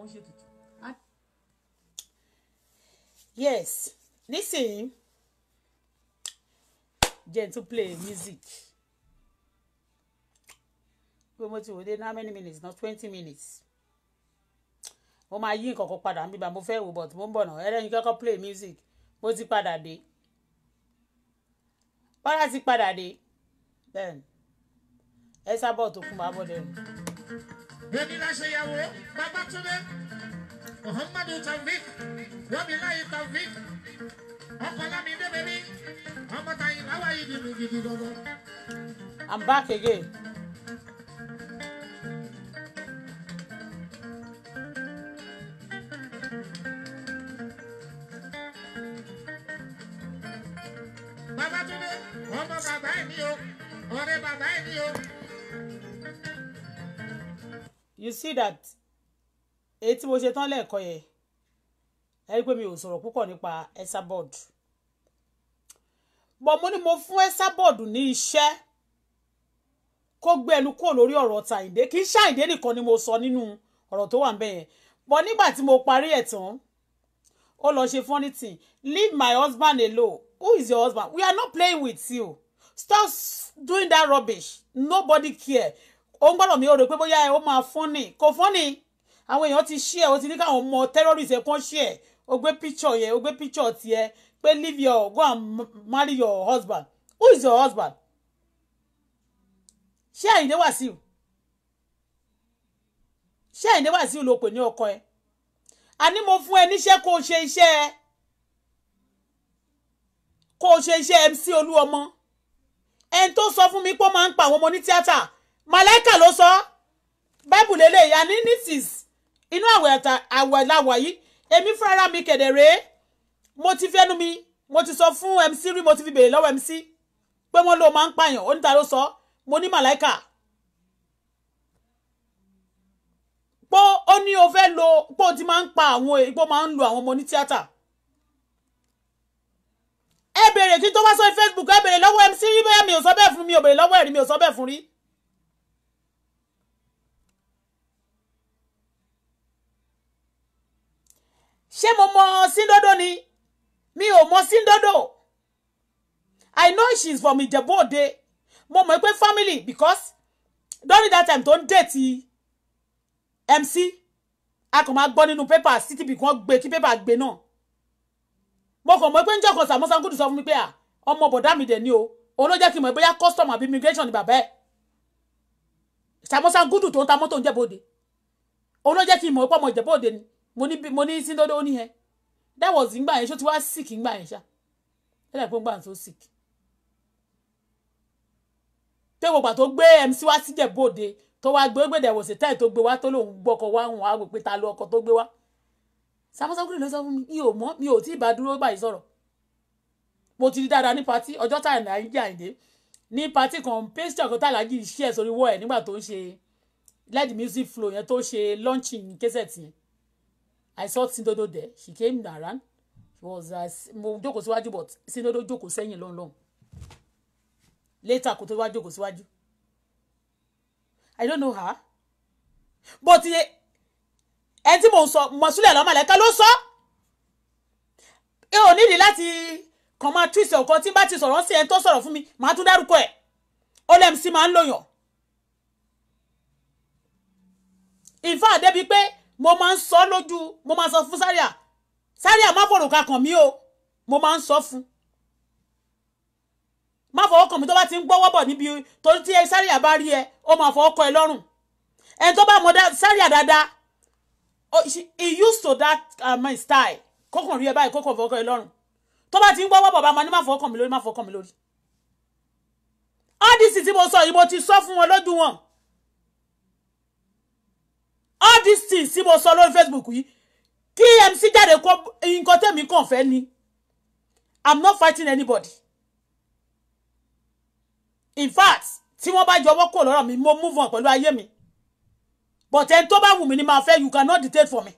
wọ́n ṣètùtù. Ah. yes nísìnyí Gentle, play music pé mo ti wò dé how many minutes na twenty minutes mo máa yí nǹkan kan padà níbi mo fẹ́ wò but mo ń bọ̀ náà ẹlẹ́yin kọ́kọ́ play music mo ti padà dé bọ́lá ti padà dé bẹ́ẹ̀ ẹ sábọ̀ tó kún bá bọ́ dẹ́nu onílàṣẹyàwó babatunde muhammadu taofik wọmíláyé taofik ọkọlámi débẹbí ọmọtayìn báwa yìí dìbò gidi lọlọ. I'm back again. Babatunde ọmọ bàbá ẹ̀ ní o ọ̀rẹ́ bàbá ẹ̀ o you see that èyí tí mo ṣe tán lẹ́ẹ̀kan yẹn ẹ rí i pé mi ò sọ̀rọ̀ púpọ̀ nípa Esabod bọ̀ mo ní mo fún Esabod ní iṣẹ́ kó gbé ẹnu kúrò lórí ọ̀rọ̀ Tàyìndé kì í ṣàyìndé nìkan ni mo sọ nínú ọ̀rọ̀ tó wà ń bẹ̀ yẹn bọ̀ nígbà tí mo parí ẹ̀ tán ó lọ ṣe funny thing leave my husband alone who is your husband we are not playing with you stop doing that rubbish nobody care ó ń gbọ́dọ̀ mi ó rò pé bóyá ẹ ó máa fọ́nì kò fọ́nì àwọn èèyàn ti ṣí ẹ ó ti ní káwọn ọmọ terrorist ẹ kàn ṣí ẹ ó gbé picture yẹ ó gbé picture tiẹ pé leave your go and marry your husband who is your husband ṣé àyìndé wàsíù ṣé àyìndé wàsíù ló pè ní ọkọ ẹ àní mo fún ẹ níṣẹ́ kó o ṣe iṣẹ́ ẹ kó o ṣe iṣẹ́ MC Olúọmọ ẹni tó sọ fún mi pé ó máa ń pa àwọn ọmọ ní tíátà màláìkà ló sọ báìbù lélẹ̀ ìyá ní nisis inú àwẹ̀ làwọ̀ yìí èmi fúnra mi kedere mo ti fẹ́nu mi mo ti sọ fún MC rí mo ti fi béèrè lọ́wọ́ MC pé wọ́n ló máa ń pààyàn oníta ló sọ mo ní màláìkà pé ó ní o fẹ́ lo pé o ti máa ń pa àwọn ìgbó máa ń lo àwọn ọmọ onítíátà ẹ béèrè kí tó wá sórí Facebook ẹ béèrè lọ́wọ́ MC rí bẹ́ẹ̀ mi ò sọ bẹ́ẹ̀ fún mi ò béèrè lọ́wọ́ ẹ̀rí mi ò sọ bẹ́ẹ̀ fún rí ṣé mo mọ síndódó ni mi ò mọ síndódó i know she is from Ìjẹ̀bú Òde mo mọ̀ pé family because during that time tó ń dẹ̀tì mc a kàn máa gbọ́ nínú pépà sí tìbí kan gbé kí pépà gbé náà mo kàn mọ̀ pé ń jọ̀kọ̀ sàmúsà kúndùn sọ fún mi pé ah, ọmọ bọ̀dá mi dẹ̀ ni o òun ló jẹ́ kí n mọ̀ bóyá custom àbí immigration ni bàbá ẹ̀ sàmúsà kúndùn tó ń ta mọ́tò ń jẹ̀bú òde òun ló jẹ́ kí n mọ̀ pé ọmọ ìjẹ̀bú òde ni mo ní mo ní sí dọ́dọ́ ní yẹn that was ìgbà yẹn ṣó ti wá sick ìgbà yẹn ṣá tẹ́lẹ̀ pé ó gbà tó sick. pé gbogbo àtó gbé MC wá síjẹ̀bọ̀dé tó wá gbé gbèdè wòsè táì tó gbé wá tó lòun gbọ́kọ̀ wá òun á wò pé ta ló ọkọ̀ tó gbé wá. sàmúsàmúkúrò ló sọ fún mi mi ò mọ̀ mi ò tí ì bá dúró báyìí sọ̀rọ̀ mo ti rí dáadáa ní patí ọjọ́ tá à ń jà ìdè ní patí kan pastry ọ̀kan tàlájì iṣẹ́ sórí wọ́ ẹ̀ nígbà tó ń ṣe led music flow yẹn tó ṣe launching kẹsẹ̀tì yẹn I saw Sindodo there. She came around. She was mo jókòó síwájú but Sindodo jókòó sẹ́yìn lọ́nlọ́n. Later kò tó wá jókòó síwájú. I don't know her. But ẹ tí mo ń sọ mọ̀súlẹ̀ lọ́mọ̀lẹ́kẹ́ ló sọ. Ẹ ò nídìí láti kàn máa twist ọ̀kan tí bá ti sọ̀rọ̀ sí ẹni tó sọ̀rọ̀ fún mi màá tún dárúkọ ẹ̀. Ó lẹ́mu sí máa ń lòyàn. In débi pé mo máa ń sọ lójú mo máa ń sọ fún Zaria Zaria má fọ̀rọ̀ ká kàn mí o mo máa ń sọ fún má fọwọ́ kàn mí tó bá ti ń gbọ́wọ́ bọ̀ níbi torí tí Zaria bá rí ẹ ó máa fọwọ́ kọ ẹ lọ́rùn ẹni tó bá mọ Zaria dáadáa he used to that uh, my style kókàn rí ẹ báyìí kókàn fọwọ́ kọ ẹ lọ́rùn tó bá ti ń gbọ́wọ́ bọ̀ bá máa ní má fọwọ́ kàn mí lórí má fọwọ́ kàn mí lórí all this tí mo sọ yìí mo ti sọ fún wọn lójú wọn all these things tí mo sọ lórí facebook yìí kí mc jáde kó nǹkan tẹ̀mí kàn fẹ́ ni i'm not fighting anybody in fact tí wọ́n bá jọwọ́ kò lọ́rọ̀ mi mo move on pẹ̀lú ayé mi but ẹni tó bá wù mí ni màá fẹ́ you cannot dictate for me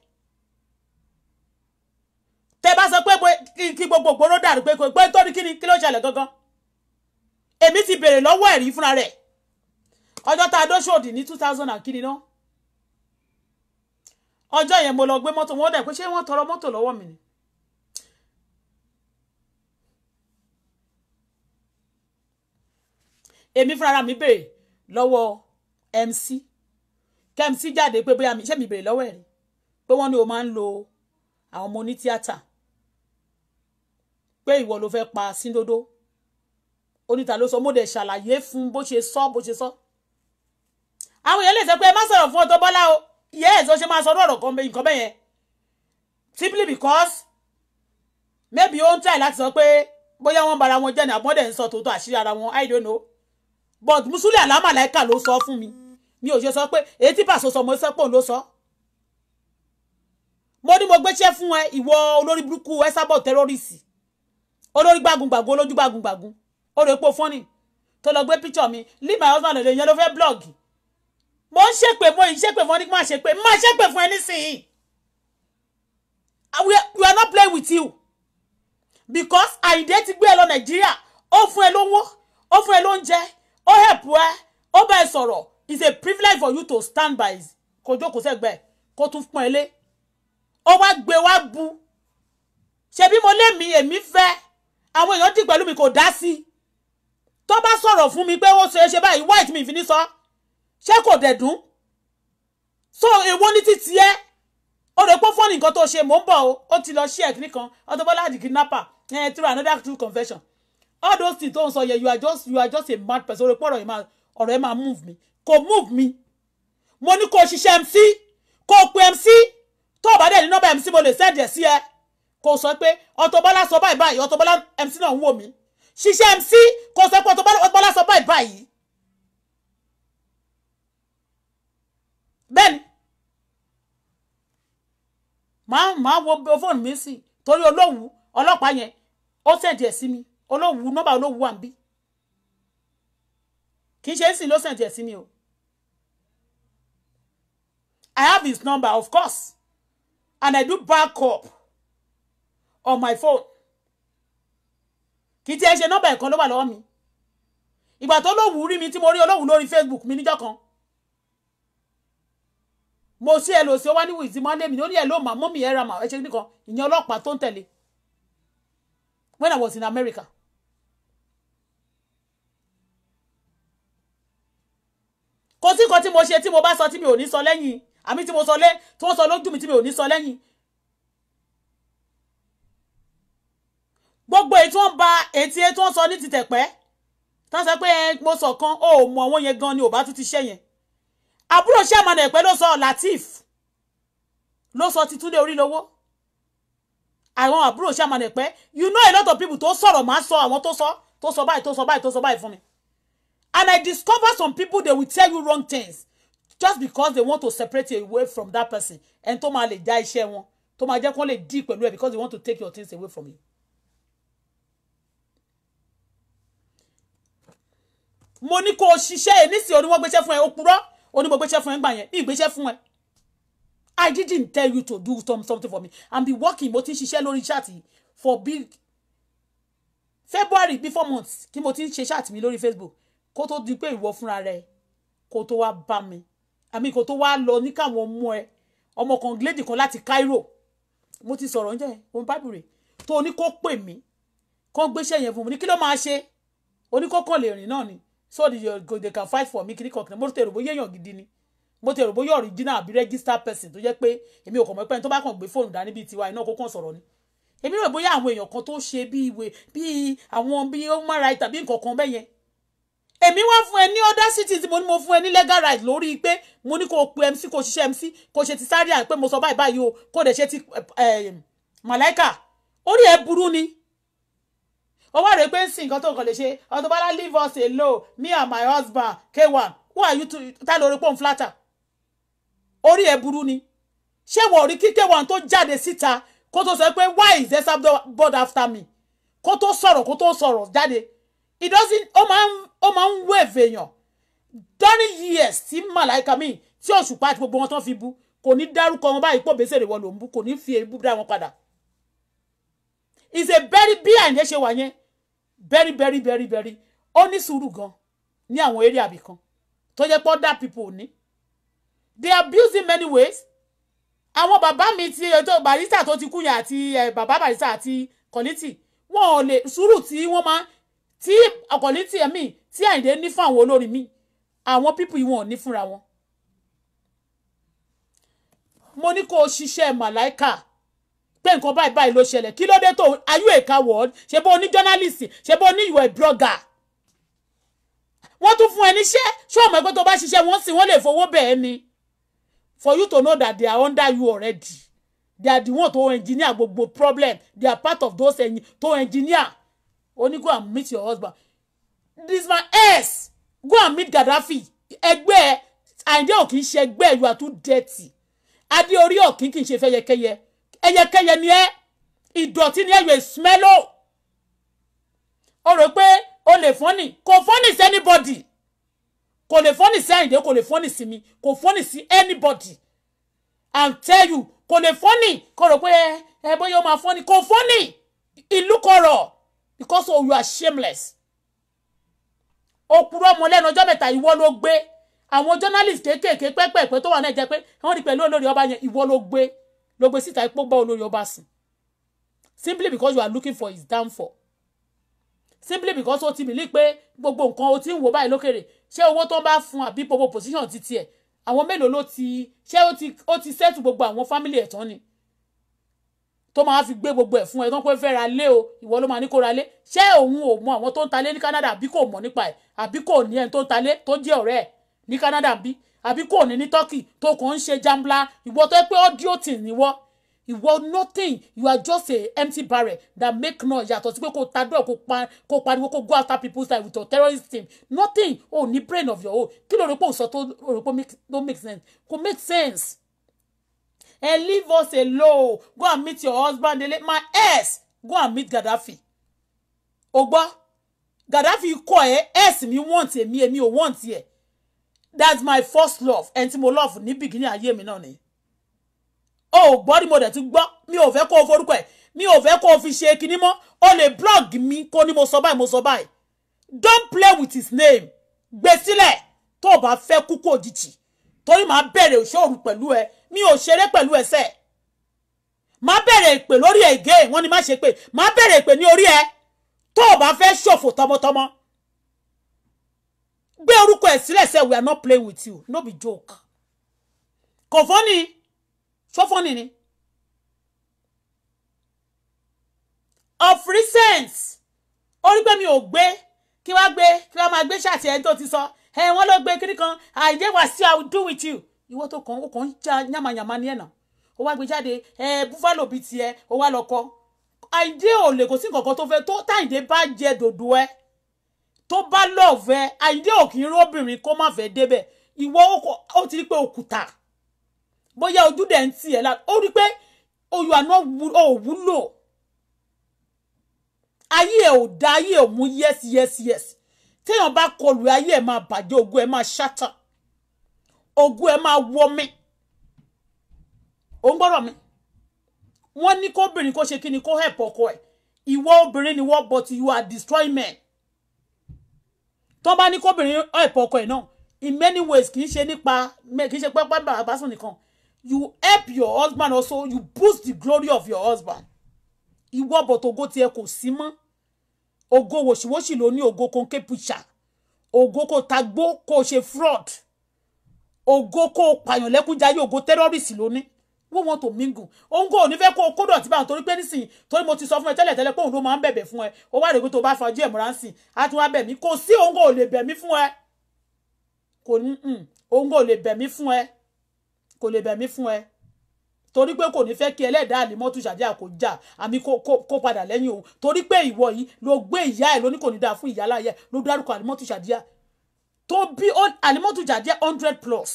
tẹ bá sọ pé kí gbogbo gbòòrò dàrú pé kò pé tó ní kí ni kí gangan èmi ti béèrè lọ́wọ́ ẹ̀rí fúnra rẹ̀ ọjọ́ tá a dó ṣòdì ní two thousand and kí ni ọjọ́ yẹn mo lọ gbé mọ́tò wọn dẹ̀ pé ṣé wọ́n tọrọ mọ́tò lọ́wọ́ mi ni. èmi fúnra mi béèrè lọ́wọ́ MC kẹ́mísì jáde pé bóyá mi ṣé mi béèrè lọ́wọ́ ẹ̀ rí pé wọ́n ní o máa ń lo àwọn ọmọ onítíátà pé ìwọ ló fẹ́ pa síndodo oníta ló sọ mo dẹ̀ ṣàlàyé fún bó ṣe sọ bó ṣe sọ àwọn èèyàn lè sọ pé ẹ má sọ̀rọ̀ fún Auto Bola o yes o ṣe máa sọ ọ̀rọ̀ kan nǹkan bẹ́ẹ̀ yẹn simply because maybe ó ń tẹ̀ láti sọ pé bóyá wọ́n bara wọn jẹ́ ní àbọ̀dẹ̀ ń sọ tòótọ́ àṣírí ara wọn i don't know but musuli alamalaika ló sọ fún mi mi ò ṣe sọ pé èyí tí pàṣẹ sọ mo sọ pé òun ló sọ mo ní mo gbéṣẹ́ fún ẹ ìwọ olórí burúkú ẹ sábọ̀ tẹ́rọ́rìsì olórí gbàgùngbàgùn olójú gbàgùngbàgùn ó rè pò fọ́nì tó lọ gbé píṣọ̀ mi leave my husband alone yẹn ló fẹ́ blọ́ọ̀gì mo ń ṣépè mo ń ṣépè fún ọ ní kí n má ṣépè má ṣépè fún ẹ nísìnyí we are not playing with you because àyìndé ti gbé ẹ lọ nàìjíríà ó fún ẹ lówó ó fún ẹ lóúnjẹ ó help ẹ ó bá ẹ sọ̀rọ̀ it's a privilege for you to stand by kò jókòó sẹ́gbẹ́ kó tún pọ́n ẹ lé ó wá gbé wá bu ṣebí mo lé mi èmi fẹ́ àwọn èèyàn dì pẹ̀lú mi kò dá sí i tó bá sọ̀rọ̀ fún mi pé ó ṣe é ṣe báyìí white mi fi ní sọ. So ṣé kò dẹ̀ dùn so èwo ní títí ẹ́ o rò pé fọ́ọ̀nì nǹkan tó ṣe mò ń bọ̀ o ó ti lọ ṣí ẹ̀kíní kan Auto Bola di kidnapper eh, through another true confession all those things tó ń sọ yẹ you are just you are just a mad person o rò pé ọ̀rọ̀ yẹn máa ọ̀rọ̀ yẹn máa move me. kò move mi mo ní kò ṣiṣẹ́ MC kò pe MC tó o bá dẹ̀ ní nọ́mbà MC mo lè sẹ́ẹ̀dẹ̀ sí ẹ kò sọ pé Auto Bola sọ báyìí báyìí Auto Bola MC náà ń wò mí ṣiṣẹ́ MC kò sọ pé Auto Bola sọ báyìí báyìí Then, ni màá màá wo fóònù mi sí torí olówù ọlọ́pàá yẹn ó sẹ̀dí ẹ̀ sí mi olówù nọ́mbà olówù wà ń bí kì í ṣe é sì ló sẹ̀dí ẹ̀ sí mi o I have his number of course and I do back up on my phone kì í tiẹ̀ ṣe nọ́mbà ẹ̀kan ló wà lọ́wọ́ mi ìgbà tó lówù rí mi tí mo rí olówù lórí Facebook mi níjọ́ kan mo ṣe ẹ lò sí ọwá ní wìtí monday mi ó ní ẹ ló mà mọ́mì ẹ ra mà ẹ ṣe nìkan ìyẹn ọlọ́pàá tó ń tẹ̀lé when I was in America. kò sí kan tí mo ṣe tí mo bá sọ tí mi ò ní sọ lẹ́yìn àmì tí mo sọ lé tí wọ́n sọ lójú mi tí mi ò ní sọ lẹ́yìn. gbogbo èyí tí wọ́n ba ètí tí wọ́n sọ ní ti tẹ̀pẹ́ tí wọ́n sọ pé mo sọ kan ó mọ àwọn yẹn gan ni ò bá tún ti ṣẹ́ àbúrò sẹ́mọ̀nà ẹ̀pẹ́ ló sọ Latif ló sọ ti Túndé Orílowó àwọn àbúrò sẹ́mọ̀nà ẹ̀pẹ́ you know a lot of people tó sọ̀rọ̀ máa sọ àwọn tó sọ tó sọ báyìí tó sọ báyìí tó sọ báyìí fún mi and I discover some people they will tell you wrong things just because they want to separate you away from that person ẹni tó máa lè já iṣẹ́ wọn tó máa jẹ́ kó lè dì pẹ̀lú ẹ because they want to take your things away from you. mo ní kó o ṣiṣẹ́ ẹ̀ nísìnyí oníwọ́gbẹ́sẹ̀ fún ẹ ó ó ní mo gbéṣẹ́ fún ẹ gbà yẹn mi fún ẹ I didn't tell you to do some something for me and be working mo ti ń ṣiṣẹ́ lórí ṣáàtì for big February before months tí mo ti ń ṣe ṣáàtì mi lórí Facebook kó tó di pé ìwọ fúnra rẹ kó tó wá bá mi àmì kó tó wá lọ ní káwọn ọmọ ẹ ọmọ kan gílédì kan láti Cairo mo ti sọ̀rọ̀ oúnjẹ òun bábùrè tó ní kó pè mí kó gbéṣẹ́ yẹn fún mi ní kí ló máa ṣe oníkókò lè rìn náà ni so the, uh, they can fight for me kiri kankan mo tẹ̀rù bóyá èèyàn gidi ni mo tẹ̀rù bóyá original àbí registered person tó jẹ́ pé èmi ò kàn mọ́ pé ẹni tó bá kàn gbé fóònù dání bíi tiwa iná kókàn sọ̀rọ̀ ni èmi rò bóyá àwọn èèyàn kan tó ṣe bíi ìwé bíi àwọn bíi human rights tàbí nǹkan kan bẹ́ẹ̀ yẹn èmi wá fún ẹ ní other cities mo ní mo fún ẹ ní legal rights? lórí pé mo ní kó pe mc kó ṣiṣẹ́ mc kó ṣe ti sáré à pé mo sọ báyìí báyìí o kó dẹ̀ ṣe ti eh, eh, màláìkà orí ẹ burú ni ó wá rèé pé ń sìn nǹkan tó kàn lè ṣe Auto leave us alone me and my husband k1 who are you to Tell lórí pọ́ùn flatter orí ẹ̀ burú ni ṣé wọ́n rí kí k1 tó jáde síta kó tó sọ pé why is there somebody after me kó tó sọ̀rọ̀ kó tó sọ̀rọ̀ jáde it doesn't ó máa ń ó máa ń wave èèyàn during years tí màláìka mi tí òṣùpá àti gbogbo wọn tó fi bu kò ní dárúkọ wọn báyìí pò bẹ́sẹ̀ rẹ̀ wọ́n ló ń bú kò ní fi èébú dá wọn padà is a very bí àìní ṣe wà yẹn very very very very ó ní sùúrù gan ní àwọn area ibì kan tó yẹ pé other people ò ní they abuse in many ways àwọn bàbá mi ti ètò barista tó ti kú yẹn àti eh, bàbá barista àti kọ́nítì wọn ò lè sùúrù tí wọ́n máa tí kọ́nítì ẹ̀mí tí àyìndé ní fún àwọn olórin mi àwọn pípù yìí wọn ò ní fúnra wọn. mo ní kó o ṣiṣẹ́ màláìkà pé nǹkan báyìí báyìí ló ṣẹlẹ̀ kí ló dé tó ayú èka wọ́ọ̀d ṣe bó ní journalist ṣe bó ní ìwẹ̀ blogger wọ́n tún fún ẹ níṣẹ́ ṣọ́ọ̀mù ẹgbẹ́ tó bá ṣiṣẹ́ wọ́n sì wọ́n lè fowó bẹ́ẹ̀ ni for you to know that they are under you already they are the one to engineer gbogbo problem they are part of those en to engineer only go and meet your husband this man s go and meet Gaddafi ẹgbẹ́ Àyìndé ò kì í ṣe ẹgbẹ́ you are too dirty adé orí ò kì í kì í ṣe fẹ́yẹkẹ́yẹ ẹyẹkẹyẹ ni ẹ ìdọ̀tí ni ẹ yóò smẹ́lò o rò pé o lè fọ́nì kò fọ́nì sí anybody kò lè fọ́nì sí àyìndé kò lè fọ́nì sí mi kò fọ́nì sí anybody and tell you kò lè fọ́nì kò rò pé ẹ bóyá o máa fọ́nì kò fọ́nì ìlú kọ̀rọ̀ because oh, you are shameless òpùrọ́ ọmọ lẹ́nu ọjọ́ mẹ́ta ìwọ ló gbé àwọn journalist kéékèèké pẹ́pẹ́pẹ́ tó wà náà jẹ́ pé wọ́n rí pẹ̀lú olórí ọba yẹn ìwọ ló gbé ló gbé síta ipò bá olórí ọba sìn simply because you are looking for his downfall simply because ó ti bìlí pé gbogbo nǹkan ó ti ń wò báyìí lókèrè ṣé owó tó ń bá fún àbí gbogbo position ti tiẹ̀ àwọn mélòó ló ti ṣé ó ti ó ti sẹ́tù gbogbo àwọn family ẹ̀ tán ni tó máa fi gbé gbogbo ẹ̀ fún ẹ̀ tán pé fẹ́ ra lé o ìwọ ló máa ní kó ra lé ṣé òun ò mọ àwọn tó ń ta ní Canada àbí kò mọ̀ nípa ẹ̀ àbí kò ní ẹni tó ń ta tó jẹ́ ọ̀rẹ́ ẹ̀ ní Canada bí àbí kò ní ní turkey tó kàn ń ṣe jambla ìwọ tó yẹ pé audio thing ni ìwọ nothing you are just a empty barrel that make noise yàtọ̀ sí pé kò tadọ̀ kò pa kò pariwo kò go after people's life with your terrorist team nothing o oh, ní brain of your own kí ló rò pé òsọ tó rò pé no make sense kò make sense ẹ leave us alone go and meet your husband ele my ex go and meet Gaddafi o gbọ́ Gaddafi kọ ẹ ex mi want èmi èmi ò want ẹ that's my first love ẹni tí mo love ní bìgínì ayé mi náà ni o ò gbọ́ ni mo dẹ̀ ti gbọ́ mi ò fẹ́ kó o forúkọ ẹ̀ mi ò fẹ́ kó o fi ṣe kinní mọ́ o lè blog mi kó ní mo sọ báyìí mo sọ báyìí don't play with his name gbé sílẹ̀ tó o bá fẹ́ kú kó òjijì torí màá bẹ̀rẹ̀ òṣòro pẹ̀lú ẹ mi ò ṣeré pẹ̀lú ẹsẹ̀ màá bẹ̀rẹ̀ ìpè lórí ẹ̀ gé wọ́n ní má ṣe pé màá bẹ̀rẹ̀ ìpè ní orí ẹ tó o bá fẹ́ ṣòfò tọmọtọmọ gbé orúkọ ẹ̀ sílẹ̀ sẹ́ we are not playing with you no be joke kò fọ́nì sọ́fọ́nì ni. of recent orí pé mi ò gbé kí wá gbé kí wá máa gbé ṣàtì ẹni tó ti sọ ẹ wọn ló gbé kíní kan àìdè wá sí i will do with you ìwọ tó kàn ó kàn ń já yàmàyàmà ní ẹ̀nà ó wá gbé jáde ẹ búfalo bíi tiẹ̀ ó wá lọ kọ àìdè ò lè kò sí nǹkan kan tó fẹ́ tó táìdè bá jẹ dòdò ẹ tó bá lọ́ọ̀fẹ́ àyíndé òkì ń róbìnrin kó má fẹ́ débẹ̀ ìwọ ó ti rí pé òkúta bóyá ojú dẹ̀ ń tì ẹ́ lára ó rí pé oyù àná ò wúlò ayé ẹ̀ ò dá ayé ẹ̀ ò mú yes yes yes téèyàn bá kọlù ayé ẹ̀ máa bàjẹ́ ògo ẹ̀ máa ṣátà ògo ẹ̀ máa wọ́mí ò ń gbọ́dọ̀ mi wọ́n ní kóbìnrin kó ṣe kí ni kó hẹ̀pọ̀ ọkọ ẹ̀ ìwọ obìnrin ni wọ́n but you are destroying men tó bá ní kóbìnrin help ọkọ ẹ̀ náà in many ways kì í ṣe nípa kì í ṣe pẹ́pẹ́ bàbásùn nìkan you help your husband also you boost the glory of your husband ìwọ bọ̀ tó go tiẹ̀ kò sí mọ́ ògo wòṣìwòṣì ló ní ògo kò ń ké pucha ògo kò tagbó kò ṣe fraud ògo kò pààyàn lẹ́kúnjayé ògo tẹ́rọ́rìsì ló ní who want to mingle òun kò ní fẹ́ kó kódò tí báwọn torí pé nísìnyí torí mo ti sọ fún ẹ tẹ́lẹ̀ tẹ́lẹ̀ pé òun ló máa ń bẹ̀bẹ̀ fún ẹ ó wá rèé pé tó bá fọjú ẹ̀ múra ń sìn á tún wá bẹ̀ mí kò sí òun kò lè bẹ̀ mí fún ẹ kò ní mm, òun kò lè bẹ̀ mí fún ẹ kò lè bẹ̀ mí fún ẹ torí pé kò ní fẹ́ kí ẹlẹ́dàá àlìmọ́tò ṣàdé àkójà àmì kó padà lẹ́yìn òun torí pé ìwọ yìí ló gbé ìyá ẹ̀ lóní kò ní dáa fún ìyá láyẹ̀ ló dárúkọ àlìmọ́tò ṣàdé tó bí àlìmọ́tò ṣàdé hundred plus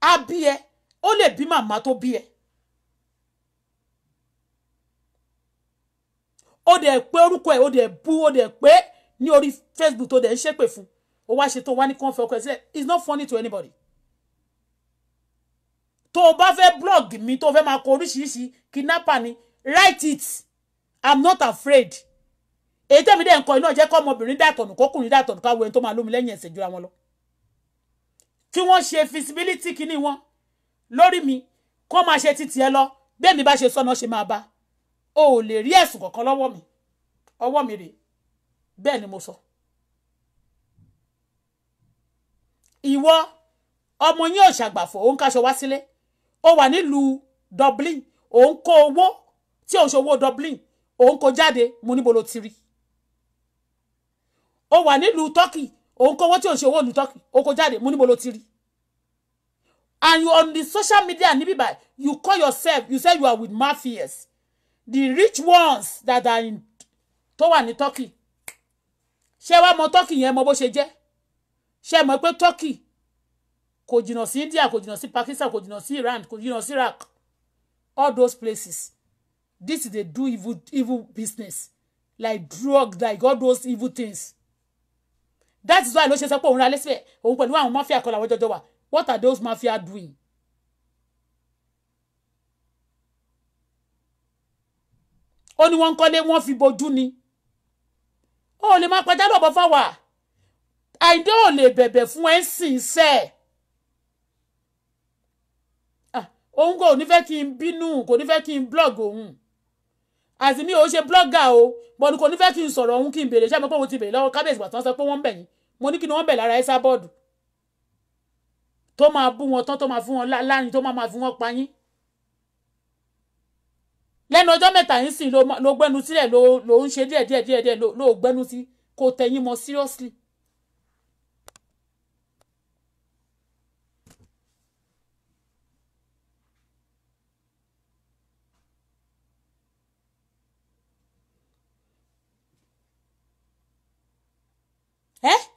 á bí ẹ ó lè bí màmá tó bí ẹ ó dẹ̀ pé orúkọ ẹ̀ ó dẹ̀ bú ó dẹ̀ pé ní orí Facebook tó dẹ̀ ń ṣépè fún ó wá ṣe tó wá ní kàn fẹ́ ọkọ ẹ̀ sílẹ̀ it's not funny to anybody tó o bá fẹ́ blog mi tó o fẹ́ máa kọ oríṣiríṣi kidnapper ni write it i'm not afraid èyí tẹ̀mí dẹ̀ nǹkan iná jẹ́ kọ́ ọmọbìnrin dàtọ̀nù kọ́kùnrin dàtọ̀nù káwọ ẹni tó máa lómi lẹ́yìn ẹ̀sẹ̀ jura wọn lọ kí wọ́n ṣe feasibility kínní wọn lórí mi kó máa ṣe títì ẹ lọ bẹ́ẹ̀ mi bá ṣe sọ́nà ṣe máa bá o ò lè rí ẹ̀sùn kankan lọ́wọ́ mi ọwọ́ mi rèé bẹ́ẹ̀ ni mo sọ. ìwọ ọmọ yín ò ṣàgbàfọ̀ òun kaṣọ wá sílé ó wà nílùú Dublin òun kó owó tí òun ṣòwò Dublin òun kó jáde mo níbo lo ti rí ó wà nílùú Turkey òun kó owó tí òun ṣòwò nílùú Turkey òun kó jáde mo níbo lo ti rí and you on the social media and báyìí you call yourself you say you are with mafias the rich ones that are in Towa wà ní turkey ṣé wàá mọ turkey yẹn mọ bó ṣe jẹ́ ṣé mọ̀ pé turkey kò jìnnà sí india kò jìnnà sí pakistan kò jìnnà sí iran kò jìnnà sí iraq all those places this is dey do evil evil business like drug like all those evil things that is why ló ṣe sọ pé òun ra lẹ́sẹ̀ òun pẹ̀lú àwọn mafia kan làwọn jọjọ wà What are those mafia doing? ó ní wọ́n ń kọ́lé wọ́n fi bojú ni ó lè máa pẹja lọ́bọ̀ fáwà àìdé ò lè bẹ̀bẹ̀ fún ẹ̀ ń sìn sẹ́ ẹ̀ ah, òun kò ní fẹ́ kí n bínú kò ní fẹ́ kí n blog òun àti mi ò ṣe blọ́gà o bọ́n kò ní fẹ́ kí n sọ̀rọ̀ òun kí n béèrè ṣé mo pé òun ti béèrè lọ́wọ́ kábíyèsí gbàtàn sọ pé wọ́n ń bẹ̀ yín mo ní kí ni wọ́n bẹ̀ lára ẹ̀ sábọ́ọ̀dù tó máa bú wọn tán tó máa fún wọn láàrin tó máa fún wọn pa yín lẹ́nu ọjọ́ mẹ́ta yìí sìn ló gbẹ́nu sílẹ̀ ló ń ṣe díẹ̀ díẹ̀ díẹ̀ díẹ̀ ló gbẹ́nu sí kò tẹ̀yìn mọ́ seriously. Eh?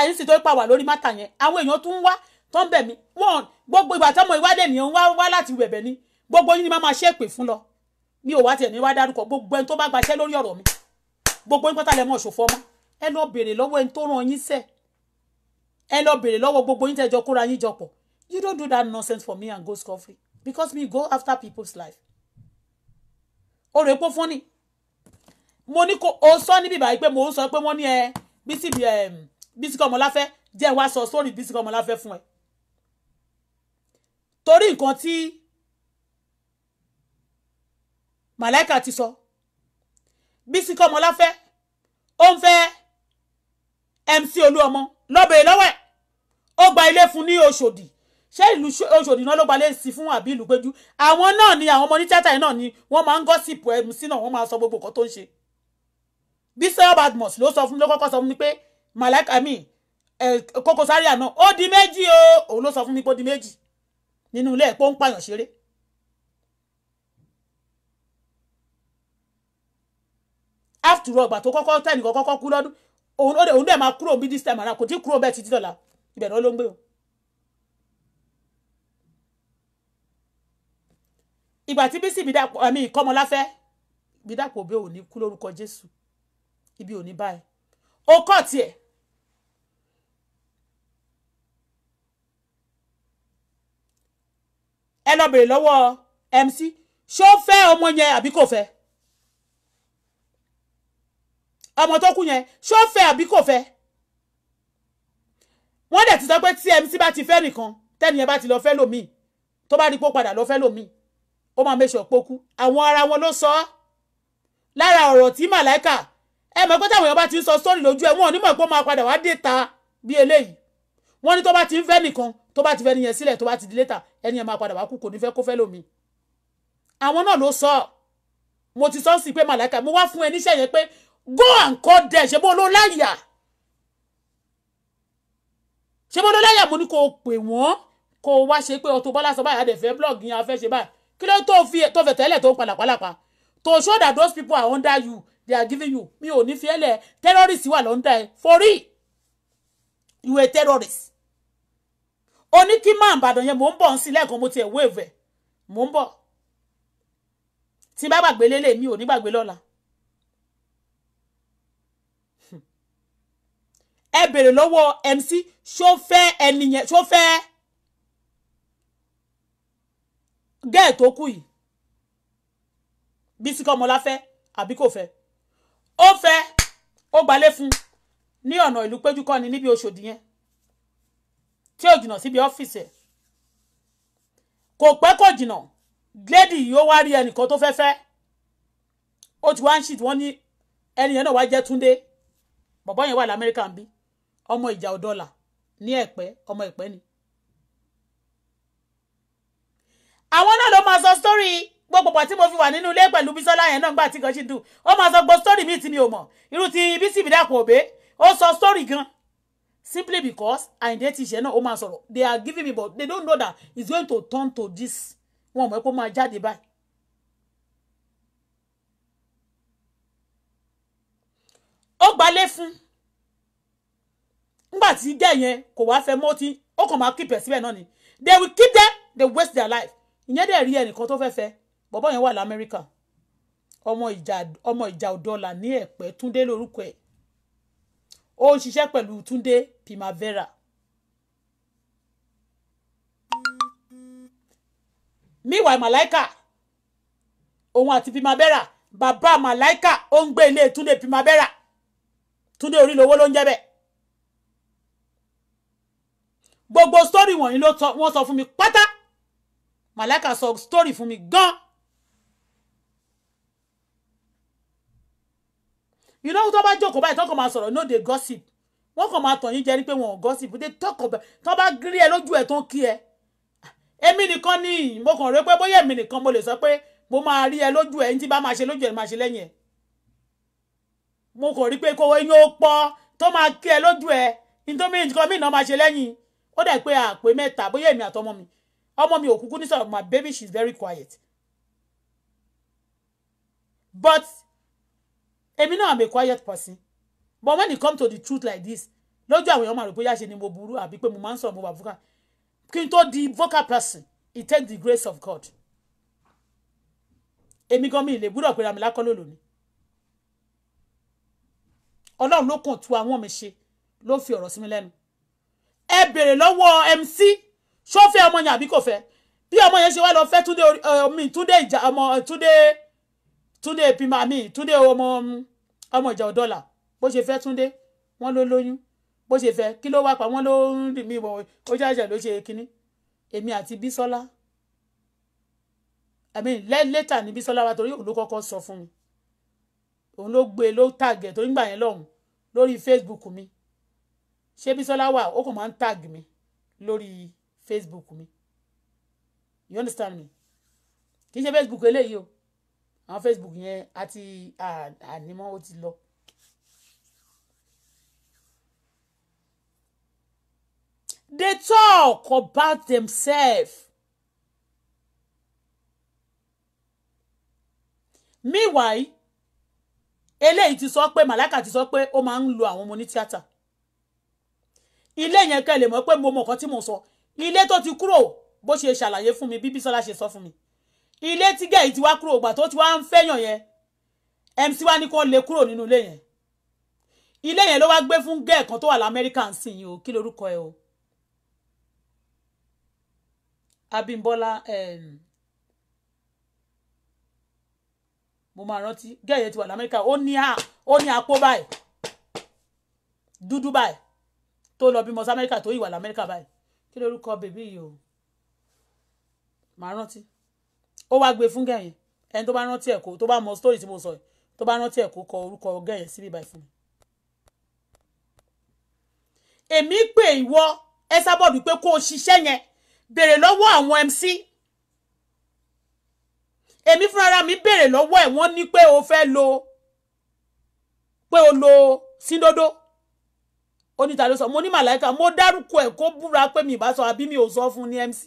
mátà yìí sì tó pa wà lórí mátà yẹn àwọn èèyàn tún ń wá tó ń bẹ̀ mí wọ́n gbogbo ìgbà tọ́mọ ìwádìí ènìyàn wá wá láti bẹ̀bẹ̀ ni gbogbo yín ni máa ṣe èpè fún lọ mi ò wá tiẹ̀ ní wá dárúkọ gbogbo ẹni tó bá gbaṣẹ́ lórí ọ̀rọ̀ mi gbogbo yín pátá lẹ mọ̀ ṣòfò ọmọ ẹ lọ bèrè lọ́wọ́ ẹni tó ràn yín sẹ̀ ẹ lọ bèrè lọ́wọ́ gbogbo yín tẹ́jọ kóra yín jọpọ̀ you don't do that nonsense for me and go scot because me go after people's life. o rè pọ́ fún ni mo ní kó o sọ níbi ìbàyí pé mo ń sọ pé wọ́n ní ẹ bí síbi Bísí Ọmọláfẹ́ jẹ́ wa sọ sórí Bísí Ọmọláfẹ́ fún ẹ torí nǹkan tí màláìka ti sọ Bísí Ọmọláfẹ́ ó ń fẹ́ MC Olúọmọ lọ́bẹ̀ẹ́ lọ́wọ́ ẹ̀ ó gba ilé fún ní Òṣòdì ṣé ìlú Òṣòdì náà ló gbalẹ̀ sí fún àbí ìlú péjú àwọn náà ni àwọn ọmọ ní tíátà yìí náà ni wọ́n máa ń gọ́sìpù MC náà wọ́n máa sọ gbogbo nǹkan tó ń ṣe Bísí Badmus ló sọ fún mi ló kọ́kọ́ sọ fún mi pé màláìka mi Koko Zaria náà ó di méjì o òun ló sọ fún mi pé ó di méjì nínú ilé ẹ̀ pé ó ń pààyàn ṣeré. after all gbà tó kọ́kọ́ tẹ́nìkan kọ́kọ́ kú lọ́dún òun ó dẹ̀ òun dẹ̀ máa kúrò bí this time around kò tí kúrò bẹ́ẹ̀ títí dọ̀la ibẹ̀ náà ló ń gbé o. ìgbà tí bísí bídàpọ̀ àmì ìkọ́mọláfẹ́ bídàpọ̀ bẹ́ẹ̀ ò ní kú lórúkọ Jésù ibi ò ní báyìí ó kọ́ tiẹ̀ ẹ lọ bèrè lọ́wọ́ MC ṣó fẹ́ ọmọ yẹn àbí kò fẹ́ ọmọ tó kú yẹn ṣó fẹ́ àbí kò fẹ́ wọ́n dẹ̀ ti sọ pé tí MC bá ti fẹ́ nìkan tẹ́nìyẹn bá ti lọ fẹ́ lòmíì tó bá rí pé ó padà lọ fẹ́ lòmíì ó máa mẹ́sọ̀ pokú àwọn ara wọn ló sọ ọ́ lára ọ̀rọ̀ tí màláìkà ẹ mọ̀ pé táwọn èèyàn bá ti ń sọ sórí lójú ẹ wọn ò ní mọ̀ pé ó máa padà wá dé ta bí eléyìí wọ́n ní tó bá ti ń fẹ́ nìkan tó bá ti fẹ́ nìyẹn sílẹ̀ tó bá ti di létà ẹni yẹn máa padà wá kú kò ní fẹ́ kó fẹ́ lómi àwọn náà ló sọ mo ti sọ sí pé màláìka mo wá fún ẹ níṣẹ́ yẹn pé go and call them ṣe bó ló láyà ṣe bó ló láyà mo ní kó o pè wọ́n kó o wá ṣe pé Auto Bola sọ báyìí àdẹ̀fẹ́ blog yẹn afẹ́ ṣe báyìí kí ló tó fi tó fẹ̀ tẹ́lẹ̀ tó ń padà pálapà to show that those people are under you they are giving you mi ò ní fi ẹ lẹ terrorist wà lọ́ndà ẹ for real you a terrorist ó ní kí máa Ìbàdàn yẹn mò ń bọ̀ ń sí lẹ́ẹ̀kan mo tiẹ̀ wéèvẹ̀ mò ń bọ̀ tí bá gbàgbé lélẹ̀ mi ò ní gbàgbé lọ́la hm. ẹ bèrè lọ́wọ́ MC ṣó fẹ́ ẹni yẹn ṣó fẹ́ gẹ́ẹ̀ tó kù yìí Bísí Kọ́mọlá fẹ́ àbí kò fẹ́ ó fẹ́ ó gbalé fún ní ọ̀nà ìlú péjú kọ́ni níbi Ọ̀ṣọ́dì yẹn tí ò jìnnà síbi ọ́fíìsì ẹ̀ kò pẹ́ kò jìnnà glédì yóò wá rí ẹnìkan tó fẹ́fẹ́ ó ti wá ń ṣìtì wọ́n ní ẹni yẹn náà wá jẹ́ Túndé bàbá yẹn wà lamẹ́ríkà ń bí ọmọ ìjà ọ̀dọ́là ní ẹ̀pẹ́ ọmọ ìpẹ́ ni. àwọn náà ló máa sọ sórí gbogbo pàtí mo fi wà nínú ilé pẹ̀lú Bísọ́lá yẹn náà gbà tí kan ṣì dùn ó máa sọ gbogbo sórí mi tí mi ò mọ̀ irú ti Bísí Ìbídàpọ̀ Òbé ó sọ sórí gan-an simply because I ti ṣe náà ó máa sọ̀rọ̀ they are giving me but they don't know that it's going to turn to this wọn ò mọ̀ pé ó máa jáde báyìí. ó gbalé fún ngbà tí dẹ́ yẹn kò wá fẹ́ mọ́tí ó kàn máa kíp ẹ̀ síbẹ̀ náà ni they will keep them they waste their life ìyẹn dẹ̀ rí ẹnìkan tó fẹ́ fẹ́ bọ́bọ́ yẹn wà lamẹ́ríkà ọmọ ìjà ọmọ ìjà ọ̀dọ́là ní ẹ̀pẹ́ túndé lórúkọ ẹ̀ ó ń ṣiṣẹ́ pẹ̀lú Túndé Primavera. meanwhile Malaika òun àti Primavera bàbá Malaika ó ń gbé ilé Túndé Primavera Túndé orí lowó ló ń jẹ́ bẹ́ẹ̀ gbogbo story wọ̀nyí ló wọ́n sọ fún mi pátá Malaika sọ story fún mi gan-an you know tó bá jókòó báyìí tó kàn máa sọ̀rọ̀ no dey gossip wọ́n kàn máa tàn yín jẹ ní pé wọn ò gossip they talk about tó bá gírí ẹ lójú ẹ tó ń kí ẹ èmi nìkan ni mo kàn rí pé bóyá èmi nìkan mo lè sọ pé mo máa rí ẹ lójú ẹ ní tí bá máa ṣe lójú ẹ máa ṣe lẹ́yìn ẹ mo kàn rí pé kó eyín ó pọ̀ tó máa kí ẹ lójú ẹ nítorí nǹkan míì náà máa ṣe lẹ́yìn ó dẹ̀ pé àpè mẹ́ta bóyá èmi àtọmọ mi ọmọ mi ò kúkú ní sọ̀rọ̀ my baby she is very quiet but èmi náà i'm a quiet person but when it come to the truth like this lójú àwọn èèyàn máa rò bóyá ṣe ni mo burú àbí pé mo máa ń sọ̀rọ̀ mo wà vocal kí n tó di vocal person it take the grace of God èmi gan mi lè gbúdọ̀ pé ramilá kọ́ ló lò ní ọlọ́run ló kàn tu àwọn mi ṣe ló fi ọ̀rọ̀ sí mi lẹ́nu ẹ bèrè lọ́wọ́ MC ṣó fẹ́ ọmọ yẹn àbí kò fẹ́ bí ọmọ yẹn ṣe wá lọ fẹ́ túndé eh, ọmọ eh, túndé ọmọ túndé túndé ìpínmọ̀ àmì túndé ọmọ ọmọ ìjà ọ̀dọ́là bó ṣe fẹ́ túndé wọ́n ló lóyún bó ṣe fẹ́ kí ló wá pa wọ́n ló ń rìn mí wọ̀ ó ṣàṣà ló ṣe kínní èmi àti bísọ́lá àmì lẹ́tà ní bísọ́lá wa torí òun ló kọ́kọ́ sọ fún mi òun ló gbé ló tàgẹ̀ torí gbà yẹn lọ́hùn lórí facebook mi ṣé bísọ́lá wà ó kàn máa ń tag mi lórí facebook mi you understand me kì í ṣe facebook eléyìí o àwọn facebook yẹn àti ànímọ́ ó ti lọ. They talk about themselves. Meanwhile, eléyìí ti sọ pé màláka ti sọ pé ó máa ń lo àwọn ọmọ ní tíátà. Ilé yẹn kẹ́ lè mọ̀ pé mo mọ̀ nǹkan tí mo sọ. Ilé tó ti kúrò bó ṣe ṣàlàyé fún mi bí Bísọ́lá ṣe sọ fún mi ilé tí gẹ̀yì ti wá kúrò ìgbà tó ti wá ń fẹ́yàn yẹn MC wa ni kó lè kúrò nínú ilé yẹn ilé yẹn ló wá gbé fún gẹ̀ẹ́ kan tó wà lamẹ́ríkà ń sìn yìí o kí lorúkọ ẹ o Abímbọ́lá mo máa rántí gẹ̀ẹ́ yẹn ti wà lamẹ́ríkà ó ní à ó ní àpò báyìí dúdú báyìí tó lọ bímọ sí amẹ́ríkà tó ìwà lamẹ́ríkà báyìí kí lorúkọ bèbí yìí o máa rántí ó wá gbé fún gẹ̀yìn ẹni tó bá rántí ẹ̀ kó tó bá mọ story tí mo sọ yìí tó bá rántí ẹ̀ kó kọ orúkọ gẹ̀yìn síbí báyìí fún mi. èmi pè ìwọ ẹ sábọ̀dù pé kó o ṣiṣẹ́ yẹn béèrè lọ́wọ́ àwọn MC èmi fúnra mi béèrè lọ́wọ́ ẹ̀ wọ́n ní pé o fẹ́ lo pé o lo síndodo oníta ló sọ mo ní màláìka mo dárúkọ ẹ̀ kó búra pé mi ìbá sọ àbí mi ò sọ fún ní MC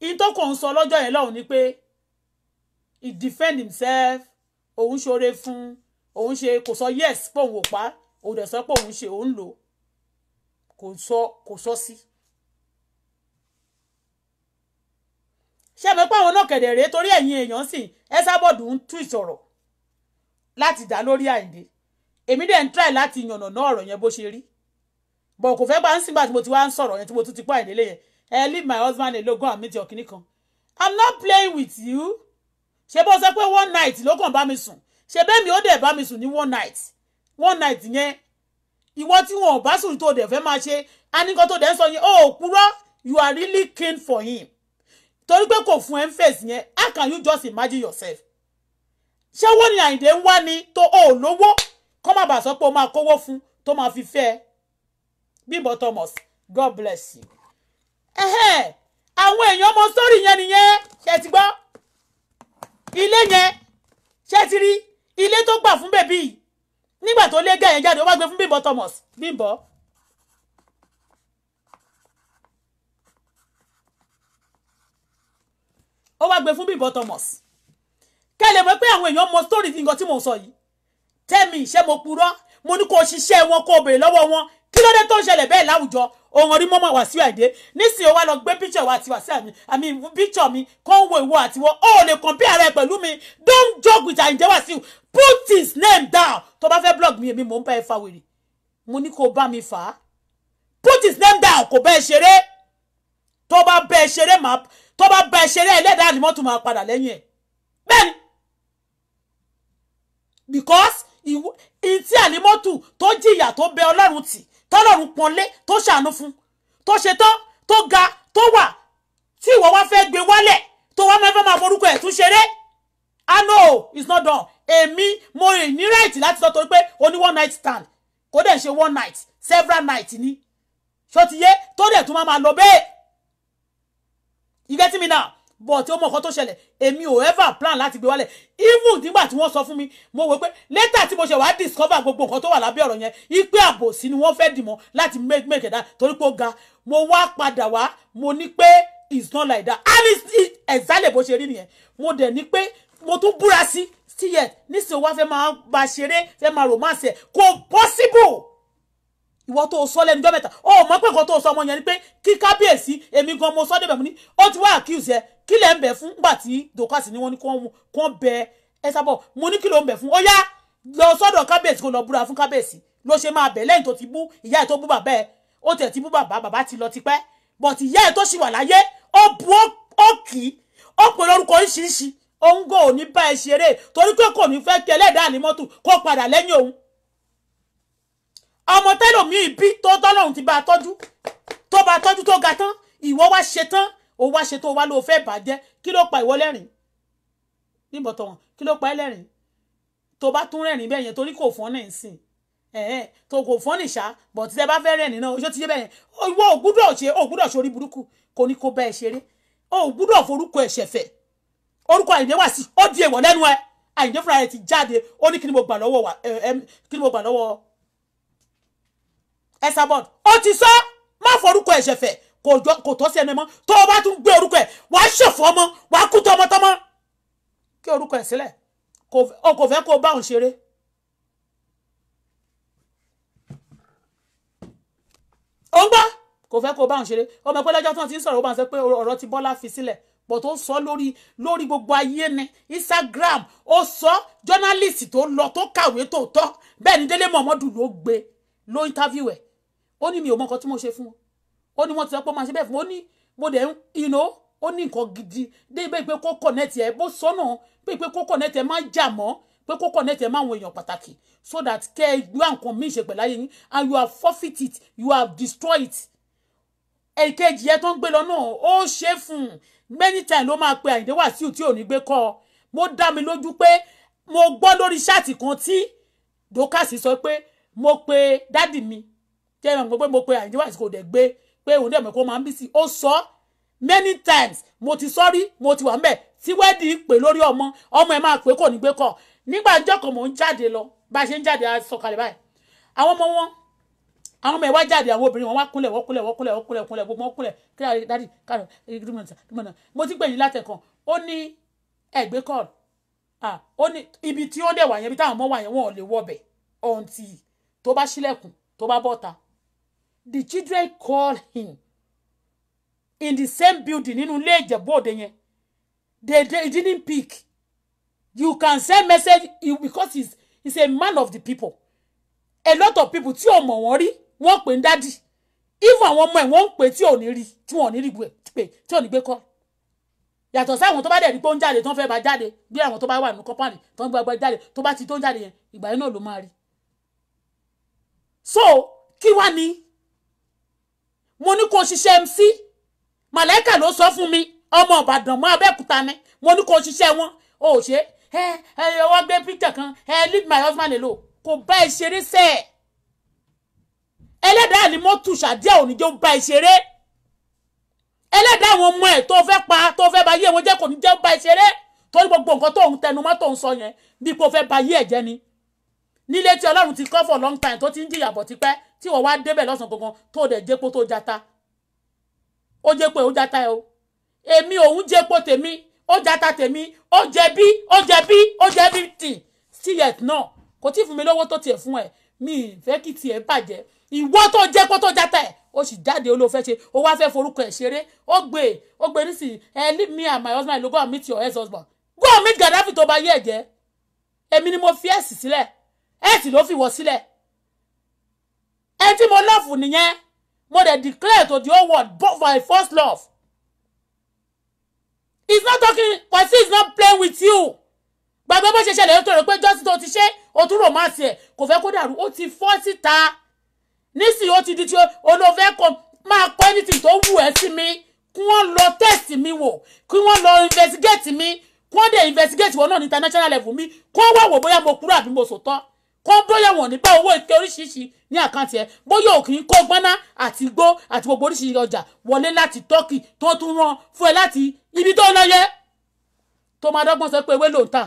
in tó kàn ń sọ lọ́jọ́ yẹn lọ́hùn ni pé he defend himself òun ṣoore fún òun ṣe kò sọ yes pé òun ò pa òun dẹ̀ sọ pé òun ṣe òun lò kò sọ kò sọ sí. ṣé mi pàwọn náà kẹ̀dẹ̀ rèé torí ẹ̀yin èèyàn sì ẹ sábọ̀dù ń tú ìsọ̀rọ̀ láti dá lórí àìndé èmi dẹ̀ ń try láti yànnàná ọ̀rọ̀ yẹn bó ṣe rí bọ̀ kò fẹ́ bá ń sìngbà tí mo ti wá ń sọ̀rọ̀ yẹn tí mo tún ti pọ̀ àìndé lé yẹn ẹ eh, leave my husband alone go and meet your kìnnìkan i'm not playing with you ṣe bó sọ pé one night ló kàn bá mi sùn ṣe bẹ́ẹ̀ mi ó dẹ̀ bá mi sùn ní one night one night yẹn ìwọ tí wọn ò bá sùn tó dẹ̀ fẹ́ máa ṣe anìkan tó dẹ̀ ń sọ yẹn ó oh, kúrò you are really keen for him torí pé kò fún ẹ ń fèsì yẹn how can you just imagine yourself ṣé owó ni àyìndé ń wá ni tó o lówó kó má bàa sọ pé o máa kówó fún tó máa fi fẹ́ ẹ Bimbo Thomas God bless you àwọn èèyàn mọ sórí yẹn nìyẹn ṣe ti gbọ́ ilé yẹn ṣe ti rí ilé tó gbà fún bèbí nígbà tó lé gẹ̀yẹ́ jáde ó wá gbé fún Bímbọ́ Thomas Bímbọ́. ó wá gbé fún Bímbọ́ Thomas kẹlẹ̀ mọ̀ pé àwọn èèyàn mọ sórí nǹkan tí mò ń sọ yìí tẹ́mi ìṣẹ́ mo purọ́ mo ní kó ṣiṣẹ́ wọn kó o béèrè lọ́wọ́ wọn kí ló dé tó ń ṣẹlẹ̀ bẹ́ẹ̀ láwùjọ òun rí mọ́mọ́ Wàsíù Àyìndé nísìnyí o wá lọ gbé picture wa àti Wàsíù àmì àmì picture mi kàn wo ìwọ àtiwọ́ o ò lè compare ara ẹ pẹ̀lú mi don't joke with Àyìndé Wàsíù put his name down tó bá fẹ́ blog mi èmi mò ń bá ẹ fa wèrè mo ní kó bá mi fà á put his name down kò bá ẹ ṣeré tó bá bá ẹ ṣeré màá tó bá bá ẹ ṣeré ẹlẹ́dàá ni mọ́tò máa padà lẹ́yìn ẹ̀ bẹ́ẹ̀ ni because ìtí àlímọ́tù tó jìyà tó bẹ ọlọ́run tì tọ́lọ́run pọ́nlé tó ṣàánú fún tó ṣe tó ga tó wà tí ìwọ wá fẹ́ gbé wálẹ̀ tó wá máa fẹ́ máa forúkọ ẹ̀ tún ṣeré ah no it's not done èmi mo rìn ní ráìtì láti sọ torí pé o ní one night stand kó dẹ̀ ṣe one night several night ni ṣó ti yé tó dẹ̀ tún máa máa lọ bẹ́ẹ̀ but ó mọ nǹkan tó ṣẹlẹ̀ èmi ò ever plan láti gbé wálẹ̀ even nígbà tí wọ́n sọ fún mi mo wò pé later tí mo ṣe wá discover gbogbo nǹkan tó wà lábẹ́ ọ̀rọ̀ yẹn ipe àbòsí ni wọ́n fẹ́ dìmọ́ láti make make ẹ̀dá torí pé ó ga mo wá padà wá mo ní pé it's not like that and it's exactly bó ṣe rí nìyẹn mo dẹ̀ ní pé mo tún búra sí still yet nísìnyí ó wá fẹ́ máa ba ṣeré fẹ́ máa romance ẹ̀ kò possible ìwọ tó sọ lẹ́nu jọ́ mẹ́ta ó mọ̀ pé nǹkan tó sọ ọmọ yẹn ni pé kí kábíyèsí èmi gan mo sọ débẹ̀ mo ní ó ti wá àkíyèsí ẹ kí lẹ̀ ń bẹ̀ fún nígbà tí dòkàsì ni wọ́n ní kó ń bẹ ẹ sábọ̀ mo ní kí ló ń bẹ̀ fún ó yá lọ sọ́dọ̀ kábíyèsí kó lọ búra fún kábíyèsí ló ṣe máa bẹ̀ lẹ́yìn tó ti bú ìyá ẹ̀ tó bú bàbá ẹ̀ ó tẹ̀ ti bú bàbá bàbá ti lọ tipẹ́ but ìyá ẹ̀ tó ṣì wà láyé ó bu ó kì í ó pè lórúkọ oríṣiríṣi òun gò ní bá ẹ ṣeré torí pé kò ní fẹ́ kí ẹlẹ́dàá ní mọ́tò kó padà lẹ́yìn òun ọmọ tẹ́lòmíì bí tó tọ́lọ́run ti bá a tọ́jú tó bá a tọ́jú tó ga tán ìwọ wá ṣe tán ó wá ṣe tó wá ló fẹ́ bàjẹ́ kí ló pa ìwọ lẹ́rìn níbo tọ̀ wọ́n kí ló pa ẹ́ lẹ́rìn tó bá tún rẹ̀rìn bẹ́ẹ̀ yẹn torí kò fọ́n náà ń sìn ẹ̀ẹ́ tó kò fọ́n nìṣá bọ̀ tí ẹ bá fẹ́ rẹ̀rìn náà oṣó ti ṣe bẹ́ẹ̀ yẹn ìwọ ò gbúdọ̀ ṣe ò gbúdọ̀ ṣe orí burúkú kò ní kó bẹ́ẹ̀ ṣeré ò gbúdọ̀ forúkọ ẹ̀ṣẹ̀ fẹ̀ orúkọ àyìndé wà sí ó di èèwọ̀ lẹ́nu ẹ àyìndé fúnra rẹ̀ ti jáde ó ní kí ni mo gbà lọ́wọ́ Esabod ó ti sọ má forúkọ ẹ̀ṣẹ̀ fẹ̀ kò tọ́ sí ẹnu ẹ mọ́ tó o bá tún gbé orúkọ ẹ̀ wà á ṣòfò ọmọ wà á kú tọmọtọmọ kí orúkọ ẹ̀ sílẹ̀ o kò fẹ́ kó o bá òun ṣeré. ó ń gbọ́ kò fẹ́ kó o bá òun ṣeré ọmọ ẹgbẹ́ lọ́jọ́ tí wọ́n ti ń sọ̀rọ̀ ó máa sọ pé ọ̀rọ̀ ti Bọ́lá fi sílẹ̀ pọ̀ tó sọ lórí lórí gbogbo ayé ni Instagram ó sọ jọ́nálìsì tó lọ tó kàwé tó bẹ́ẹ̀ ni Délé Mọ̀mọ́dù ló gbé ló interview ẹ̀ ó ní mi ò mọ nǹkan tí mo ṣe fún wọn ó ní wọ́n ti sọ pé ó máa ṣe bẹ́ẹ̀ fún wọn ó ní mo dẹ̀ ń iná ó ní nǹkan gidi débẹ̀ pé kó kọ̀nẹ́tì ẹ̀ bó sọ́nà pé pé kó kọ̀nẹ́tì ẹ̀ má jà mọ́ pé kó kọ̀nẹ́tì ẹ̀ má àwọn èèyàn pàtàkì so that kẹ́ ẹ gbé nǹkan míì ṣe pẹ̀lú ayé yín and you have forfeit it you have destroyed it èkejì ẹ tó ń gbé lọ náà ó ṣe fún un many times ló máa pe Àyìndé Wàsíù tí ò ní gbé kọ́ ọ mo dá mi lójú pé mo gbọ́ lórí ṣáàtì kan tí dókàsì sọ pé mo pe dádì mi ṣé ẹ mọ̀ pé mo pe àyíndé wáṣí kò dẹ̀ gbé pé òun dẹ̀ mọ̀ pé ó máa ń bí sí i ó sọ many times mo ti sọ́rí mo ti wà ń bẹ̀ tí wẹ́ẹ̀dì pè lórí ọmọ ọmọ ẹ máa pè kò ní gbé kọ̀ nígbà ọjọ́ kan mò ń jáde lọ bá a ṣe ń jáde a sọ̀kalẹ̀ báyìí àwọn ọmọ wọn àwọn ọmọ ẹ wá jáde àwọn obìnrin wọn wá kúnlẹ̀ wọ́n kúnlẹ̀ wọ́n kúnlẹ̀ wọ́n kúnlẹ̀ kúnlẹ̀ gbogbo wọn kúnlẹ̀ kíláà dádì káàró ìgbìmọ̀nà ìgbìmọ̀nà mo ti gbẹ̀yìn látẹ̀kàn ó ní ẹ̀gbẹ́ kọ́ọ̀lù ó ní ibi tí ó dẹ̀ wà yẹn ibi táwọn ọmọ wà yẹn wọn ò lè wọbẹ̀ ọ̀ǹtì tó bá ṣílẹ̀kùn tó bá bọ́ta the children call him in the same building nínú ilé ìjẹ̀bú òde yẹn they they didn't pick you can send message because he's he's a man of the people a lot of people tí ò mọ̀ wọ́n rí wọ́n pè ń dádì even àwọn ọmọ ẹ̀ wọ́n ń pè tí ò ní rí tí wọ́n ò ní rí pé tí ò ní gbé kọ́ yàtọ̀ sí àwọn tó bá dẹ̀ ní pé ó ń jáde tó ń fẹ́ bá jáde bí àwọn tó bá wà nínú kọ́pánì tó ń gbàgbọ́ jáde tó bá ti tó ń jáde yẹn ìgbà yẹn náà ló máa rí so kí wá ni mo ní kó ṣiṣẹ́ MC màlẹ́kà ló sọ fún mi ọmọ ìbàdàn mọ́ abẹ́òkúta ni mo ní kó ṣiṣẹ́ wọn ò ṣe ẹ ẹ ọwọ́ gbé picture kan ẹ leave my husband alone kò bá ẹ ṣeré sẹ́ ẹ̀ ẹlẹ́dàá ni mo tù ṣàdíà òníjó bá ẹ ṣeré ẹlẹ́dàá àwọn ọmọ ẹ̀ tó fẹ́ pa tó fẹ́ bá yé wọn jẹ́ kò ní jẹ́ bá ẹ ṣeré torí gbogbo nǹkan tó ń tẹnu mọ́ tó ń sọ yẹn bí kò fẹ́ bá yé ẹ̀ jẹ́ ni nílé tí ọlọ́run ti kọ́ for long time tó ti ń jìyà bọ̀ tipẹ́ tí wọ́n wá débẹ̀ lọ́sàn gangan tó dẹ̀ jẹ́pọ̀ tó jata ó jẹ́pọ̀ ó jata ẹ o èmi òun jẹ́pọ̀ tèmi ó jata tèmi ó jẹ̀bi ó jẹ̀bi ó jẹ̀bi tì still yet náà kò tí ì fún mi lówó tó tiẹ̀ fún ẹ̀ mi ì fẹ́ kí tiẹ̀ bàjẹ́ ìwọ tó jẹ́pọ̀ tó jata ẹ̀ ó sì jáde ó ló fẹ́ ṣe ó wá fẹ́ forúkọ ẹ̀ ṣeré ó gbé ó gbé nísìnyí ẹ leave me and my husband alone go and meet your ex husband go and meet Gaddafi tó bá yé ẹ̀jẹ̀ èmi ni mo fi ẹ̀sì sílẹ̀ ẹ̀sì ló fi wọ́ sílẹ̀ ẹni tí mo lọ́ọ̀fù nìyẹn mo dey declare to the whole world both my first love he's not talking Wasiu is not playing with you gbàgbé bó ṣe ṣẹlẹ̀ ó tó rẹ̀ pé jọ́sí tó ti ṣe ó tún rò máa tiẹ̀ kò fẹ́ kó dàrú ó ti fọ́ síta nísìnyí ó ti di tí olóòfẹ́ kan máa kọ́ anything tó wù ẹ́ sí mi kí wọ́n lọ test mi wò kí wọ́n lọ investigate mi kí wọ́n dẹ̀ investigate wọn náà ní international level mi kí wọ́n wá wò bóyá mo kúrò àbí mo sòtọ́. So kọ́ bóyá wọ̀n nípa owó ìpè oríṣiríṣi ní àkáǹtì ẹ̀ bóyá òkín kó gbọ́ná àti gbó àti gbogbo oríṣiríṣi ọjà wọlé láti tọ́kì tó tún rán fún ẹ láti ibi tó lọ yẹ tó máa dọ́gbọ́n sọ pé ewé ló ń tà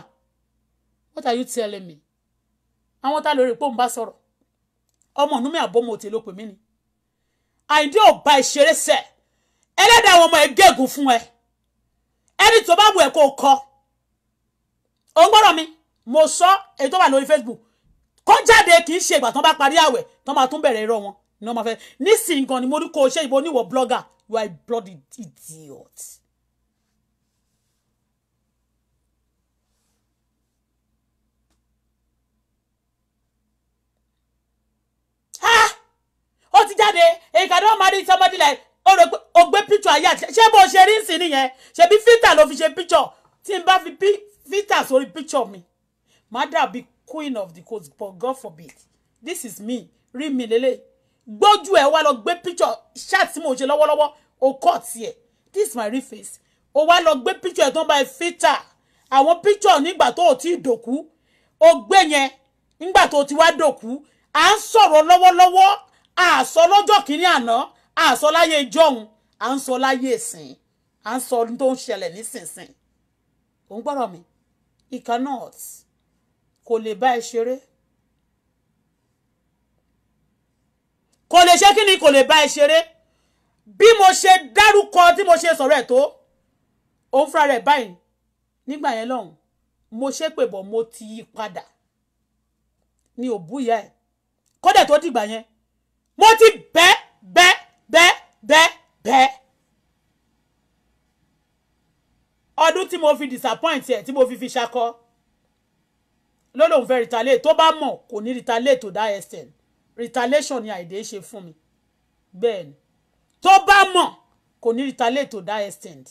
what are you telling me àwọn tá lórí pòun bá sọ̀rọ̀ ọmọ ọ̀nùmí àbọ̀mọ̀ òtí ló pè mí ni àìdí ò bá ìṣeré sẹ̀ ẹlẹ́dàá àwọn ọmọ ẹ gégùn fún ẹ ẹni tó bá wù ẹ kó kọ òun gbọ́dọ̀ mi mo sọ èyí tó wà lórí Facebook kó jáde kì í ṣe ìgbà tán bá parí àwẹ̀ tán máa tún bẹ̀rẹ̀ irọ́ wọn ni wọ́n máa fẹ́ nísìnyí gan ni mo ní kó ìbò oníwọ̀ blogger you are a bloody idiot. ó ti jáde èyíká don marry somebody like ó gbé picture ayé àti ṣé bó ṣe rí ń sìn nìyẹn ṣebí filter ló fi ṣe picture tí n bá fi filter sórí picture mi má dàbí queen of the coast but God forbid this is me rí mi lélẹ̀ gbójú ẹ̀ wá lọ gbé picture ṣáà tí mo ṣe lọ́wọ́lọ́wọ́ o kọ́ tiẹ̀ this is my real face o wá lọ gbé picture ẹ̀ tó ń bá ẹ fítà àwọn picture nígbà tó o ti dòkú o gbé yẹn nígbà tó o ti wá dòkú à ń sọ̀rọ̀ lọ́wọ́lọ́wọ́ à sọ lọ́jọ́ kìíní àná à sọ láyé ìjọ́hun à ń sọ láyé ìsìn à ń sọ ohun tó ń ṣẹlẹ̀ nísinsìnyí òun gbọ́dọ̀ mi he cannot kò lè bá ẹ ṣeré kò lè ṣe kí ni kò lè bá ẹ ṣeré bí mo ṣe dárúkọ tí mo ṣe sọ̀rọ̀ ẹ̀ tó òun fúnra rẹ̀ báyìí nígbà yẹn lọ́hùn mo ṣe pè bọ̀ mo ti yí padà ni ò bú ìyá ẹ̀ kọ́dẹ̀ tó dìgbà yẹn mo ti bẹ́ bẹ́ bẹ́ bẹ́ bẹ́ ọdún tí mo fi disappoint ẹ̀ tí mo fi fi ṣakọ ló lóun fẹ́ retaliate tó bá mọ̀ kò ní retaliate to that extent retaliation ni àìdè ṣe fún mi bẹ́ẹ̀ ni tó bá mọ̀ kò ní retaliate to that extent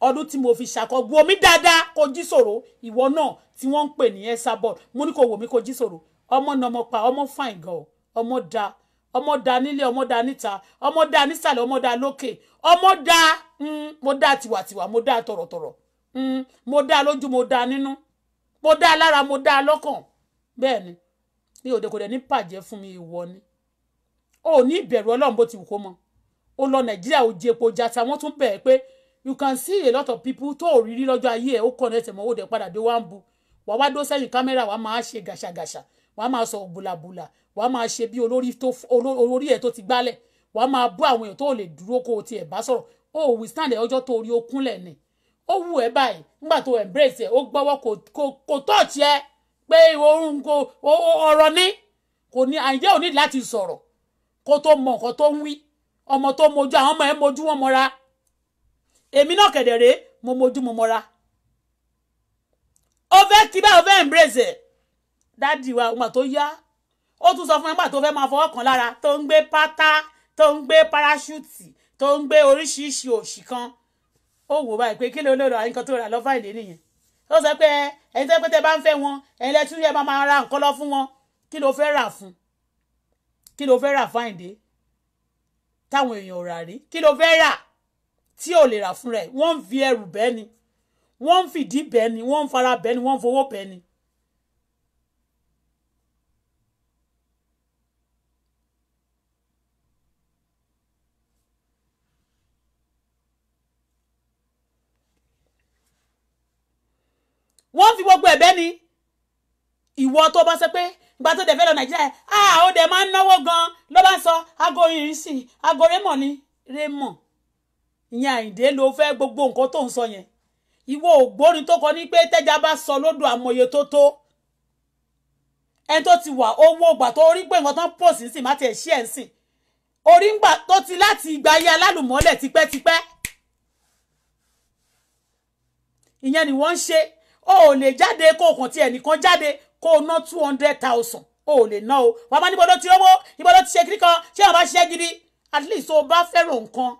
ọdún tí mo fi ṣàkọgbó omi dáadáa kojú ṣòro ìwọ náà tí wọ́n ń pè ní Esabod mo ní kò wò mí kojú ṣòro ọmọ náà ọmọ pa ọmọ fine gan ọmọ da ọmọ da nílé ọmọ da níta ọmọ da nísàlẹ̀ ọmọ da lókè ọmọ da mm, mo da tiwàtiwà mo da tọ̀rọ̀tọ̀rọ̀ mm, mo da lójú mo da nínú mo dá a lára mo dá a lọ́kàn bẹ́ẹ̀ ni mi ò dẹ̀kọ̀dẹ̀ ní pàjẹ́ fún mi ìwọ ni o ò ní ìbẹ̀rù ọlọ́run bó ti wù kó mọ o lọ nàìjíríà ò epo jata wọ́n tún bẹ̀ẹ́ pé you can see a lot of people tó ò rírí lọ́jọ́ ayé ẹ̀ ó connect mọ́ òde padà dé wá ń bu wà wá dó sẹ́yìn kámẹ́rà wà máa ṣe gàṣàgàṣà wà máa sọ bùlàbùlà wà máa ṣe bí olórí ẹ̀ tó ti gbálẹ̀ wà máa bú àwọn èèyàn tó lè dúró kó o tiẹ̀ bá sọ̀rọ̀ o ò stand ẹ̀ ọjọ́ tó orí okúnlẹ̀ ni ó wù ẹ́ báyìí nígbà tó embrace ẹ̀ ó gbọ́wọ́ kò touch ẹ pé òun kò ọ̀rọ̀ ní kò ní àyè ò ní láti sọ̀rọ̀ kó tó mọ nǹkan tó ń wí ọmọ tó mojú àwọn ọmọ ẹ mojú wọn mọ́ra èmi náà kẹ̀dẹ̀ mo mojú mo mọ́ra ó fẹ́ kí báyìí ó fẹ́ embrace ẹ̀ dáàdì wa ọgbà tó yá ó tún sọ fún ẹgbà tó fẹ́ máa fọwọ́ kan lára tó ń gbé pátá tó ń gbé parachute tó ń gbé oríṣiríṣi òṣì kan ó wò báyìí pé kí ló lọ́ọ́ ra nǹkan tó rà lọ́fà ìdè nìyẹn ó sọ pé ẹni tẹ́ pé tẹ́ bá ń fẹ́ wọn ẹni lẹ́tú yẹ máa máa ra nǹkan lọ fún wọn kí ló fẹ́ rà fún kí ló fẹ́ rà fáìndé táwọn èèyàn ò rà rí kí ló fẹ́ rà tí ò lè rà fún rẹ̀ wọ́n ń fi ẹrù bẹ́ẹ̀ wọ́n ń fìdí bẹ́ẹ̀ wọ́n ń fara bẹ́ẹ̀ wọ́n ń fowó bẹ́ẹ̀ wọ́n fi gbogbo ẹ̀bẹ́ ni ìwọ tó bá sọ pé ìgbà tó dẹ̀ lọ nàìjíríà ah ó dẹ̀ máa ń náwó gan ló bá sọ aago ìrísí aago rémọ̀ ni rémọ̀ ìyẹn àyìndé ló fẹ́ gbogbo nǹkan tó ń sọ yẹn ìwọ ògbórin tó kọ ní pé tẹ́já bá sọ lódò àmọye tó tó ẹni tó ti wà owó ògbà tó rí pé nǹkan tán pọ̀ sí sí má tiẹ̀ ṣí ẹ̀ sìn orí ń gbà tó ti láti ìgbà ayé alálùmọ́lẹ̀ tipẹ́tipẹ́ ìyẹn ni wọ́n ń ṣe o ò lè jáde kó o kàn tiẹ̀ nìkan jáde kó o ná two hundred thousand o ò lè ná o wàá bá níbodò ti rówó níbodò ti ṣe kiri kan ṣé wọn bá ṣiṣẹ́ gidi at least o bá fẹ́ràn nǹkan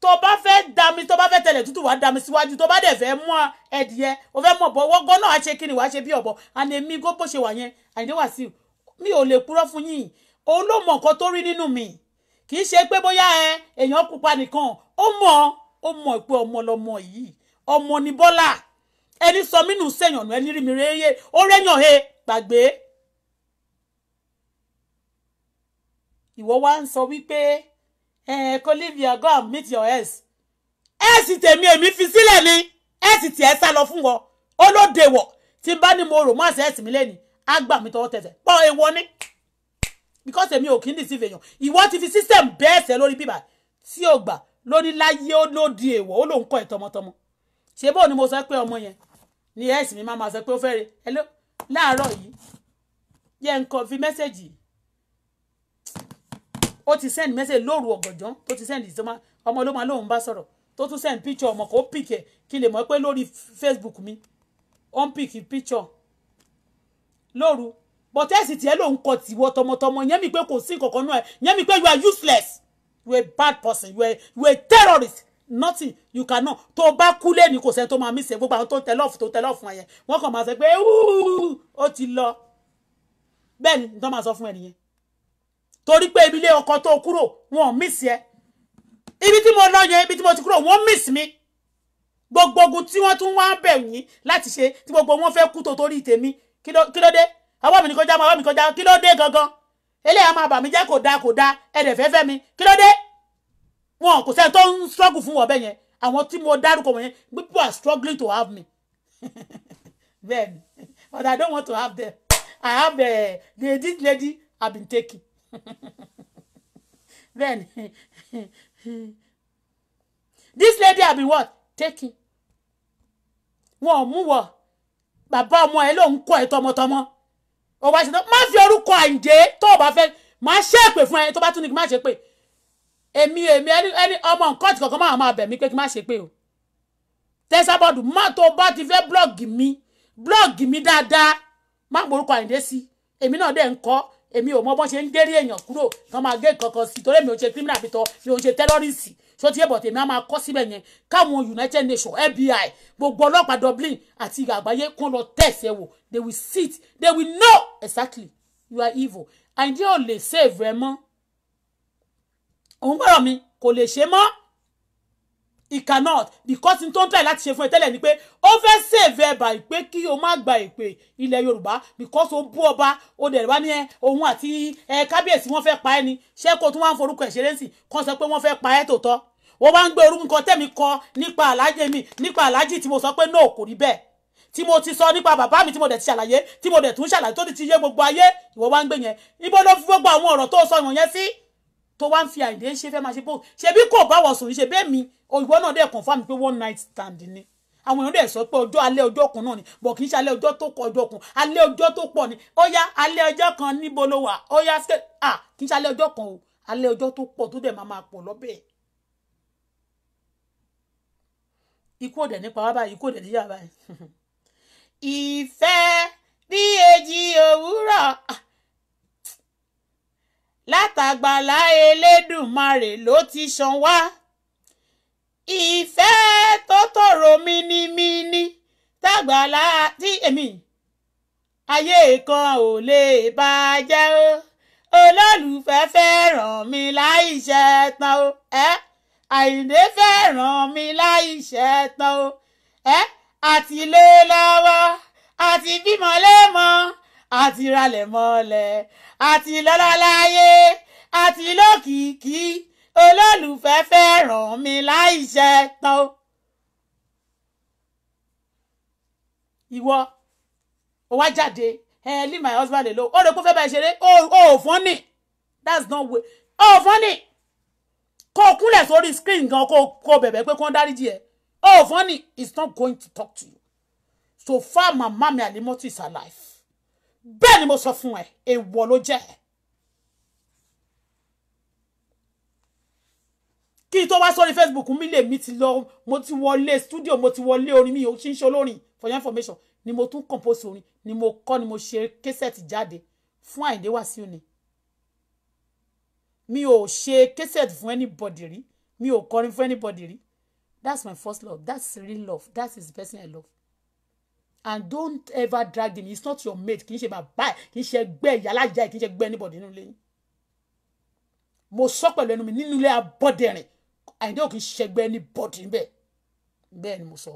tó bá fẹ́ dami tó bá fẹ́ tẹ̀lẹ̀ tútù wá dami síwájú tó bá dẹ̀ fẹ́ mú ẹdìyẹ o fẹ́ mú ọ̀bọ wọ́gọ́ náà á ṣe kí ni wàá ṣe bí ọ̀bọ àná èmi gbọ́ ṣe wà yẹn Àyìndé Wàsíù mi ò lè purọ́ fún yín òun ló mọ̀ nǹkan tó rí nínú mi kì í ṣe pé bóyá ẹ èèyàn pupa nìkan ó mọ̀ ó mọ̀ pé ọmọ lọmọ yìí ọmọ ni Bọ́lá ẹni sọ mí nù sẹ́yàn nù ẹni rí mi réyé ó rẹ́yàn he gbàgbé. ìwọ wá ń sọ wípé ẹ Olivia go and meet your ex ẹ̀sì tèmi èmi fi sílẹ̀ ni ẹ̀sì tiẹ̀ sá lọ fún wọn ó de wọ̀ tí bá ní mo rò mọ́ àṣẹ ẹ̀sìn mi lẹ́ni á gbà mí tọwọ́ tẹsẹ̀ pọ̀ èwo ni because èmi ò kí ń deceive èèyàn ìwọ ti fi system bẹ́ẹ̀ sẹ́ lórí bíbà tí ò gbà lórí láyé ó ló di èèwọ̀ ó lòun kọ́ ẹ̀ tọmọtọmọ ṣé bóun ni mo sọ pé ọmọ yẹn ni ẹ̀sìn mi máa ma sọ pé ó fẹ́rẹ̀ hello láàárọ̀ yìí yẹ nǹkan fi mẹ́sẹ̀gì ó ti send message lóru ọ̀gànjọ́ tó ti send ìsọmọ ọmọ ló máa lóun bá sọ̀rọ̀ tó tún send picture ọmọ kò pick ẹ̀ kí lè mọ̀ pé lórí Facebook mi ó ń pick picture lóru but ẹ̀sì tiẹ̀ lòun kọ tìwọ tọmọtọmọ yẹn mi pé kò sí kankan náà yẹn mi pé you are useless you are a bad person you are, you are a terrorist nothing you cannot tó bá kú lẹ́ni kò sẹ́ni tó máa mísè gbogbo àwọn tó tẹ lọ́ọ̀fù tó tẹ lọ́ọ̀fù wọn wọ́n kàn máa sọ pé ó ti lọ bẹ́ẹ̀ ni tó máa sọ fún ẹ nìyẹn torí pé ibilé ọkọ tó kúrò wọn ò mísì ẹ ibi tí mo lọ yẹn ibi tí mo ti kúrò wọn mísì mi gbogbo ogun tí wọ́n tún wá bẹ̀ yín láti ṣe tí gbogbo wọn fẹ́ kú tó torí tèmi kí ló dé ọwọ́ mi ní kọjá ọwọ́ mi kọjá kí ló dé gangan eléyà máa bà mí jẹ́ kò dáa kò dáa ẹ̀dẹ̀ fẹ́fẹ́ mi kí ló dé wọn kò sẹ́ni tó ń struggle fún wọn bẹ́ẹ̀ yẹn àwọn tí mo dárúkọ wọ̀nyẹn people are struggling to have me Then, but I don't want to have them I have uh, the this lady I've been taking Then, this lady I've been what taking wọn ò mú wọ bàbá ọmọ ẹ ló ń kọ ẹ tọmọtọmọ ó wá ṣe tán má fi orúkọ àǹjẹ tó o bá fẹ́ máa ṣe é pè fún ẹ tó bá tún ní kí má ṣe pè èmi èmi ẹni ẹni ọmọ nǹkan tí kankan máa máa bẹ̀ mí pé kí n má ṣe pé o tẹ́sàbọ̀dù má tó bá ti fẹ́ blọ́ọ̀gì mi blọ́ọ̀gì mi dáadáa má gborúkọ àyíndé sí èmi náà dẹ̀ ń kọ́ èmi ò mọ bọ́n ṣe ń gérí èèyàn kúrò kán máa gé kankan sí torí mi ò ṣe criminal bitọ mi ò ṣe terrorist so ti yé bọ̀tẹ̀ mi á máa kọ́ síbẹ̀ yẹn káwọn united nations FBI gbogbo ọlọ́pàá dublin àti àgbáyé kán lọ test ẹ wò they will sit they will know exactly you are evil àyíndé ò lè save rẹ mọ́ òun gbọ́dọ̀ mi kò lè ṣe mọ́ he cannot because n tó ń tẹ̀ láti ṣe fún ẹ tẹ́lẹ̀ ni pé ó fẹ́ save ẹ bàyí pé kí o má gba èpè ilẹ̀ yorùbá because o bú ọba o dẹ̀ wá ní ẹ òun àti ẹ kábíyèsí wọ́n fẹ́ pa ẹ ni ṣé kó tún wá ń forúkọ ẹ̀ ṣeré sí kàn sọ pé wọ́n fẹ́ pa ẹ tòótọ́ wọ́n bá ń gbé orúkọ tẹ̀mí kọ nípa alájẹ mi nípa alájì tí mo sọ pé náà kò rí bẹ́ẹ̀ tí mo ti sọ nípa bàbá mi tí mo dẹ̀ ti ṣàlàyé tí mo dẹ̀ tún ṣàlàyé tó ti ti yé gbogbo ayé ìwọ wá ń gbé yẹn ibo ló gbogbo àwọn ọ̀rọ̀ tó sọ ìwọ̀n sí tó wá ń fi àìdè ṣe fẹ́ máa ṣe pò ṣebí kò bá wọ̀ sùn ṣe bẹ́ẹ̀ mi òyìnbó náà dẹ̀ confam pé one night stand ni àwọn èèyàn dẹ̀ sọ pé ọjọ́ alẹ́ ọjọ́ kan náà ni bọ̀ kì í ṣe alẹ́ ọjọ́ tó kọ ọjọ́ kan alẹ́ ọjọ́ tó pọ̀ ni ó yá alẹ́ ọjọ́ kan níbo ló wà ó yá ṣe à kì í ṣe alẹ́ ọjọ́ kan o alẹ́ ọjọ́ tó pọ̀ tó dẹ̀ máa máa pọ̀ lọ́bẹ̀. ikú òdẹ nípa wá báyìí ikú òdẹ níyà báyìí. ìfẹ́ bí èjì òwúrọ̀ látàgbàlá elédùnmarè ló ti ṣàn wá ìfẹ́ tó tòrò mínímíní tàgbàlá tí èmi ayé kan ò lè bàjẹ́ o olólùfẹ́ fẹ́ràn mi láì ṣẹ́ tán o ẹ́ àyìndé fẹ́ràn mi láì ṣẹ́ o ẹ́ àti lé lọ́wọ́ àti bímọ lé mọ́ àti ralẹ̀ mọ́lẹ̀ àti lọ́lọ́láyé àti lókìkí olólùfẹ́ fẹ́ràn mi láì ṣe tán. ìwọ ó wá jáde ẹ leave my husband alone ó rẹ kó fẹ́ bá ẹ ṣeré ó ò fún ni that's not way ó ò fún ni kó o kúnlẹ̀ sórí screen gan kó o bẹ̀bẹ̀ pé kó o dáríjì ẹ̀ ó ò fún ni it's not going to talk to you so far mama mi alimotu is alive bẹ́ẹ̀ ni mo sọ fún ẹ èèwọ̀ ló jẹ́ kí n tó wá sórí Facebook mi lè mi ti lọ mo ti wọlé studio mo ti wọlé orin mi ò ṣí ń ṣe olórin for your information ni mo tún compose orin ni mo kọ́ ni mo ṣe késẹ̀tì jáde fún Àyìndé Wàsíù ni mi ò ṣe késẹ̀tì fún anybody rí mi ò kọrin fún anybody rí that's my first love that's real love that is the person I love and don't ever drag him he's not your mate kì í ṣe bàbá ẹ kì í ṣe ẹgbẹ́ ìyá alájà ẹ kì í ṣe ẹgbẹ́ anybody nínú ilé yín mo sọ pẹ̀lú ẹnu mi nínú ilé abọ́dẹ̀rìn àyíndé ò kì í ṣe ẹgbẹ́ anybody níbẹ̀ bẹ́ẹ̀ ni mo sọ.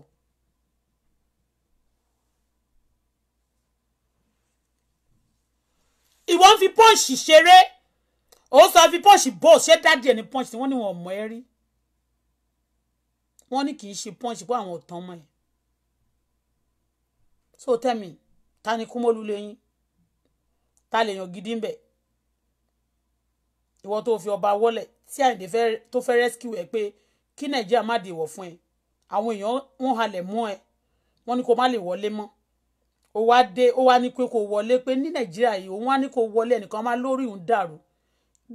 ìwọ ń fi pọ́ǹsì ṣeré ó sọ fi pọ́ǹsì bọ́ ṣé dáàdì ẹ̀ ní pọ́ǹsì tí wọ́n ní wọn mọ̀ ẹ́ rí wọ́n ní kì í ṣe pọ́ǹsì pé àwọn ò tán mọ́ ẹ̀ so tell me ta ni Kúmọ́lú lẹ́yìn ta lèèyàn gidi ń bẹ̀ ìwọ tó fi ọba wọlẹ̀ tí Àyìndé tó fẹ́ rescue ẹ pé kí Nàìjíríà má dèwọ̀ fún ẹ àwọn èèyàn wọ́n halẹ̀ mọ́ ẹ wọ́n ní kó má lè wọlé mọ́ ó wá dé ó wá ní pé kó wọlé pé ní Nàìjíríà yìí òun wá ní kó wọlé ẹnìkan má lórí òun dàrú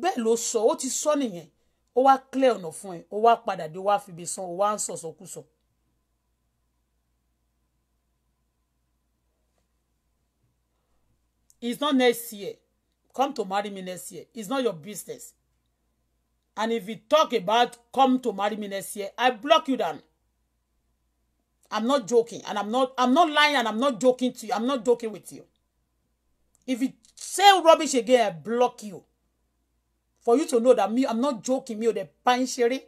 bẹ́ẹ̀ ló sọ ó ti sọ nìyẹn ó wá clear ọ̀nà fún ẹ ó wá padà dé ó wá fi ibi san ó wá ń sọ̀sọ̀kùsọ̀. So, so, It's not next year. Come to marry me next year. It's not your business. And if you talk about come to marry me next year, I block you down. I'm not joking, and I'm not I'm not lying, and I'm not joking to you. I'm not joking with you. If you say rubbish again, I block you. For you to know that me, I'm not joking. Mi ò dẹ̀ pa ń ṣeré.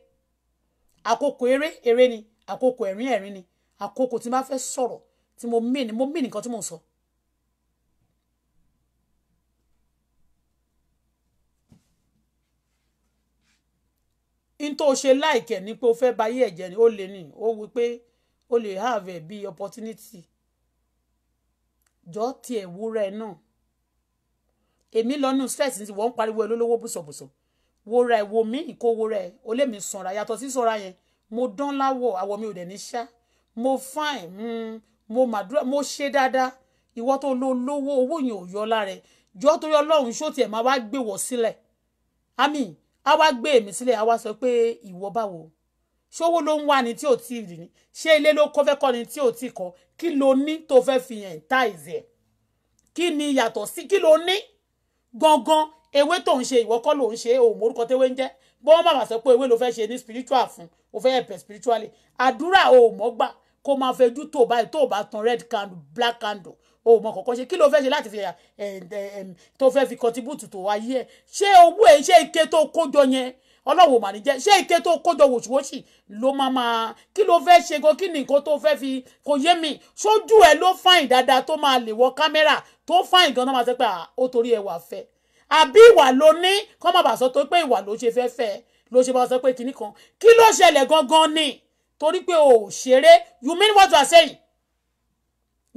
Àkókò eré eré ni, àkókò ẹ̀rín ẹ̀rín ni, àkókò tí n bá fẹ́ sọ̀rọ̀ tí mo mean mo mean nǹkan tí mo sọ. n tó ṣe láìkẹ̀ ni pé o fẹ́ ba ayé ẹ̀jẹ̀ ni ó lè ní ó wí pé o lè have ẹ̀ bíi opportunity jọ tiẹ̀ wúra ẹ̀ náà èmi lọ́nu stress ti wọ́n ń pariwo ẹ̀ lólówó bùsọ̀bùsọ̀ wúra ẹ̀ wo mí ìkó wúra ẹ̀ o lè mi sanra yàtọ̀ sí sanra yẹn mo dán láwọ̀ àwọ̀ mi ò dẹ̀ ní ṣá mo fine mm, mo màdúrà mo ṣe dáadáa ìwọ tó lo lówó owó yẹn ò yọ lára ẹ̀ jọ torí ọlọ́run ṣó tiẹ̀ máa wá gbé sílẹ̀ àmín á wá gbé èmi sílẹ̀ á wá sọ pé ìwọ báwo ṣówó ló ń wá ni tí ò tí ì rí ni ṣé ilé ló kọ́ fẹ́ kọ́ ni tí ò tí ì kọ́ kí lo ní tó fẹ́ fi hàn tá ìzẹ̀ kí ni yàtọ̀ sí kí lo ní gangan ewé tó ń ṣe ìwọ kọ́ ló ń ṣe òun morúkọ tẹ́wé ń jẹ́ bó wọn bàbà sọ pé ewé ló fẹ́ ṣe ní spiritual fún o fẹ́ ẹ̀pẹ̀ spiritually àdúrà o mọ́ gbà kó máa fẹjú tó báyìí tó bá tan red candle black candle o mọ kọ̀ọ̀kan ṣe kí ló fẹ́ ṣe láti fi eh, eh, tó fẹ́ fi contribute tó ayé ẹ̀ ṣé owó ẹ̀ ṣé ike tó kójọ yẹn ọlọ́wọ́ mà ní jẹ́ ṣé ike tó kójọ wòṣíwòṣì ló máa máa kí ló fẹ́ ṣe gan kí ni nǹkan tó fẹ́ fi kò yé mi sójú ẹ̀ ló fàìn dáadáa tó máa lè wọ kámẹ́rà tó fàìn gan náà máa sọ pé ó torí ẹwà fẹ́ àbí ìwà ló ní kọ́ má bàa sọ pé ìwà ló ṣe fẹ́ fẹ́ ló ṣe bá sọ pé kinní kan kí ló ṣẹlẹ̀ gangan ni torí pé o ṣeré you mean what you are saying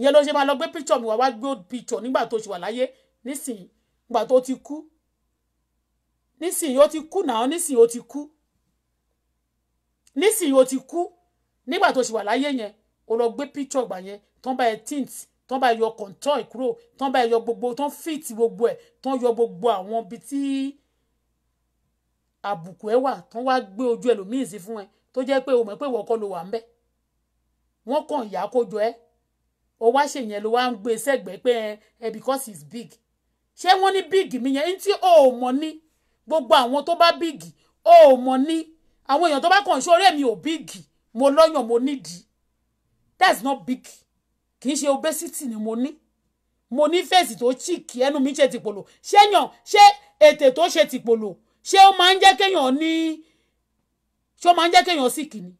ìyẹn ló ṣe máa lọ gbé picture mi wá wá gbé picture nígbà tó ṣì wà láyé nísìnyí nígbà tó ti kú nísìnyí ó ti kú náà nísìnyí ó ti kú nísìnyí ó ti kú nígbà tó ṣì wà láyé yẹn ó lọ gbé picture gbà yẹn tán bá ẹ tint tán bá yọ control kúrò tán bá yọ gbogbo tán fit gbogbo ẹ tán yọ gbogbo àwọn ibi tí àbùkù ẹ wà tán wá gbé ojú ẹlòmíì sí fún ẹ tó jẹ́ pé o mọ̀ pé ìwọ kọ́ ló wà ń bẹ̀ wọ́n kàn yà kó jọ ẹ́ o wá ṣe yẹn ló wá ń gbé sẹ́gbẹ̀ẹ́ pé ẹ eh, because it's big ṣé wọ́n ní big mi yẹn ntí o ò mọ̀ ní gbogbo àwọn tó bá big o ò mọ̀ ní àwọn èèyàn tó bá kàn ṣó rẹ̀ mi ò big mo lọ́yàn mo nídìí that's not big kì í ṣe obesity ni mo ní mo ní fèsì tó chíkì ẹnu mi ṣe tìpolò ṣéyàn ṣé ètè tó ṣe tìpolò ṣé ó máa ń jẹ́ kéèyàn ní ṣé ó máa ń jẹ́ kéèyàn sì kìíní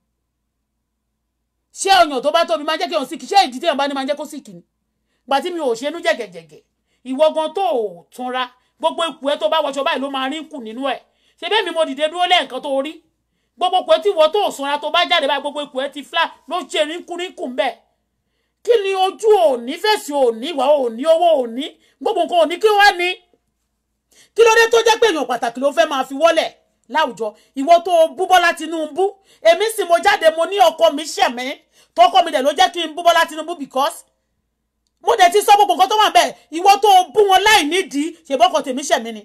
ṣé ọyàn tó bá tóbi máa jẹ́ kí òun síkì ṣé ìdí téèyàn bá ní máa jẹ́ kó síkì ni gbà tí mi ò ṣe é nú jẹ̀gẹ̀jẹ̀gẹ̀ ìwọ gan tó ò túnra gbogbo ipò ẹ tó bá wọṣọ báyìí ló máa rí kù nínú ẹ ṣe bẹ́ẹ̀ mi mo dìde dúró lẹ́ẹ̀kan tó rí gbogbo ipò ẹ tí ìwọ tó ò sunra tó bá jáde báyìí gbogbo ipò ẹ ti fla ló ṣe rínkù rínkù ń bẹ̀ kí ni ojú òní fèsì òní ìwà òní owó òní gbogbo nǹkan òní kí wá ní kí ló tó jẹ́ pé èèyàn pàtàkì ló fẹ́ máa fi wọ́lẹ̀ láwùjọ ìwọ tó bú Bọ́lá Tinubu èmi sì mo jáde mo ní ọkọ mi ṣẹ̀mí tọkọ mi dẹ̀ ló jẹ́ kí n bú Bọ́lá Tinubu because mo dẹ̀ ti sọ gbogbo nǹkan tó wà bẹ́ẹ̀ ìwọ tó bú wọn láì nídìí ṣèbọ́ ọkọ tèmi ṣẹ̀mí ni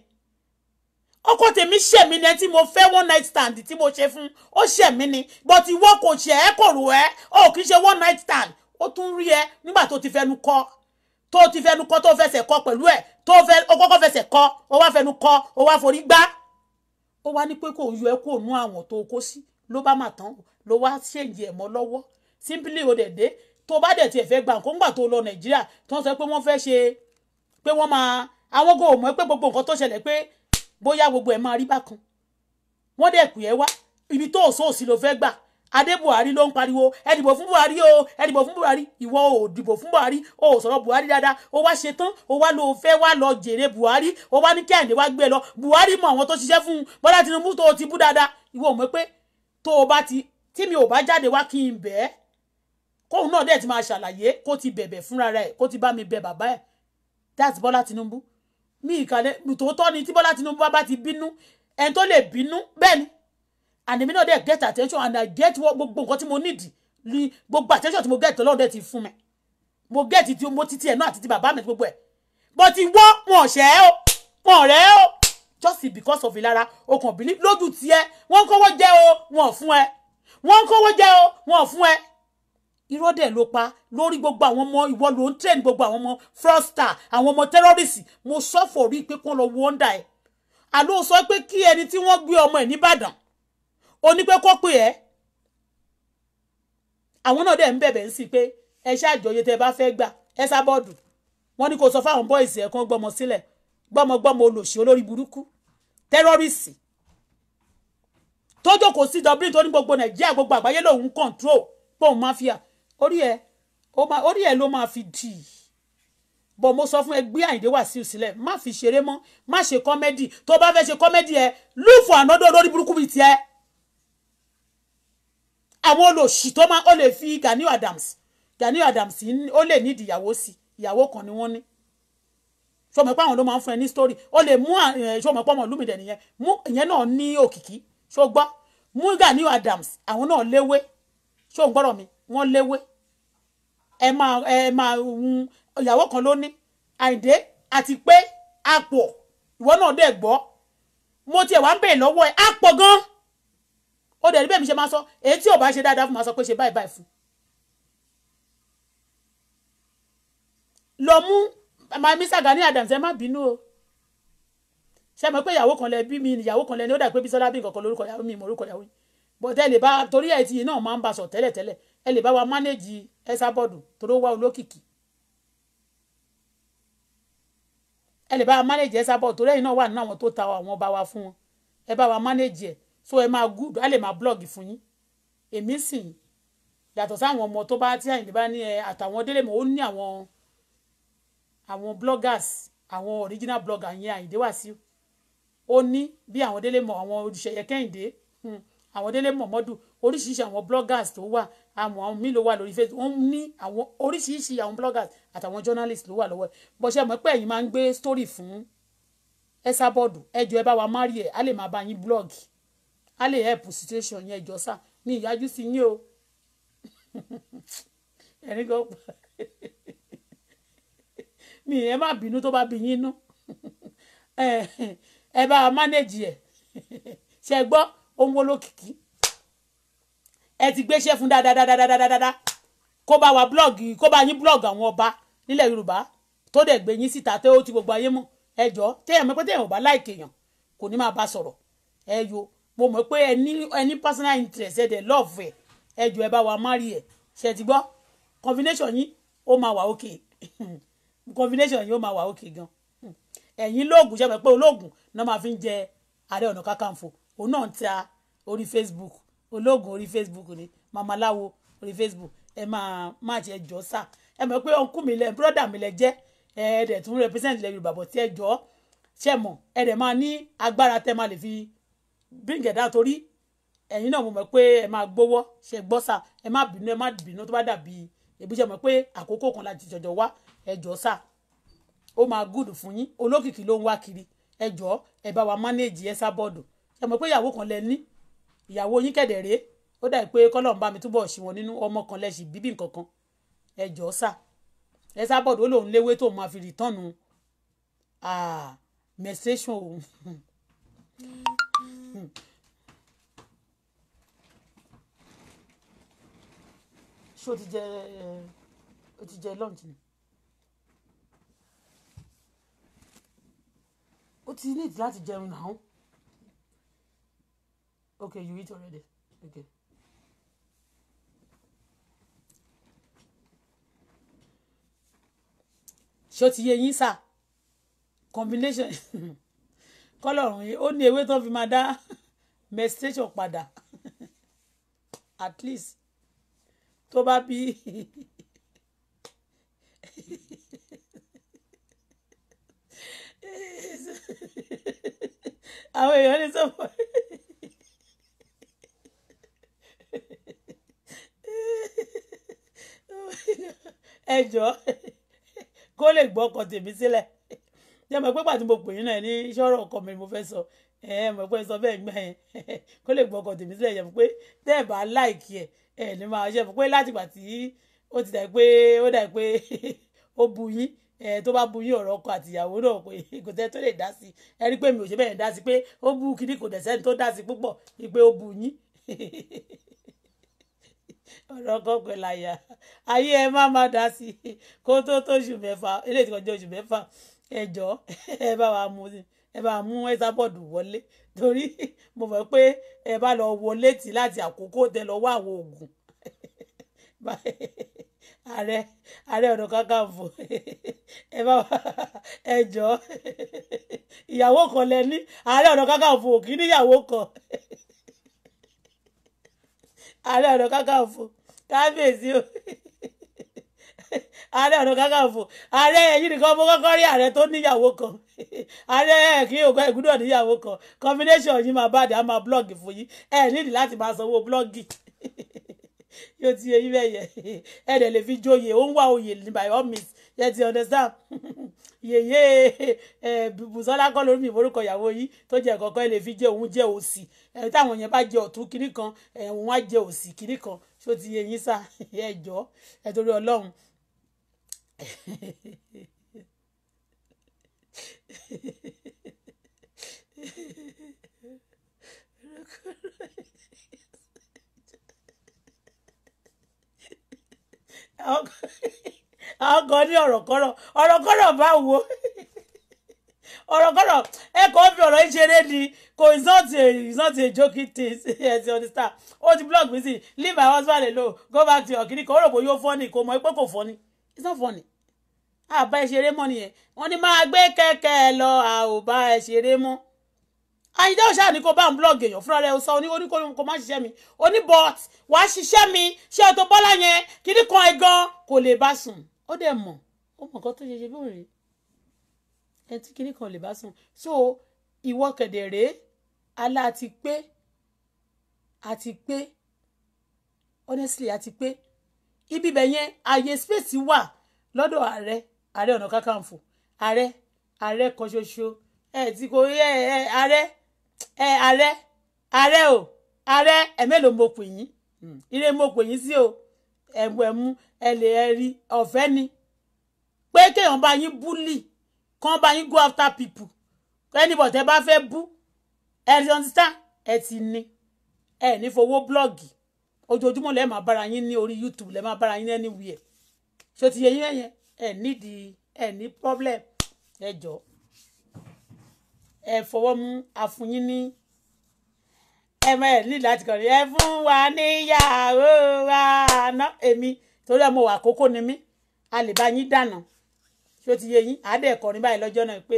ọkọ tèmi ṣẹ̀mí ni ẹ tí mo fẹ́ one night stand tí mo ṣe fún ó ṣẹ̀mí ni but ìwọ kò ṣe ẹ́ kò rò ẹ́ ó kì í ṣe one night stand ó tún rí ẹ nígbà tó ti fẹnu kọ tó ti fẹnu kọ tó fẹsẹ̀ kọ pẹ̀lú ẹ tó fẹ́ ó kọ́kọ́ fẹsẹ̀ kọ ó wá fẹnu kọ ó wá forí gbá ó wá ní pé kò yọ ẹ kó nú àwọn tó kó sí ló bá mà tán ló wá ṣèǹjì ẹ̀mọ́ lọ́wọ́ simply o dẹ̀ dé tó bá dẹ̀ tiẹ̀ fẹ́ gbà nǹkan gbà tó lọ nàìjíríà tó ń sọ pé wọ́n fẹ́ ṣe pé wọ́n máa àwọn kò mọ̀ pé gbogbo nǹkan tó ṣẹlẹ̀ pé bóyá gbogbo ẹ̀ máa rí bákan wọ́n dẹ̀ pè é wá ibi tó òsó ló fẹ́ gbà adé buhari ló ń pariwo ẹ dìbò fún buhari o ẹ dìbò fún buhari ìwọ ò dìbò fún buhari o ò sọ̀rọ̀ buhari dáadáa o wá ṣe tán o wá lọ fẹ́ wá lọ jèrè buhari o wá ní kẹ́hìndé wá gbé e lọ buhari mọ àwọn tó ṣiṣẹ́ fún un bọ́lá tinubu tó o ti bú dáadáa ìwọ ò pé tó o bá ti tí mi ò bá jáde wá kí n bẹ́ẹ̀ kóun náà dẹ̀ ti máa ṣàlàyé kó ti bẹ̀bẹ̀ fúnra rẹ̀ kó ti bá mi bẹ bàbá ẹ̀ that's bọ́lá tinubu mi ìkàlẹ̀ tòótọ́ ni tí bọ́lá tinubu bá ti bínú ẹni tó lè bínú bẹ́ẹ̀ ni and èmi náà dẹ̀ get attention and I get gbogbo nǹkan tí mo need Li gbogbo attention tí mo get lọ́dọ̀ dẹ̀ ti fún mi mo get ti mo titi ẹ̀ náà àti ti bàbá mi gbogbo ẹ̀ but ìwọ wọn ṣẹ́ o wọn rẹ́ o just because of Ilara, o kàn believe lójú tiẹ̀ wọ́n kówó jẹ o wọn fún ẹ wọ́n kówó jẹ o wọn fún ẹ irọ́ dẹ̀ ló pa lórí gbogbo àwọn ọmọ ìwọ ló ń train gbogbo àwọn ọmọ fraudster àwọn ọmọ terrorist mo sọ fọ̀ rí i pé kó lọ wọ́ndà ẹ̀ àlọ́ sọ pé kí ẹni tí wọ́n gbé ọmọ ẹ̀ nìbàdàn o ní pé kó pè ẹ́ àwọn náà dẹ̀ ń bẹ̀bẹ̀ ń sí pé ẹ ṣàjọyé tẹ bá fẹ́ gbà ẹ sábọ́ọ̀dù wọ́n ní kó sọ fáwọn bọ́ìsì ẹ̀kan gbọ́mọ sílẹ̀ gbọ́mọgbọ́mọ olòṣì olórí burúkú tẹ́rọ́rìsì tó jókòó sí Dublin tó ní gbogbo Nàìjíríà gbogbo àgbáyé lòun kọ̀ǹtró pòun máfíà orí ẹ̀ orí ẹ̀ ló máa fi dì í bọ̀ mo sọ fún ẹ gbé Àyìndé Wàsíù sílẹ̀ má fi ṣeré mọ́ má ṣe kọ́mẹ́dì tó bá fẹ́ ṣe kọ́mẹ́dì ẹ lùfọ̀ ànádọ́ lórí burúkú bíi tiẹ̀ àwọn olòṣì tó máa ó lè fi Gani Adams Gani Adams ó lè nídìí ìyàwó sí ìyàwó kan ni wọ́n ní sọmọ pé àwọn ló máa ń fún ẹ ní story ó lè mú sọmọ eh, pé ọmọ ìlú mi dẹ̀ nìyẹn mú ìyẹn náà ní òkìkí ṣó mú Gani Adams àwọn náà léwé ṣó ń gbọ́rọ̀ mi wọ́n léwé ẹ máa ẹ máa hun ìyàwó kan ló ní àìdé àti pé àpò ìwọ náà dẹ̀ gbọ́ mo tiẹ̀ wá ń bẹ̀ lọ́wọ́ ẹ àpò gan-an ó dẹ̀ rí bẹ́ẹ̀ mi ṣe máa sọ èyí tí ò bá ṣe dáadáa fún máa sọ pé ṣe báyìí báyìí fún. lọ mú màá Mr. Gani Adams ẹ má bínú o ṣe mọ̀ pé ìyàwó kan lẹ bí mi ìyàwó kan lẹ ní ó dà pé Bísọ́lá bí nǹkan kan lórúkọ ìyàwó mi ìmọ̀ orúkọ ìyàwó yìí bọ̀dẹ́ lè bá torí ẹ̀ tí yìí náà máa ń baṣọ tẹ́lẹ̀tẹ́lẹ̀ ẹ lè bá wa mánéjì ẹ̀sà bọ́ọ̀dù tó ló wá olókìkí ẹ lè bá wa mánéjì ẹ̀sà bọ́ọ̀dù torí ẹ̀yin náà wà nínú àwọn tó ta àwọn ọba wa fún wọn ẹ bá wa mánéjì ẹ̀ so ẹ máa good á lè máa blog fún yín èmi sì yàtọ̀ sáwọn ọmọ tó bá tí àyìnbá ní ẹ àtàwọn délé ó ní àwọn àwọn bloggers àwọn original blogger yẹn àyìndé wá sí ó ní bí àwọn délé mọ̀ àwọn olùṣeyẹ kẹ́hìndé hmm, àwọn délé mọ̀ mọ́dù oríṣiríṣi àwọn bloggers tó wà àmọ́ àwọn míì ló wà lórí facebook wọ́n ní àwọn oríṣiríṣi àwọn bloggers àtàwọn journalists ló wà lọ́wọ́ bọ́sẹ̀ mọ̀ pé ẹ̀yin máa ń gbé story fún ẹ sábọ́ọ̀dù ẹ jọ ẹ bá wa má rí á lè máa bá yín blog á lè help situation yẹn jọ sá ní ìyájú sí yín o ẹni gan pa mi ẹ má bínú tó bá bí yín nú ẹ bá a manage ẹ ṣe gbọ́ ohun olókìkí ẹ ti gbéṣẹ́ fún dáadáadáadáadáa kó bá wa blọ́ọ̀gì kó bá yín blọ́ọ̀gì àwọn ọba nílẹ̀ yorùbá tó dẹ̀ gbé yín síta tó ti gbogbo ayé mọ̀ ẹ jọ téèyàn mẹ́pẹ́ téèyàn ò bá láìkè èèyàn kò ní máa bá sọ̀rọ̀ ẹ yo mo mọ̀ pé ẹ ní ẹ personal interest ẹ love ẹ ẹ jọ ẹ bá wa marry ẹ ṣe ti gbọ́ combination yín ó máa wà òkè combination yín ó máa wà òkè gan ẹ̀yin lóògùn ṣe mọ̀ pé olóògùn náà máa fi ń jẹ ààrẹ ọ̀nà kákàǹfò òun náà ń ta orí Facebook olóògùn orí Facebook ni mamaláwo orí Facebook ẹ máa máa ti ẹ jọ sá ẹ mọ̀ pé ọkùn mi lẹ bírọ́dà mi lẹ jẹ́ ẹ tún represent lẹ Yorùbá bọ̀ tí ẹ jọ ṣẹ mọ̀ ẹ dẹ̀ máa ní agbára tẹ máa lè fi bring ẹ̀ dá torí ẹ̀yin náà mo mọ̀ pé ẹ máa gbowó ṣe gbọ́ sà ẹ má bínú ẹ má bínú tó bá dàbí ẹbí ṣe mọ̀ pé àkókò kan láti jọjọ wá ẹ jọ̀ọ́ sà ó máa gùdù fún yín olókìkí ló ń wá kiri ẹ jọ̀ọ́ ẹ bá wa manage ẹ sá bọ́ọ̀dù ṣe mọ̀ pé ìyàwó kan lẹ ní ìyàwó yín kẹ̀dẹ̀ rèé ó dà pé kọ́lọ́n bá mi túbọ̀ ṣì wọ́n nínú ọmọ kan lẹ́sì bíbí nǹkan kan ẹ jọ̀ọ́ sà ẹ sá bọ́ọ̀dù ó lóun léwé tó Hmm. ṣé o ti jẹ o ti jẹ lunch ni o ti need láti jẹun náà okay you eat already okay. ṣé o ti yé yín sá combination. kọ́lọ́run yìí ó ní ewé tó fi máa dá menstruation padà at least tó bá bí àwọn èèyàn ní sọ́fọ̀. ẹ jọ kó lè gbọ́ ọkọ̀ tèmi sílẹ̀ jẹ́ mọ̀ pé pàtó mo pè yín náà ní sọ̀rọ̀ ọkọ mi mo fẹ́ sọ ẹ mọ̀ pé sọ bẹ́ẹ̀ gbà yẹn kó lè gbọ́ ọkọ tèmi sílẹ̀ yẹ pé tẹ́ ẹ̀ bá láìkì ẹ̀ ẹ̀ ní máa ṣe pé látìgbà tí ó ti dà pé ó dà pé ó bu yín ẹ tó bá bu yín ọ̀rọ̀ ọkọ àtìyàwó náà pé kò tẹ́ tó lè dá sí ẹ rí pé mi ò ṣe bẹ́ẹ̀ dá sí pé ó bu kíní kò dẹ̀ sẹ́ni tó dá sí púpọ̀ pé ó bu yín ọ̀rọ̀ ọkọ pẹ̀láyà ayé ẹ má má dá sí kó tó tó oṣù mẹ́fà eléyìí ti oṣù mẹ́fà ẹ jọ ẹ bá wa mú ẹ bá mú ẹsàbọọdù wọlé torí mo mọ̀ pé ẹ bá lọ wọlé tì láti àkókò tẹ lọ wá àwọn oògùn ààrẹ ààrẹ ọ̀nà kakanfò ẹ bá ẹ jọ ìyàwó kan lẹ ààrẹ ọ̀nà kakanfò kì í níyàwó kan ààrẹ ọ̀nà kakanfò kábíyèsí o ààrẹ ọ̀nà kákàǹfò ààrẹ ẹ̀yìn nìkan mo kọ́kọ́ rí ààrẹ tó níyàwó kan ààrẹ ẹ̀kí ògbà ìgúdọ̀ níyàwó kan combination yìí máa bàdé a máa blog fún yín ẹ nídìí láti máa sanwó blọ́ọ̀gì yóò ti yẹ yín bẹ́yẹ ẹ dẹ̀ lè fi joyè ó ń wá oyè ní by all means yẹ ti understand yèyé ẹ bùsọ́lá kọ́ lórí mi ìforúkọ ìyàwó yìí tó jẹ kọ̀ọ̀kan ẹ lè fi jẹ òun jẹ òsì ẹ táwọn yẹn bá jẹ ọ̀tún kiri kan ẹ òun á jẹ òsì kiri kan ṣó ti yẹ yín sá ẹ jọ ẹ torí ọlọ́run àwọn kan ní ọ̀rọ̀kọ́rọ̀ ọ̀rọ̀kọ́rọ̀ bá wo ọ̀rọ̀kọ́rọ̀ ẹ kò fi ọ̀rọ̀ yìí ṣeré ni kò is not a is not a joking thing ẹ ti understand ó ti blog mi sí leave my husband alone go back to your clinic kò rò bó yóò fọ́ ni kò mọ̀ pé kò fọ́ ni it's not funny a ah, bá ẹ ṣeré mọ́ nìyẹn wọ́n ní máa gbé kẹ̀kẹ́ lọ a ò bá ẹ ṣeré mọ́ àyíjá òṣà ni kò bá ń blog èèyàn fúnra rẹ sọ oní oníkó kò má ṣiṣẹ́ mi oní but wàá ṣiṣẹ́ mi ṣé o tó bọ́lá yẹn kíní kan ẹ gan kò lè bá sùn ó dẹ̀ mọ̀ ó mọ̀ nǹkan tó ṣe ṣe bóun rè é tí kíní kan lè bá sùn so ìwọ kẹ̀dẹ̀ rèé alá àti pé àti pé honestly àti pé ibi bẹ̀ yẹn ààyè space wà lọ́dọ̀ ààrẹ ààrẹ ọ̀nà kakanfò ààrẹ ààrẹ kan ṣoṣo ẹ ti kò ẹ ẹ ààrẹ ẹ ààrẹ ààrẹ o ààrẹ ẹ̀mẹ́lò mo pè yín hmm, ire mo pè yín sí o ẹ̀mú ẹ̀mú ẹ lè ẹ rí ọ̀fẹ́ ni pé kéèyàn bá yín búlì kàn bá yín go after people anybody tẹ bá fẹ́ bú ẹ ti understand ẹ ti ní ẹ ní fowó blọ́ọ̀gì ojoojúmọ́ lẹ́ẹ̀ máa bára yín ní orí youtube lẹ́ẹ̀ máa bára yín anywhere ṣé ti yẹ yín ẹ̀yẹn ẹ̀ nídìí ẹ̀ ní problem ẹ jọ ẹ fọwọ́ mú àfúnyín ní ẹ máa ẹ̀ ní láti kàn ẹ fún wa níyàwó wa ná èmi torí ẹ mo wà àkókò ni mí a lè bá yín dànà ṣé ti yẹ yín àádẹ́ ẹ̀kọ́ báyìí lọ́jọ́ náà pé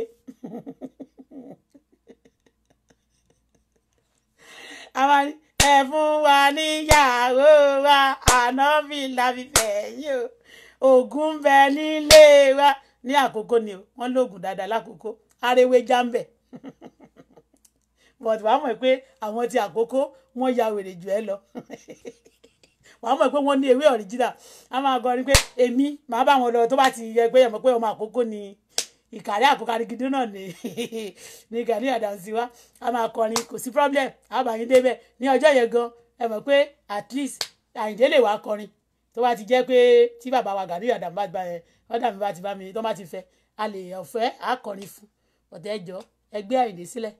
a máa ní ẹ fún wa níyàwó wa ànábì làbí fẹ̀yìn o ògùn bẹ nílé wa ní àkókò ni o wọ́n lóògùn dáadáa lákòókò arẹwé jáǹbẹ̀ but wàá mọ̀ pé àwọn ti àkókò wọ́n ya wèrè jù ẹ́ lọ wàá mọ̀ pé wọ́n ní ewé ọ̀ríjìnà a máa gọrin pé èmi màá bá wọn lọ tó bá ti yẹ pé ẹ mọ̀ pé ọmọ àkókò ni ìkàrí àkókárí gidi náà ni ní Gani Adams wa a máa kọrin kò sí problem a bá yín débẹ̀ ní ọjọ́ yẹn gan ẹ mọ̀ pé at least Àyìndé lè wá kọrin tó bá ti jẹ́ pé tí bàbá wa Gani Adams bá ti bá yẹn ọ̀dà mi bá ti bá mi tó bá ti fẹ́ a lè ọ̀fẹ́ a kọrin fún ọ̀tẹ̀ ẹjọ́ ẹgbẹ́ Àyìndé sílẹ̀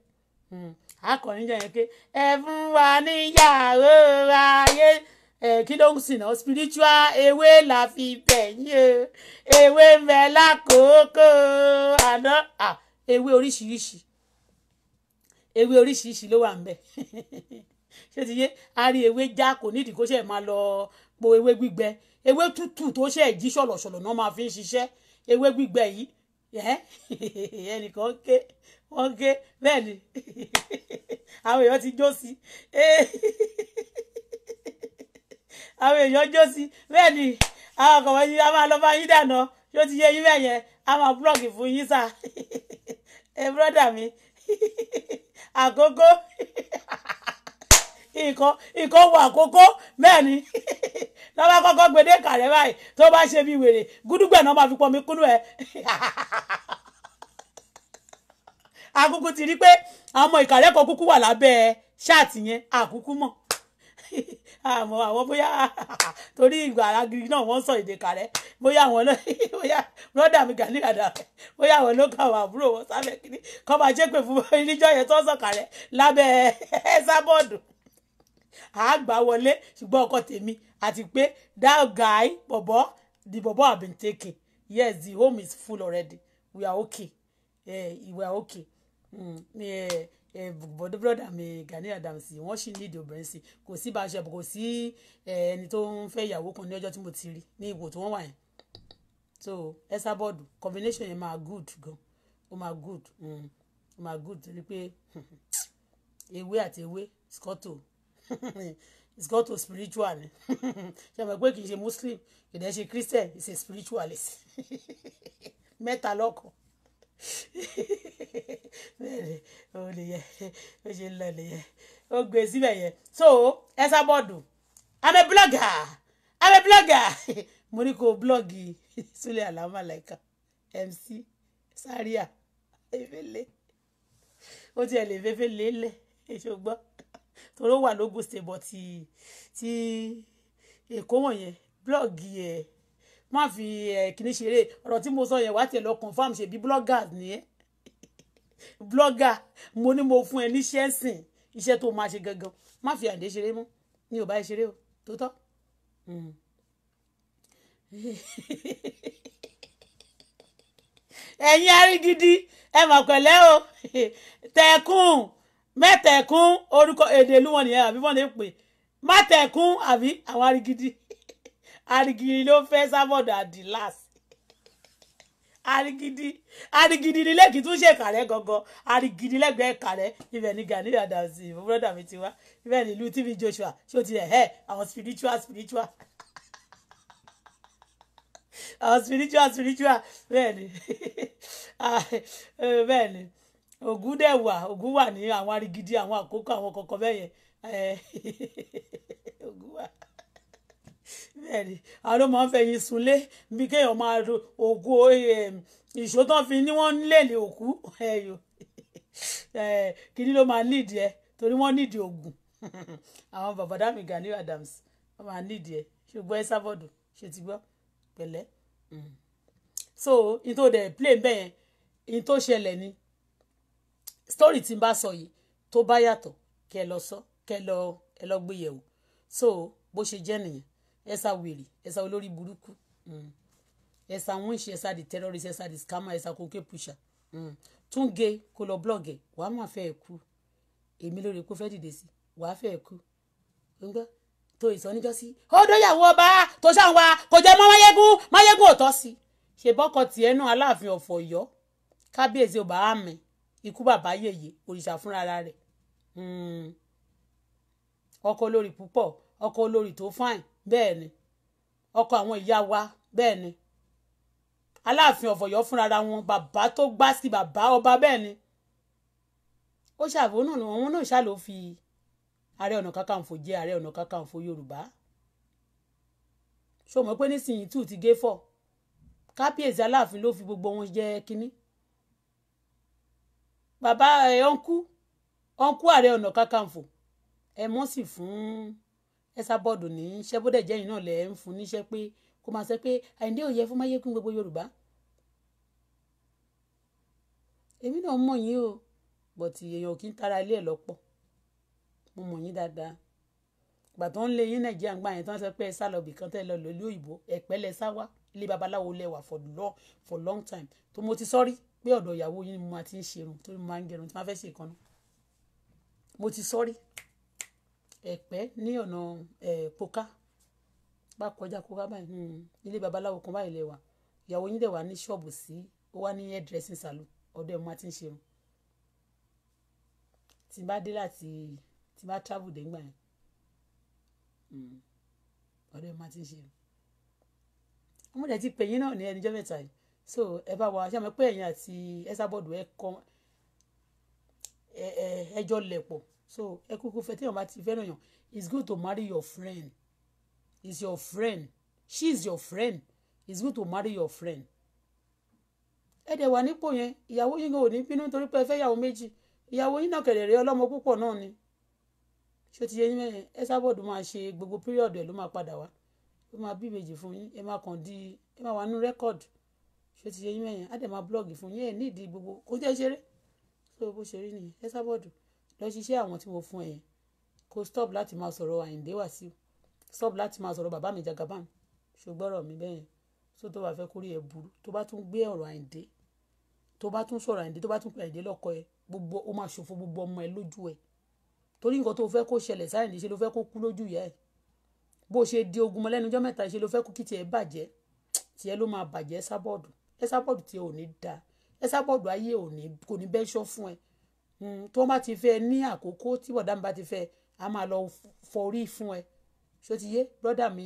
hmm. akọrin jẹ́ yẹn pé ẹ fún wa níyàwó ayé. Eh, kí ló ń sìn náà spiritual ewé la fi bẹ̀yìn o ewé mẹ́ lákòókò àná ewé oríṣiríṣi ewé oríṣiríṣi ló wà ń bẹ̀ ṣé ti yé a rí ewé já kò nídìí kó ṣe máa lọ po ewé gbígbẹ ewé tútù tó ṣe jí ṣọ̀lọ̀ṣọ̀lọ̀ náà máa fi ń ṣiṣẹ́ ewé gbígbẹ yìí ẹnìkan ké wọ́n ké bẹ́ẹ̀ ni àwọn èèyàn ti jó sí àwọn èèyàn jó sí bẹ́ẹ̀ ni àwọn ọkọ̀ yìí a máa lọ bá yín dànà yóò ti yé yín bẹ́ẹ̀ yẹn a máa búlọ̀kì fún yín sà ẹ búrọ́dà mi àkókò nǹkan nǹkan wọ àkókò bẹ́ẹ̀ ni lọ́wọ́ kọ́kọ́ gbèdé kàrẹ́ báyìí tó bá ṣe bí wèrè gúdúgbẹ̀ náà máa fi pọnmi kúnú ẹ̀ àkókò ti rí pé àwọn ọmọ ìkàrẹ́ kan kúkú wà lábẹ́ ṣáàtì yẹn àkókò mọ̀ àmọ́ ah, àwọn bóyá torí ìgbà alágiri náà wọ́n sọ èdè kàrẹ́ bóyá àwọn náà bóyá brọ́dà mi gàlí àdá bóyá àwọn ló kà wà àbúrò wọn sábẹ́ kínní kọ́ máa jẹ́ pé fún níjọ́ yẹn tó sọ kàrẹ́ lábẹ́ ẹ̀sábọ́ọ̀dù àgbà wọlé ṣùgbọ́n ọkọ tèmi àti pé that guy bọ̀bọ̀ the bọ̀bọ̀ have been taken yes the home is full already we are okay eh, we are okay. Mm, yeah Eh, bọ́dọ̀ brọ́dà mi Gani Adams wọ́n sì ní ìdí obìnrin sí kò sí bá a ṣe kò sí eh, ẹni tó ń fẹ́ ìyàwó kan ní ọjọ́ tí mo ti rí ní ipò tí wọ́n wà yẹn so ẹsà bọ́ọ̀dù combination yẹn máa good gan ó máa good mm, ó máa good torí pé ewé àti ewé scotto scotto spiritual ni ṣe mọ̀ pé kì í ṣe muslim kì í dẹ̀ ṣe christian is a spiritualist mẹ́ta lọ́kọ̀ọ́ bẹ́ẹ̀ni o lè yẹ o ṣe lọ lè yẹ o gbé síbẹ̀ yẹ so ẹ sábọ́ọ̀dù I'm a blogger I'm a blogger mo ní kó o blọ́ọ̀gì Sule Alao Malaika MC Zaria efele ó tiẹ̀ lè fẹ́fẹ́ lélẹ̀ ìṣògbọ́n tòró wà lógún stable ti ti èkó wọ̀nyẹn blọ́ọ̀gì ẹ̀ má fi eh, kíní ṣeré ọ̀rọ̀ tí mo sọ yẹn wá tiẹ̀ lọ confam ṣe bí bloggers ni ẹ́ blogger mo ní mo fún ẹ níṣẹ́ sìn iṣẹ́ tó máa ṣe gangan má fi àǹdé ṣeré mọ́ ní ò bá ẹ ṣeré o tó tọ́. Hmm. ẹ̀yin arígidi ẹ mà pẹ̀lẹ́ o tẹ̀kùn mẹ́tẹ̀kùn orúkọ èdè ìlú wọn nìyẹn àbí wọ́n lè pè má àbí àwọn arígidi arigidi ló fẹ́ sábọ̀dọ̀ adilas arigidi arigidi ni lẹ́kì tún ṣe kàrẹ́ gangan arigidi lẹ́gbẹ̀ẹ́ kàrẹ́ ibẹ̀ ni Gani Adams brọ́dà mi ti wá ibẹ̀ ni ìlú TV Joshua ṣó ti rẹ̀ ẹ́ àwọn spiritual spiritual àwọn spiritual spiritual bẹ́ẹ̀ ni ah, eh, bẹ́ẹ̀ ni ògùn dẹ̀ wà ògùn wà ní àwọn arigidi àwọn àkókò àwọn kọ̀ọ̀kan bẹ́ẹ̀ yẹn eh, ògùn wà bẹ́ẹ̀ ni àwọn ló máa ń fẹ̀yìn sunlé bí kéèyàn máa ro ògo ehm, ìṣó tán fi ní wọ́n lèlè òkú ẹ̀yọ kíní ló máa nídìí ẹ torí wọ́n nídìí ògùn àwọn bàbá mi Gani Adams wọ́n máa nídìí ẹ ṣùgbọ́n ẹ sábọ̀dù ṣe ti gbọ́ pẹ̀lẹ́ mm. so in tó dẹ̀ play bẹ́ẹ̀ in tó ṣẹlẹ̀ ni story tí n bá sọ yìí tó bá yàtọ̀ kẹ lọ sọ kẹ lọ ẹ lọ gbé yẹ̀wò so bó ṣe jẹ́ nìyẹn ẹ̀sà wèrè ẹ̀sà olórí burúkú mm. ẹ̀sà wíṣ ẹ̀sà the terrorist ẹ̀sà the scammer ẹ̀sà kókè pusher mm. tún ge kó lọ blọ́ọ̀gẹ̀ wàá má fẹ́ ẹ̀ kú èmi lórí kó fẹ́ dìde sí wàá fẹ́ ẹ̀ kú ńgbọ́ tó ìsọníjọ́sí ọdọ́yàwó ọba tó ṣàn wa kò jẹ́ mọ́ máyégún máyégún ò tọ́ sí ṣe bọ́kọ tiẹ̀ náà aláàfin ọ̀fọ̀ ọ̀yọ́ kábíyèsí ọba àmì ikú bàbá yèyé òrìṣà fúnra rẹ̀ mm. ọkọ olórí púpọ̀ ọkọ olórí tó fáìn bẹ́ẹ̀ ni ọkọ àwọn ìyá wa bẹ́ẹ̀ ni aláàfin ọ̀fọ̀yọ́ fúnra wọn bàbá tó gbá sí bàbá ọba bẹ́ẹ̀ ni ó ṣàfihàn náà òun náà ṣàlò fi ààrẹ ọ̀nà kakanfò jẹ́ ààrẹ ọ̀nà kakanfò yorùbá ṣó mọ̀ pé nísìnyí tù ti gé fọ̀ kábíyèsí aláàfin ló fi gbogbo wọn jẹ́ kínní bàbá ẹ̀ ọ̀nkú ọ̀nkú ààrẹ ọ̀nà kakanfò ẹ̀ mọ́ sí fún. Esabod ní iṣẹ́ bó dẹ̀ jẹ́ yín náà lẹ̀ ń fún níṣẹ́ pé kó máa sọ pé Àyìndé òye fún Máyégún gbogbo Yorùbá èmi náà mọ̀ yín o bọ̀tì èèyàn kì í tara ilé ẹ̀ lọ́pọ̀ mo mọ̀ yín dáadáa ìgbà tó ń lé yín Nàìjíríà gbà yẹn tó ń sọ pé ẹ sá lọ bìkan tẹ́ lọ lórí òyìnbó ẹ̀pẹ́ lẹ sá wá ilé babaláwo lẹ for long for long time tó mo ti sọ́rí pé ọ̀dọ̀ ìyàwó yín ni mo ti ń ṣerun tó mo máa ń gẹrun tí máa fẹ́ ṣe ìkànnà mo ti sọ́rí Ẹ̀pẹ́ ní ọ̀nà eh, Poka. Bá kọjá Poka báyìí, hmm, ilé babaláwo kan báyìí lẹ́wà. Ìyàwó yín dẹ̀ wà ní ṣọ́ọ̀bù sí, ó wà ní hairdressing salon, ọ̀dọ̀ ẹ̀ máa ti ń ṣe Tí bá dé láti, tí bá travel dé nígbà yẹn, hmm, ọ̀dọ̀ ẹ̀ mo máa ti ń ṣe irun. dẹ̀ ti pè yín náà ní ẹnu mẹ́ta yìí. So ẹ bá wa, ṣé ẹ mọ̀ pé ẹ̀yin àti Esabod ẹ kọ, ẹ, ẹ, ẹjọ́ lẹ̀ pọ̀ so ẹ kúkú fẹ́ téèyàn bá ti fẹ́ràn yàn it's good to marry your friend it's your friend she is your friend it's good to marry your friend ẹ dẹ̀ wà nípò yẹn ìyàwó yín kò ní bínú torí pé ẹ fẹ́ yàwó méjì ìyàwó yín náà kẹ̀lẹ̀ rẹ ọlọ́mọ púpọ̀ náà ni ṣé ti yẹ yín mẹ́rin ẹ sábọ̀dù máa ṣe gbogbo píríọ̀dù ẹ̀ ló máa padà wá ó máa bí ìbejì fún yín ẹ máa kàn di ẹ máa wà nínú rẹ́kọ̀dù ṣé ti yẹ yín mẹ́rin á dẹ̀ máa blọ́ọ̀gì fún yín ẹ̀ nídìí gbogbo kó jẹ́ ṣeré tó bó ṣe rí nìyẹn ẹ sábọ̀dù lọ ṣiṣẹ́ àwọn tí mo fún ẹ kó stop láti máa sọ̀rọ̀ Àyìndé Wàsíù stop láti máa sọ̀rọ̀ bàbá mi Jagaban ṣùgbọ́n ọ̀rọ̀ mi bẹ́ẹ̀ so tó bá fẹ́ kórè ẹ burú tó bá tún gbé ọ̀rọ̀ Àyìndé tó bá tún sọ̀rọ̀ Àyìndé tó bá tún pe Àyìndé lọ́kọ ẹ gbogbo ó máa ṣòfò gbogbo ọmọ ẹ lójú ẹ torí nǹkan tó fẹ́ kó ṣẹlẹ̀ sáyẹn níṣẹ́ ló fẹ́ kó kú lójú ìyá ẹ̀ bó ṣe di ogun mọ́ lẹ́nujọ́ mẹ́ta ṣe ló fẹ́ kú kí tiẹ̀ bàjẹ́ tiẹ̀ ló máa bàjẹ́ sábọ́ọ̀dù ẹ sábọ́ọ̀dù tiẹ̀ ò ní da ẹ sábọ́ọ̀dù ayé ò ní kò ní bẹ́ṣọ́ fún ẹ Mm, tó bá ti fẹ́ ní àkókò tí bọ̀dá mi bá ti fẹ́ a máa lọ forí fún ẹ ṣó ti yé brọ́dà mi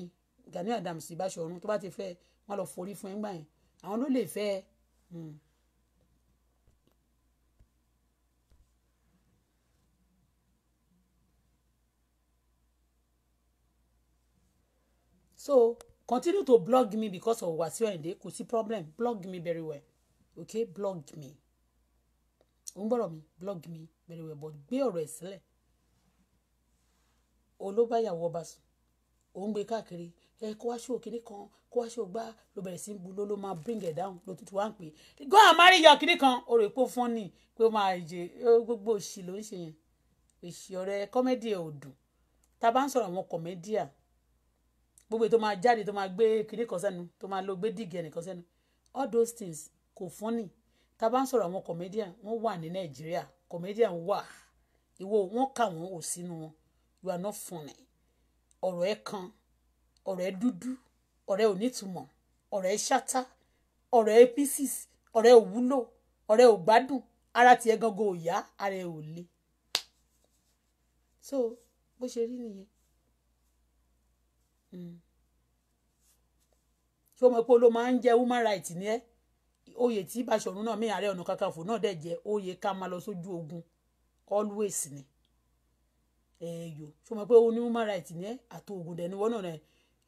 Gani Adams Ìbáṣọ̀run tó bá ti fẹ́ wọn lọ forí fún ẹ ńgbà yẹn àwọn ló lè fẹ́ ẹ. Mm. so continue to blog me because of Wasiu Ayinde kò sí problem blog me very well okay blog me ò ń gbọ́rọ̀ mi blog mi very well but gbé ọ̀rọ̀ ẹ̀ sílẹ̀ olóbáyàwó ọba sùn ò ń gbé káàkiri ẹ kó wá ṣòwò kínní kan kó wá ṣòwò gbá ló bẹ̀rẹ̀ sí ń bu ló ló máa bring it down ló tutù wá ń pè é go and marry kínní kan o rò pé fún ni pé ó máa jẹ gbogbo òṣì ló ń ṣe yẹn èsì ọ̀rẹ́ kọ́mẹ́dì ẹ̀ ò dùn tá a bá ń sọ̀rọ̀ àwọn kọ̀mẹ́díà gbogbo tó máa jáde tó máa gbé kínní kan sẹ́nu tó máa lọ gbé dìgì ẹnìkan sẹ́nu all those things kò fún ni tá a bá ń sọ̀rọ̀ àwọn comedian wọ́n wà ní nàìjíríà comedian wà ìwọ wọ́n kà wọ́n ò sínú wọn you are not funny ọ̀rọ̀ ẹ kan ọ̀rọ̀ ẹ dúdú ọ̀rọ̀ ẹ onítùmọ̀ ọ̀rọ̀ ẹ ṣátá ọ̀rọ̀ ẹ pieces ọ̀rọ̀ ẹ òwúlò ọ̀rọ̀ ẹ ò ara tiẹ̀ gangan ò yá ara ẹ ò le so bó ṣe rí nìyẹn hmm. ṣé o mọ̀ pé o ló máa ń jẹ́ human right ni ẹ́. Eh? oyè tí Báṣọ̀run náà mí Ààrẹ Ọ̀nà Kakanfò náà dẹ̀ jẹ́ oyè ká máa lọ sójú ogun always ni ẹ̀yọ́ ṣó mọ̀ pé o ní human right ní ẹ́ àti ogun dẹ̀ ni wọ́n náà rẹ̀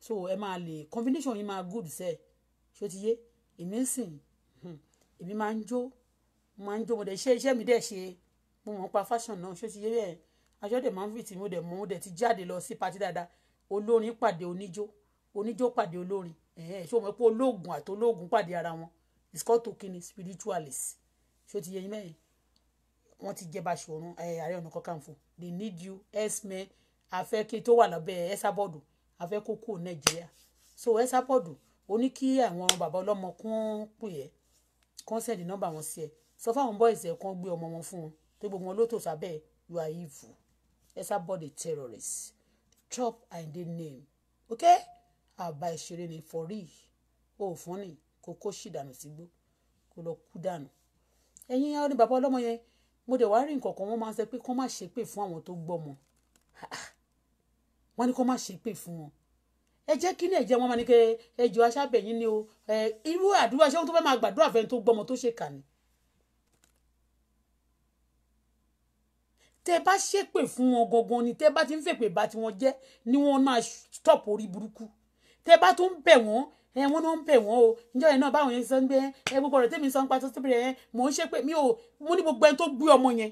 so ẹ máa lè combination yìí máa good sẹ́ ṣó ti yé èmi ń sìn hmm. èmi máa ń jó máa ń jó mo dẹ̀ ṣe iṣẹ́ mi dẹ̀ ṣe mo mọ̀ pa fashion náà ṣó ti yé bẹ́ẹ̀ aṣọ dẹ̀ máa ń fìtì mo dẹ̀ mọ̀ mo dẹ̀ ti jáde lọ sí pati dáadáa olórin pàdé oníjó oníjó pàdé olórin ẹ̀ẹ́ ṣó mọ̀ pé olóògùn àti olóògùn pàdé ara wọn it's called tokini spiritualist ṣé o ti yẹ yín mẹ́yìn wọ́n ti jẹ́ báṣọ ọ̀run ààrẹ ọ̀nà kọ́kànfò they need you herdsmen afẹ́kẹ́ tó wà lábẹ́ ẹ́sàbọ̀dù afẹ́kọ́ kúrò nàìjíríà so ẹ́sàbọ̀dù ó ní kí àwọn bàbá ọlọ́mọ kún pè ẹ́ consent nọ́mbà wọn sí ẹ sọ fáwọn boys ẹ kàn gbé ọmọ wọn fún wọn tó gbogbo wọn ló tò sábẹ́ you are evil ẹ́sàbọ̀dù terrorist chop and dey name okay àbá ìṣeré ni for real ó fún ni kó kó sì dànù sígbó kó lọ kú dànù ẹ̀yin àwọn ní bàbá ọlọ́mọ yẹn mo dẹ̀ wá rí nǹkan kan wọ́n máa ń sọ pé kó má ṣe pè fún àwọn tó gbọ́mọ wọ́n ní kó má ṣe pè fún wọn ẹ jẹ́ kí ní ẹ̀jẹ̀ wọn máa ní kẹ́ ẹ aṣábẹ̀yìn ni o irú àdúrà ṣé wọn tó fẹ́ máa gbàdúrà fẹ́ni tó gbọ́mọ tó ṣe kà ní. tẹ́ bá ṣépè fún wọn gangan ni tẹ́ bá ti ń fèpè bá tiwọn jẹ́ ni wọ́n máa stop orí burúkú tẹ́ bá tún bẹ̀ wọ́n ẹ wọn náà ń bẹ̀ wọ́n o níjọ́ yẹn náà báwọn yẹn sọ ń gbé ẹ gbogbo ọ̀rọ̀ tèmi sọ ń pa tó tóbi rẹ̀ ẹ mò ń ṣe pé mi ò mo ní gbogbo ẹni tó gbé ọmọ yẹn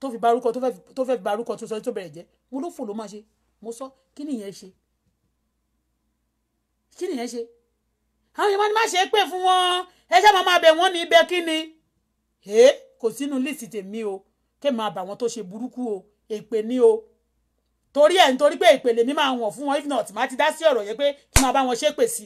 tó fi barúkọ tó fẹ́ fi barúkọ tó sọ tó bẹ̀rẹ̀ jẹ́ mo ló fò ló máa ṣe mo sọ kí nìyẹn ṣe kí nìyẹn ṣe àwọn yẹn má ṣe é pè fún wọn ẹ ṣáà máa bẹ̀ wọ́n ní ibẹ̀ kí ni kò sínú líìsì tèmi o kẹ́ máa bà wọ́n tó ṣe burúkú o èpè ní o torí ẹ̀ nítorí pé ìpele mi máa wọ̀n fún wọn if not má ti dá sí ọ̀rọ̀ yẹn pé kí máa bá wọn ṣépè sí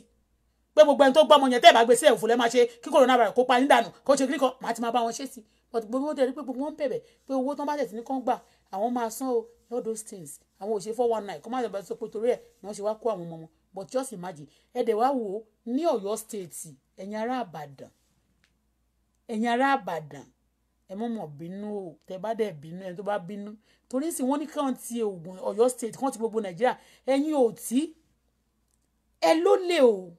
pé gbogbo ẹni tó gbọ́ ọmọ yẹn tẹ́ẹ̀ bá gbé sí ẹ̀fọ́ lẹ́ máa ṣe kí corona virus kó pa yín kó ṣe kíríkọ má ti máa bá wọn ṣe sí but gbogbo wọn tẹ̀lé pé gbogbo wọn bẹ̀bẹ̀ pé owó tán bá tẹ̀ ní kán gbà àwọn máa san all those things àwọn òṣè four one nine kó má lè bá sọ pé torí ẹ̀ ni wọ́n ṣe wá kó àwọn ọmọ wọn but just imagine ẹ dẹ̀ wá wò ó ní state ẹ̀yin ará Ìbàdàn ẹ̀yin ará ẹ mọ̀ mọ̀ bínú o tẹ bá dẹ̀ bínú ẹni tó bá bínú torí sì wọ́n ní káwọn ti Ògùn Ọ̀yọ́ state káwọn ti gbogbo Nàìjíríà ẹ̀yin ò tí ẹ ló lè o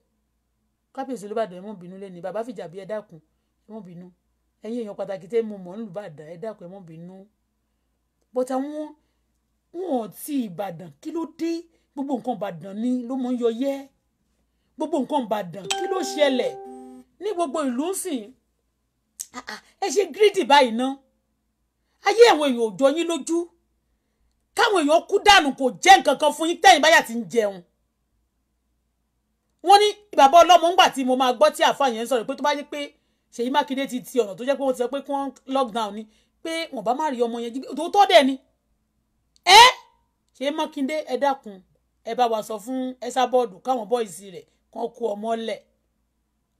kábíyèsí Olúbàdàn ẹ mọ̀ bínú lẹ́ni bàbá fìjà bí ẹ dákun ẹ mọ̀ bínú ẹ̀yin èèyàn pàtàkì tẹ́ mo mọ̀ nílùbàdàn ẹ dákun ẹ mọ̀ bínú bọ́tà wọn wọn ò tí Ìbàdàn kí ló dé gbogbo nǹkan Ìbàdàn ni ló mọ̀ ń yọ yẹ́ gbogbo nǹkan Ìbàdàn kí ló ṣẹlẹ̀ ní gbogbo ìlú ń Ah, ah, ẹ ṣe gírídì báyìí ná ayé àwọn èèyàn ò jọ yín lójú káwọn èèyàn kú dànù kò jẹ́ nǹkan kan fún yín tẹ́yìn báyà ti ń jẹun wọ́n ní bàbá ọlọ́mọ ńgbà tí mo máa gbọ́ tí àfa yẹn ń sọ̀rọ̀ pé tó bá yẹ pé Ṣèyí Mákindé ti ti ọ̀nà tó jẹ́ pé wọ́n ti sọ pé kí wọ́n lockdown ni pé wọ́n bá má rí ọmọ yẹn tó tọ́ dẹ̀ ni ẹ́ Ṣèyí Mákindé ẹ dákun ẹ bá wa sọ fún ẹsà bọ́ọ̀dù káwọn bọ́ìsì rẹ̀ kàn kó ọmọ lẹ̀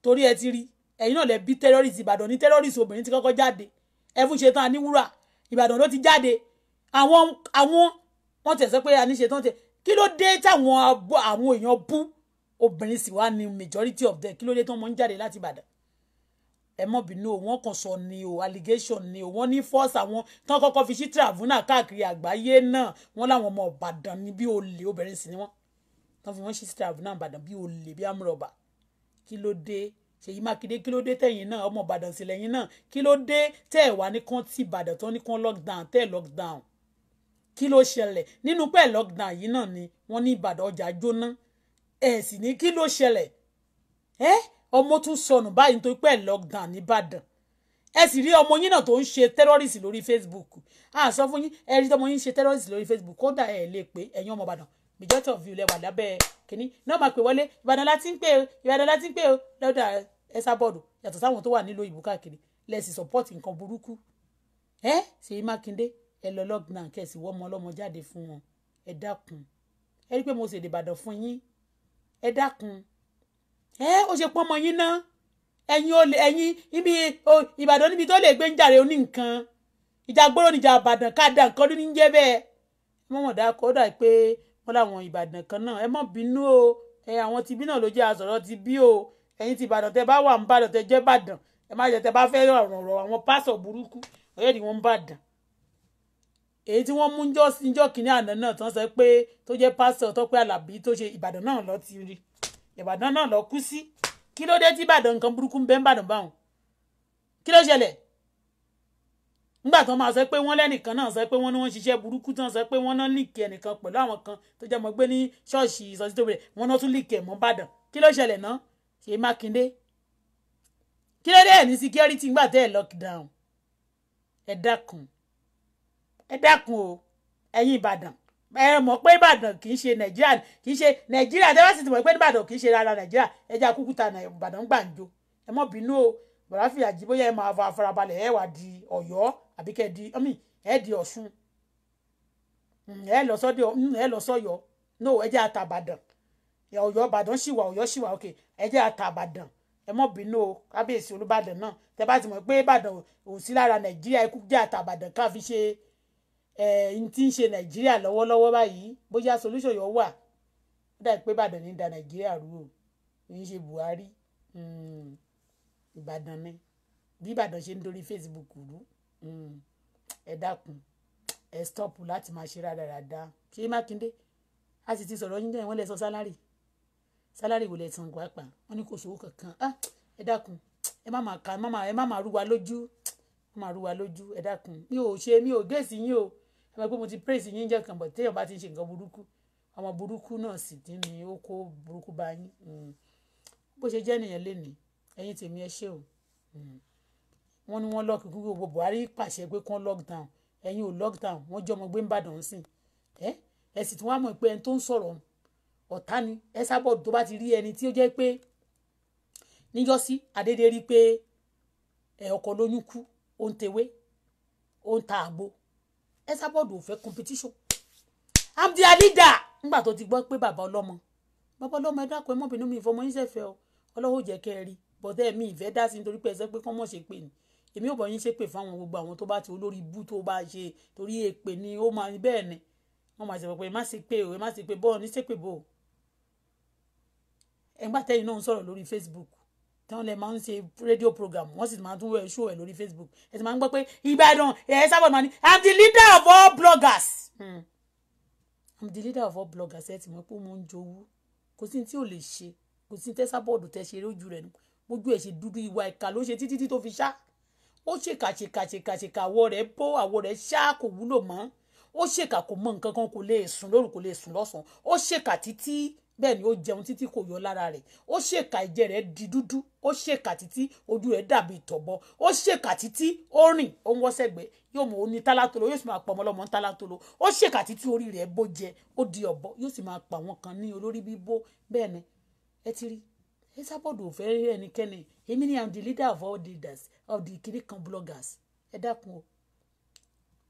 torí ẹ ti rí ẹ̀yin náà lè bí terrorist ìbàdàn ní terrorist obìnrin ti kọ́kọ́ jáde ẹfún ṣetán aníwúrà ìbàdàn ló ti jáde àwọn àwọn wọn tẹ̀ sọ pé aníṣetán tẹ kí ló dé táwọn àwọn èèyàn bú obìnrin sì wá ní majority of them kí ló dé tán mọ́ ń jáde láti ìbàdàn ẹ mọ̀ bínú o wọ́n kàn sọ ni o allegation ni o wọ́n ní force àwọn tán kọ́kọ́ fi sí travuna káàkiri àgbáyé náà wọ́n láwọn ọmọ ìbàdàn ni bí olè obìnrin sì ni wọ́n tán fi wọ́n sí travuna ìbàdàn bí olè bí amúrọ̀bà kí ló dé ṣèyí mákindé kí ló dé tẹ̀yìn náà ọmọ ìbàdàn sílẹ̀ yín náà kí ló dé tẹ́ ẹ̀ wá ní kán tí ìbàdàn tán ní kán lockdown tẹ́ ẹ̀ lockdown kí ló ṣẹlẹ̀ nínú pẹ́ lockdown yìí náà ni wọ́n ní ìbàdàn ọjà jóná ẹ̀ sì ní kí ló ṣẹlẹ̀ ẹ́ ọmọ tún sọnù báyìí nítorí pẹ́ lockdown nìbàdàn ẹ sì rí ọmọ yín náà tó ń ṣe terrorist lórí Facebook à sọ fún yín ẹ rí ọmọ yín ṣe terrorist lórí Facebook kódà ẹ lè pé ẹ̀yin ọmọ ìbàdàn majority of you lẹ́wà lábẹ́ kínní náà máa pè wọlé ìbàdàn láti ń pè o ìbàdàn láti ń pè o lọ́dà ẹ̀sà bọ́ọ̀dù yàtọ̀ sáwọn tó wà nílò ìbú káàkiri lẹ́sìn support nǹkan burúkú ẹ Ṣèyí Mákindé ẹ lọ lọ́gbìnà kẹ̀sì wọ́mọ ọlọ́mọ jáde fún wọn ẹ dákun ẹ rí i pé mo ṣèdè ìbàdàn fún yín ẹ dákun ẹ ó ṣe pọ́nmọ yín náà ẹ̀yin olè ẹ̀yin ibi ìbàdàn níbi tó lè gbé ń jàre oní nǹkan ìjà gbọ́dọ̀ níjà àbàdàn ká dà nǹkan ní jẹ́ bẹ́ẹ̀ mọ́mọ́dá kọ́ dà pé wọ́n láwọn ìbàdàn kan náà ẹ mọ̀ bínú o ẹ àwọn tibí náà ló jẹ́ àsọ̀rọ̀ ti bí o ẹ̀yin ti ìbàdàn tẹ bá wà ń bàdàn tẹ jẹ́ bàdàn ẹ má jẹ tẹ bá fẹ́ ọ̀rọ̀ àwọn pásọ̀ burúkú ọ̀yẹ́ ni wọ́n ń bàdàn èyí tí wọ́n mú jọ́ síjọ́ kìíní àná náà tán sọ pé tó jẹ́ pásítọ̀ tọ́pẹ́ alábí tó ṣe ìbàdàn náà lọ ti rí ìbàdàn náà lọ kú sí kí ló dé tí ìbàdàn nǹkan burúkú ń bẹ ń bàdàn báwọn kí ló ṣẹlẹ̀ nígbà tó máa sọ pé wọ́n lẹ́nìkan náà sọ pé wọ́n ní wọ́n ṣiṣẹ́ burúkú tán sọ pé wọ́n náà líìkì ẹnìkan pẹ̀lú àwọn kan tó jẹ́ mọ́ gbé ní ṣọ́ọ̀ṣì ìsọsítòbìrẹ̀ wọ́n náà tún líìkì ẹ̀ mọ́ bàdàn kí ló ṣẹlẹ̀ náà ṣe mákindé kí ló dé ẹ̀ ní security ńgbà tẹ́ ẹ̀ lockdown ẹ dákun ẹ dákun o ẹ̀yin ìbàdàn ẹ mọ̀ pé ìbàdàn kì í ṣe nàìjíríà kì í ṣe nàìjíríà tẹ́ bá sì ti mọ̀ pé ìbàdàn kì í ṣe rárá nàìjíríà ẹ jẹ́ àkúkú ta ìbàdàn gbàǹjo ẹ mọ̀ bínú o bàbá fìyà jí bóyá ẹ máa farabalẹ̀ ẹ wà di ọ̀yọ́ àbí kẹ́ ẹ di ọmọ ẹ di ọ̀ṣun mm, ẹ lọ sọ́dọ̀ mm, ẹ lọ sọ́yọ́ no ẹ jẹ́ àtàbàdàn ọ̀yọ́ ìbàdàn sì wà ọ̀yọ́ sì wà ok ẹ jẹ́ àtàbàdàn ẹ mọ̀ bínú o kábíyèsí olùbàdàn náà tẹ bá ti mọ̀ pé ìbàdàn ò sí lára nàìjíríà ikú jẹ́ àtàbàdàn ká fi ṣe ẹ n tí ń ṣe nàìjíríà lọ́wọ́lọ́wọ́ báyìí bóyá solution yọ wà ó dà pé ìbàdàn ní da nàìjíríà rú o kì í ṣe buhari mm, ìbàdàn ni bí ìbàdàn ṣe ń dorí facebook rú Mm. ẹ dákun ẹ stop láti máa ṣe rádaràda ṣé mákindé a sì ti sọ̀rọ̀ yín dẹ́yìn wọ́n lè sọ sálárì sálárì wò lè san gbà pa wọ́n ní kò sówó kankan ah, ẹ dákun ẹ má máa ka ẹ má máa rú wa lójú ẹ má máa rú wa lójú ẹ dákun mi ò ṣe mi ò gẹ̀ẹ́sì yín o ẹ máa gbé mo ti praise yín jẹ́ kan bọ̀ téèyàn bá ti ṣe nǹkan burúkú ọmọ burúkú náà sì dín ní ó kó burúkú bá yín mm. bó ṣe jẹ́ nìyẹn lénìí ẹ̀yin tèmi ẹ ṣé o. Mm wọ́n ní wọ́n lock gbogbo Buhari pàṣẹ pé kán lockdown ẹ̀yin ò lockdown wọ́n jọmọ gbé ń bàdàn sí ẹ ẹ sì tún wá mọ̀ pé ẹni tó ń sọ̀rọ̀ ọ̀tá ni ẹ sábọ̀ tó bá ti rí ẹni tí ó jẹ́ pé níjọ́sí adédè rí pé ẹ ọkọ lóyún kú ó ń tewé ó ń ta àgbo ẹ sábọ̀ ò fẹ́ competition I'm their leader nígbà tó ti gbọ́ pé bàbá ọlọ́mọ bàbá ọlọ́mọ ẹ dákun ẹ mọ́bìnrin mi ìfọmọ yín ṣẹ̀fẹ̀ o ọlọ́wọ́ jẹ́ kẹ́ ẹ rí bọ́dẹ́ mi ìfẹ́ dá sí nítorí pé ẹ sọ pé kán mọ̀ ṣe pé ni èmi ò bọ̀ yín ṣépè fáwọn gbogbo àwọn tó bá ti olórí ibú tó bá ṣe torí èpè ni ó máa bẹ́ẹ̀ ni wọ́n máa ṣèpè má ṣe pé o má ṣe pé bọ́ọ̀ ní ṣépè bò ó. ẹ̀gbá tẹ́yìn náà ń sọ̀rọ̀ lórí Facebook táwọn lè máa ń ṣe rédíò program wọ́n sì máa tún wẹ̀ ṣó ẹ̀ lórí Facebook ẹ̀ sì máa ń gbọ́ pé Ìbàdàn ẹ̀ sábà máa ní I'm the leader of all bloggers. Hmm. I'm the leader of all bloggers ẹ̀ ti mọ̀ pé mo ń jowú kò sí tí ò lè ṣe kò sí tẹ́sà bọ́ọ̀dù tẹ́ ṣe lójú rẹ̀ nù mójú ẹ̀ ṣe dúdú ìwà ìkà ló ṣe títí tó fi ṣá ó ṣèkà ṣèkà ṣèkà ṣèkà àwọ̀ rẹ̀ bó àwọ̀ rẹ̀ ṣá kò wúlò mọ́ ó ṣèkà kò mọ nǹkan kan kò lè sùn lóru kò lè sùn lọ́sàn ó ṣèkà títí bẹ́ẹ̀ ni ó jẹun títí kò yọ lára rẹ̀ ó ṣèkà ẹ̀jẹ̀ rẹ̀ di dúdú ó ṣèkà títí ojú rẹ̀ dàbí ìtọ̀bọ ó ṣèkà títí ó rìn ó ń wọ́sẹ̀gbẹ́ yóò mọ̀ ó ní tálátolo yóò sì máa pa ọmọlọ́mọ tálátolo ó ṣèkà títí orí rẹ̀ bó jẹ ó di ọ̀bọ yóò sì máa pa àwọn kan ní olórí bíbó bẹ́ẹ̀ ni ẹ ti rí ẹ sábọ̀dọ̀ fẹ́ ẹnikẹ́ni èmi ni i'm the leader of all leaders of the kiri kan bloggers ẹ dákun o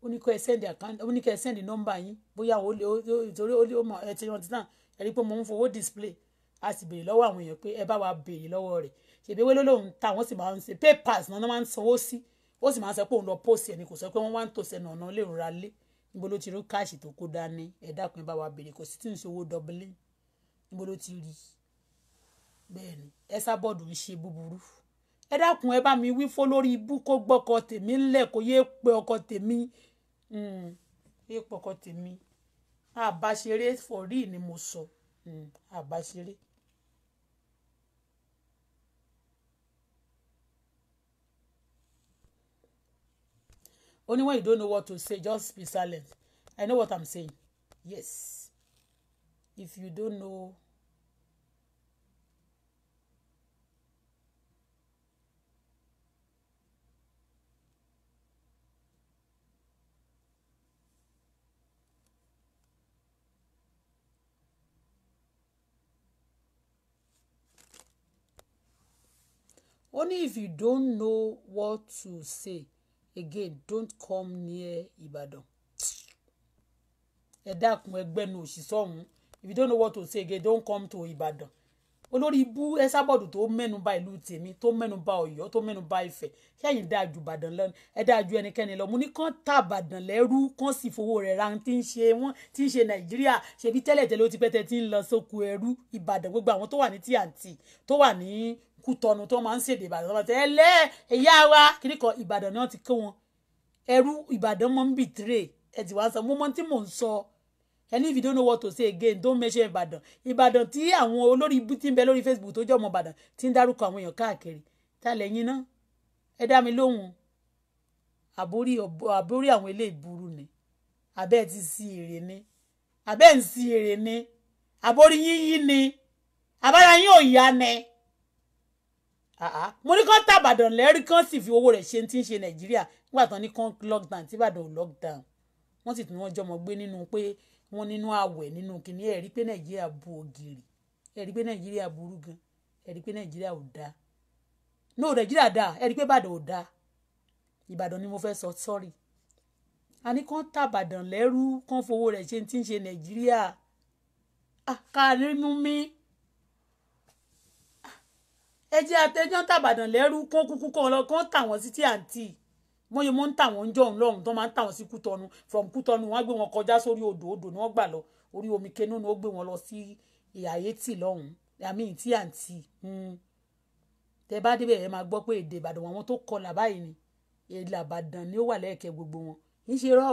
ó ní kó ẹ send account ó ní kó ẹ send number yín bóyá ó lè torí ó lè ó mọ ẹ ti rántí náà ẹ rí i pé mo ń fowó display a sì béèrè lọ́wọ́ àwọn èèyàn pé ẹ bá wa béèrè lọ́wọ́ rẹ̀ ṣèbí wẹ́lẹ́ lòun ta wọ́n sì máa ń ṣe papers náà máa ń sanwó sí ó sì máa ń sọ pé òun lọ post ẹni kò sọ pé wọ́n wá ń tòṣe nànà lè ra lé níbo ló ti rí káàṣì tó kó dání ẹ dákun ẹ bá wa béèrè kò sì tí ń ṣe owó dọ́bílì níbo ló ti rí i bẹ́ẹ̀ni ẹ sábọọdù ń ṣe búburú ẹ dákun ẹ bá mi wí fó lórí ibú kó gbọkọ tèmi ńlẹ̀ kó yéé pe ọkọ tèmi hmm, yéé pe ọkọ tèmi àbáṣeré fọrí ni mo sọ hmm, àbáṣeré. Only when you don't know what to say, just be silent. I know what I'm saying. Yes. If you don't know Only if you don't know what to say again don't come near Ibadan. ẹ dákun ẹgbẹ́ nu òṣìṣẹ́ ọ̀hún if you don't know what to say again don't come to Ìbàdàn olórí ibú ẹsábọ̀dù tó mẹ́nu bà ìlú tèmi tó mẹ́nu bà Ọ̀yọ́ tó mẹ́nu bà Ifẹ̀ sẹ́yìn dáa ju Ìbàdàn lọ ẹ dáa ju ẹnikẹ́ni lọ mo ní kán ta Ìbàdàn lẹ́rú kán sì fowó rẹ̀ ra ti ń ṣe wọ́n ti ń ṣe Nàìjíríà ṣebí tẹ́lẹ̀tẹ́lẹ̀ ó ti pẹ́tẹ́ ti ń lọ sóko ẹrú Ìbàdàn gbogbo àwọn tó wà ní tíyàntì tó wà ní kùtọ̀nù tó máa ń ṣèdè ìbàdàn tó máa ṣe ẹ̀yà wa kiri kan ìbàdàn náà ti kó wọn ẹrú ìbàdàn mọ́ ń bì tírè ẹ ti wá sọ mo mọ tí mò ń sọ ẹni if you don't know what to say again don't mention ìbàdàn ìbàdàn tí àwọn olórí ibú ti ń bẹ lórí facebook tó jẹ́ ọmọ ìbàdàn ti ń dárúkọ àwọn èèyàn káàkiri tá lẹ́yìn náà ẹ dá mi lóhùn àbórí àwọn ilé ìburú ni abẹ́ ti sí èrè ni abẹ́ ń sí èrè ni àbórí yín yín ni àbára yín ò yá ni. Ah, ah. mo ní kán tàbàdàn lẹ́rí kán sì fi owó rẹ̀ ṣe ti ń ṣe nàìjíríà nígbà tán ní kán lockdown tí ìbàdàn ò lockdown wọ́n sì tún wọ́n jọmọ gbé nínú pé wọ́n nínú àwẹ̀ nínú kìnìún ẹ̀rí pé nàìjíríà bu ògiri ẹ̀rí pé nàìjíríà burú gan ẹ̀rí pé nàìjíríà ò dáa no nàìjíríà dáa ẹ̀rí pé ìbàdàn ò dáa ìbàdàn ni mo fẹ́ sọ sọ́rí a ní kán tàbàdàn lẹ́rú kán fowó rẹ̀ ṣe ti ń ṣe nàìjíríà àkàrí ah, mú mi ẹ jẹ́ àtẹjọ́ tàbàdàn lẹ́rú kán kúkú kán lọ kán tà wọ́n sí tí àǹtí wọ́n yẹ mọ́ ń tà wọ́n ń jọ̀hún lọ́hùn tó máa ń tà wọ́n sí kútọ́nu from kútọ́nu wọ́n á gbé wọn kọjá sórí odò odò ni wọ́n gbà lọ orí omi kenú ni ó gbé wọn lọ sí ìyàyétì lọ́hùn àmì tí àǹtí hmm. tẹ bá débẹ̀ ẹ máa gbọ́ pé èdè Ìbàdàn àwọn tó kọlà báyìí ni èdè Ìbàdàn ni ó wà lẹ́ẹ̀kẹ́ gbogbo wọn kì í ṣe rọ́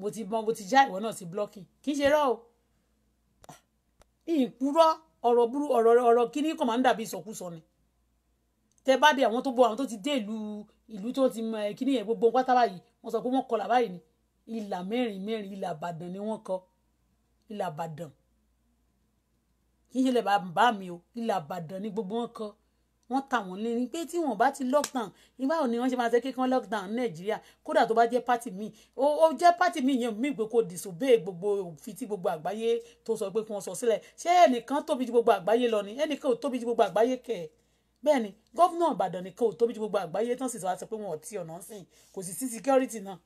mo ti bọ́n mo ti já ìwọ náà sí blocking kì í ṣe rọ́ o ìpúrọ́ ọ̀rọ̀ burú ọ̀rọ̀ ọ̀rọ̀ kíní kàn máa ń dàbí ìsọkúsọ ni tẹ bá dé àwọn tó bọ àwọn tó ti dé ìlú ìlú tó ti mọ eh, kíní yẹn gbogbo pátá báyìí wọ́n sọ pé wọ́n kọlà báyìí ni ìlà mẹ́rin mẹ́rin ìlà àbàdàn ni wọ́n kọ ìlà àbàdàn kì í ṣe lè bá mi o ìlà àbàdàn ni gbogbo wọn kọ wọ́n ta wọ́n ní pé tí wọ́n bá ti lockdown ìgbà wo ni wọ́n ṣe máa ṣe kíkan lockdown nàìjíríà kódà tó bá jẹ́ pátì míì ó jẹ́ pátì míì yẹn míì pé kò disobey gbogbo òfin tí gbogbo àgbáyé tó sọ pé kí wọ́n sọ sílẹ̀ ṣé ẹnìkan tóbi ju gbogbo àgbáyé lọ ni ẹnìkan ò tóbi ju gbogbo àgbáyé kẹ̀ bẹ́ẹ̀ ni gómìnà ìbàdàn nìkan ò tóbi ju gbogbo àgbáyé tán sì sọ àti pé wọn ò tí ọ̀nà sìn kò sì sí security náà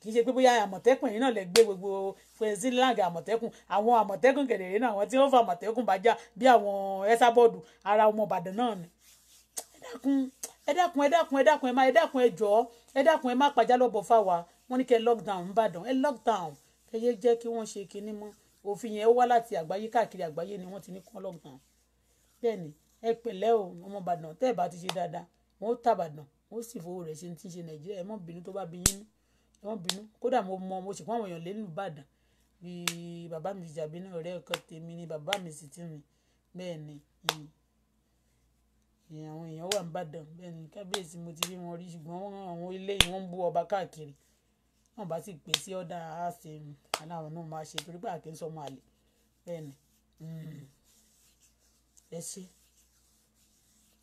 kì í ṣe pé bóyá àmọ̀tẹ́kùn yìí náà lè gbé gbogbo Queensland àmọ̀tẹ́kùn àwọn àmọ̀tẹ́kùn kẹ̀lẹ́rẹ́ náà àwọn tí wọ́n fa àmọ̀tẹ́kùn bá jà bí àwọn ẹ́sàbọ̀dù ara ọmọ ìbàdàn náà ni dákun ẹ dákun ẹ dákun ẹ dákun ẹ má ẹ dákun ẹ jọ ẹ dákun ẹ má pàjá lọ́bọ̀ fáwa wọ́n ní kẹ́ lockdown ń bàdàn ẹ lockdown ẹ yé jẹ́ kí wọ́n ṣe kinní mọ́ òfin yẹn wá láti àgbáyé káàkiri àgbáyé ni wọ́n ti ní kán lockdown bẹ́ẹ̀ ẹ pẹ̀lẹ́ o ọmọ Ìbàdàn tẹ́ ẹ bá ti ṣe dáadáa wọ́n ó tàbàdàn wọ́n ó sì fowó rẹ̀ ṣe ti ṣe Nàìjíríà ẹ mọ́ bínú tó bá bí yín ẹ mọ́ bínú kódà mo mọ mo sì kó àwọn èèyàn lé Ìbàdàn bí bàbá mi fi jàbí náà ọ̀rẹ́ ọkọ tèmi ni bàbá mi sì ti rìn bẹ́ẹ̀ àwọn èèyàn wà ní Ìbàdàn bẹ́ẹ̀ ni kábíyèsí mo ti rí wọn rí ṣùgbọ́n àwọn ilé yìí wọ́n ń bú ọba káàkiri wọn bá sì pè sí ọ̀dà àṣẹ aláwọn náà máa ṣe torí pé àkè ń sọ ọmọ àlè bẹ́ẹ̀ ni hmm. ẹ ṣe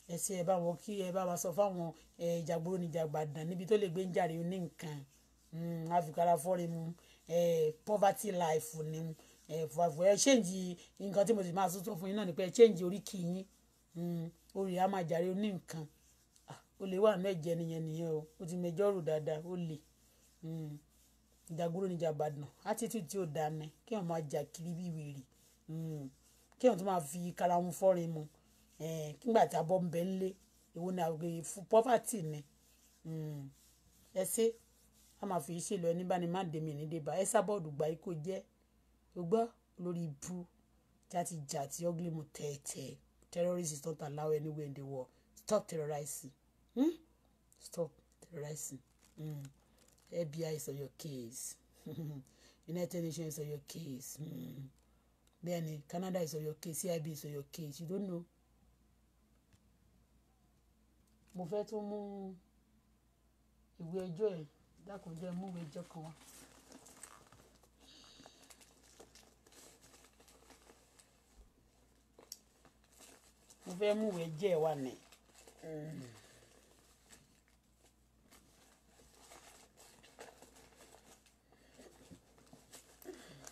ẹ ṣe ẹ bá wọn kí ẹ bá wa sọ fáwọn ìjàgbóró ní ìjàgbàdàn níbi tó lè gbé ń jàre ní nǹkan àfikàrà hmm, fọ́rin mu poverty life ni ẹ fọ àfọ ẹ ṣéǹjì nǹkan tí mo sì máa sọ fún yín náà ni pé ẹ ṣéǹjì oríkì yín hmm olè á máa jàre oní nǹkan olè wà mẹ́jẹ nìyẹn nìyẹn o ó ti mẹjọ rò dáadáa ó lè hmm. ìdàgúrò níjà Ìbàdàn attitude tí ó dáa ni kí wọn máa jà kiri bí wèrè hmm. kí wọn tún máa fi karahun fọ́rin mu nígbà tí abọ́ ń bẹ ń lé èwo ni àgbè poverty ni hmm. ẹ ṣe a máa fi ṣe lọ ẹni bá ní má dèmi ní débà ẹ sábọ́ọ̀dù gba ikó jẹ́ o gbọ́ lórí ibu játijàti ọ́gílímù tẹ̀ẹ̀tẹ̀ẹ̀. Terrorists is not allowed anywhere in the world. Stop terrorizing. Hmm? Stop terrorizing. Hmm. FBI is on your case. United Nations is on your case. Hmm. Then Canada is on your case. CIB is on your case. You don't know. Mo fẹ́ tún mú ìwé ẹjọ́ ẹ̀ dákun jẹ́ mú ìwé ẹjọ́ kan wá. mo fẹ́ mú ìwé jẹ́ wà ní.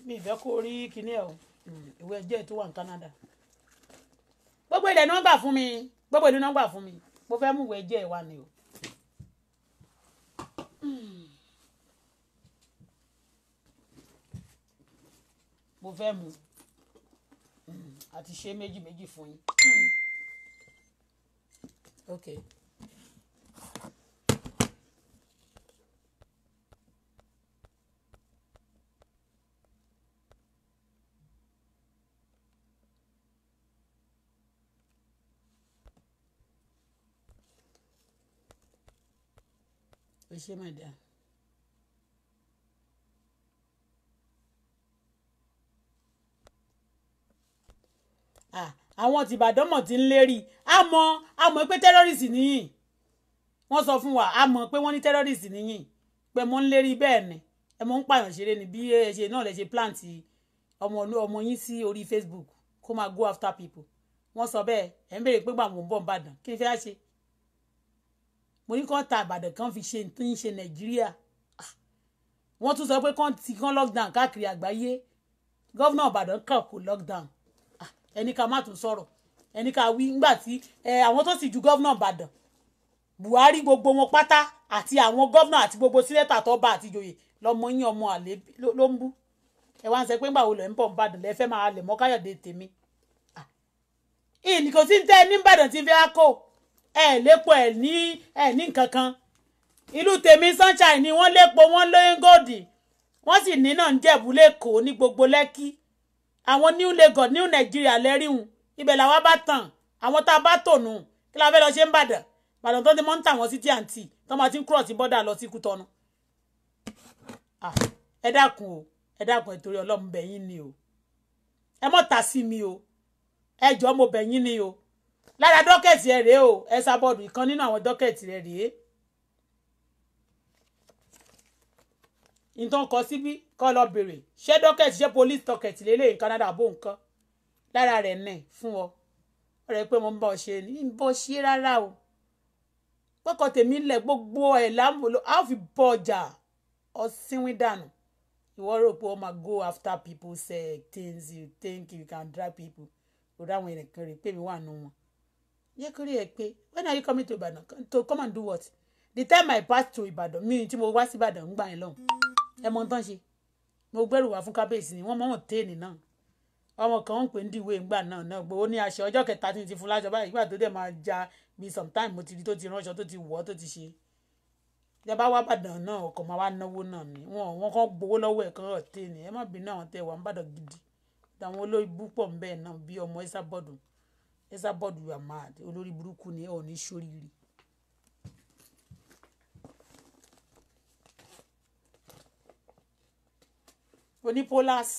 mi ìfẹ́ kó rí kinní ẹ̀ o ìwé ẹjẹ́ tó wà ní Canada gbogbo ilẹ̀ nọ́mbà fún mi gbogbo ìlú nọ́mbà fún mi mo fẹ́ mú ìwé ẹjẹ́ wà ní o. mo fẹ́ mu àti ṣe méjì méjì fún yín. Okay. Ẹ ṣé, my àwọn tìbàdàn mọ̀ tí ń lérí a mọ̀ a mọ̀ pé tẹ́rọ́rìsì nìyí wọ́n sọ fún wa a mọ̀ pé wọ́n ní tẹ́rọ́rìsì nìyí pé mo ń lérí bẹ́ẹ̀ ni ẹ mọ̀ ń pààyàn ṣeré ni bí ẹ ṣe náà lè ṣe plant ọmọ ọmọ yín sí orí Facebook kó máa go after people wọ́n sọ bẹ́ẹ̀ ẹ̀ ń béèrè pé gbàmù ń bọ̀ ń bàdàn kí ni fẹ́ ṣe mo ní kàn ta àbàdàn kan fi ṣe tó ń ṣe Nàìjíríà ah! wọ́n tún sọ pé kàn ti kàn lockdown káàkiri àgbáyé gọ́vnà Ìbàdàn kàn kó lockdown ẹni ká má tún sọ̀rọ̀ ẹni ká wí ńgbà tí àwọn tó sì ju gọ́vnà ìbàdàn buhari gbogbo wọn pátá àti àwọn gọ́vnà àti gbogbo sílẹ̀tà tó bá àti joyè lọmọ yín ọmọ àlè ló ń bú ẹ wá ń sọ pé ńgbà wo lẹ̀ ń bọ̀ ìbàdàn lẹ́ fẹ́ máa lẹ̀ mọ́ káyọ̀dé tèmi ìnìkò tí ń tẹ́ ní ìbàdàn tí ń fẹ́ á kó ẹ̀ lépo ẹ̀ ní ẹ̀ ní nǹkan kan ìlú tèmi sunshine ni wọ́n lépo wọ́n lóyún gòdì wọ́n sì ní náà ń jẹ̀bú lẹ́kọ̀ọ́ ní gbogbo lẹ́kì àwọn new Lagos new Nigeria lẹ́rìhùn ibẹ̀ làwa bá tàn àwọn tá a bá tònú kí la fẹ́ lọ ṣe ń bàdàn bàdàn tó ti mọ́ ń tà wọ́n sí tíyàntì tó máa ti ń cross border lọ sí Kútọ́nù. ẹ dákun o ẹ dákun ẹ torí Ọlọ́run bẹ̀ ni o ẹ mọ̀ ta sí mi o ẹ jọ̀ọ́ mo bẹ̀ yín ni o lára dọ́kẹ̀tì ẹ rèé o ẹ sábọ̀dù ìkan nínú àwọn dọ́kẹ̀tì rẹ rèé. nǹkan kọ síbí kọ́ lọ bèrè ṣé docket ṣé police docket lélẹ̀ in Canada bó nǹkan lára rẹ̀ nẹ̀ fún ọ ọ̀rẹ́ pé mo ń bọ̀ ṣe ní ń bọ̀ ṣe rárá o pọ́kọ tèmi lẹ̀ gbogbo ẹ̀ lámbòló a ó fi bọ ọjà ọ̀sìnwín dànù ìwọ rò pé wọ́n máa go after people say things you think you can drag people kò dáwọn èèyàn kan rè pé mi wà nù wọn yẹ kí ẹ pé when are you coming to Ibadan to come and do what the time I pass to Ibadan mi tí mo wá sí Ibadan ń gbà yẹn lọ́hùn ẹ mọ tán ṣe mo gbẹ́rù wá fún kábíyèsí ni wọ́n mọ̀ọ́mọ̀ téènì náà ọmọ kan ń pè ń dìwé ńgbà náà náà gbowó ní aṣọ ọjọ́ kẹta tí n ti fún láṣọ báyìí ìgbà tó dẹ̀ máa ja mi sometime mo ti rí tó ti ránṣọ tó ti wọ̀ tó ti ṣe ìjọba wá bàdàn náà ọkọ̀ máa wá náwó náà ni wọn wọn kàn gbowó lọ́wọ́ ẹ̀ kan ọ̀tẹ̀ ni ẹ má bínú àwọn tẹ̀ wà ń bàdàn gidi táwọn olórí púpọ̀ ń bẹ́ẹ̀ náà bí ọmọ ẹ́sà bọ́ọ̀dù ẹ́sà bọ́ọ̀dù àmà olórí burúkú ni ọ̀ ní sóríire onípolars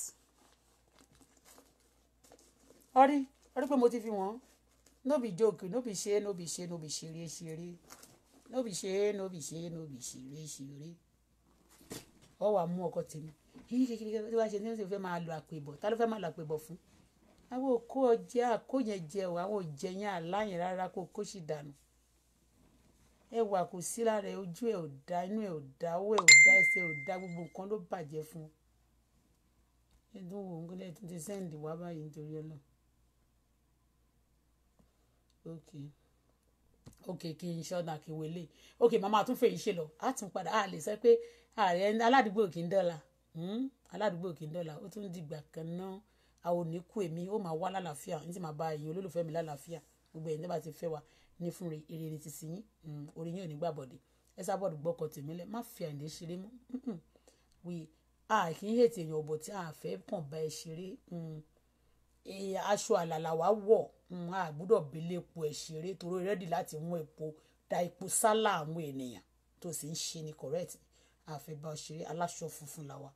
ọrí ọrí pé mo ti fi wọ́n no be joke no be ṣe no be ṣe no be ṣeré ṣeré no be ṣe no be ṣe no be ṣeré ṣeré ọ wà mú ọkọ tèmi yìí kékeré tí wàá ṣe ní ọ̀sẹ̀ fẹ́ máa lo àpèbọ̀ ta ló fẹ́ máa lo àpèbọ̀ fún àwọn òkú ọjẹ́ àkóyẹn jẹ ò àwọn òjẹ yẹn àláyìn rárá kó kó sì dànù ẹwà kò sí lára ojú ẹ ò da inú ẹ ò da owó ẹ ò da ẹsẹ̀ ò da gbogbo nǹkan ló bàjẹ́ fún un ẹ dún wò ó ń gbélé tún ti sẹ́ǹdì wá báyìí nítorí ọlọ́run ok ok kí n ṣọ́nà kí n wọlé ok màmá tún fèyí ṣe lọ á tún padà á lè sọ pé ààrẹ aládùúgbò kì í dọ́là hmm? aládùúgbò kì í dọ́là ó tún dìgbà kan náà a ò ní kú èmi ó máa wá lálàáfíà ní ti máa bá ẹ̀yin olólùfẹ́ mi lálàáfíà gbogbo ẹ̀yin tó bá fẹ́ wa ní fún ire ní ti sìn yín hmm, orí yín ní gbàbọ̀dé ẹ sábọ̀dù gbọ́kọ̀ tèmi lẹ má fi àìndé ṣeré mọ́ hmm, we a kì í hètè èèyàn bọ̀ tí a fẹ́ kàn bá ẹ ṣeré hmm, eh, aṣọ àlàlà wa wọ̀ hmm, a gbúdọ̀ bẹ́lẹ̀ epo ẹ̀ ṣeré torí rẹ́dì láti mú epo da epo sálà àwọn ènìyàn tó sì ń ṣe ni correct a fẹ́ bá ọ ṣeré aláṣọ funfun la wa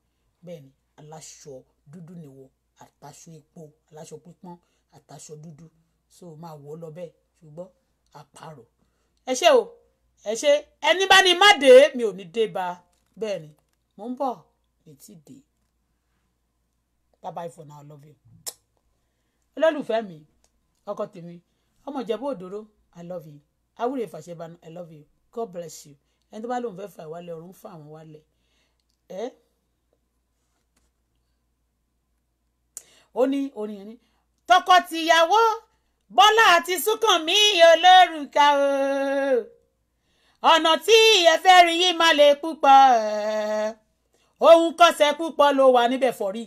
bẹ́ẹ̀ ni aláṣọ dúdú ni wọ àtàṣọ epo aláṣọ pípọ́n àtàṣọ dúdú so máa wọ̀ lọ bẹ́ẹ̀ ṣùgbọ́n àparò ẹ ṣé o ẹ ṣé ẹni bá ní má dé mi ò ní dé bá bẹ́ẹ̀ ni mò ń bọ̀ mi ti dé bye bye for now I love you olólùfẹ́ mi ọkọ tèmi ọmọ ìjẹ̀bú òdòró I love you awúrẹ́ ìfàṣẹ́bánu I love you God bless you ẹni tó bá lóun fẹ́ fà wálẹ̀ ọ̀run fà wọ́n wálẹ̀ ẹ́ ó ní orin yẹn ní tọkọtìyàwó Bọ́lá àti Súnkànmí olórùka o ọ̀nà tí ẹ fẹ́ rí yìí má lè púpọ̀ ẹ̀ ohun kọ́sẹ̀ púpọ̀ ló wà níbẹ̀ fọ̀rí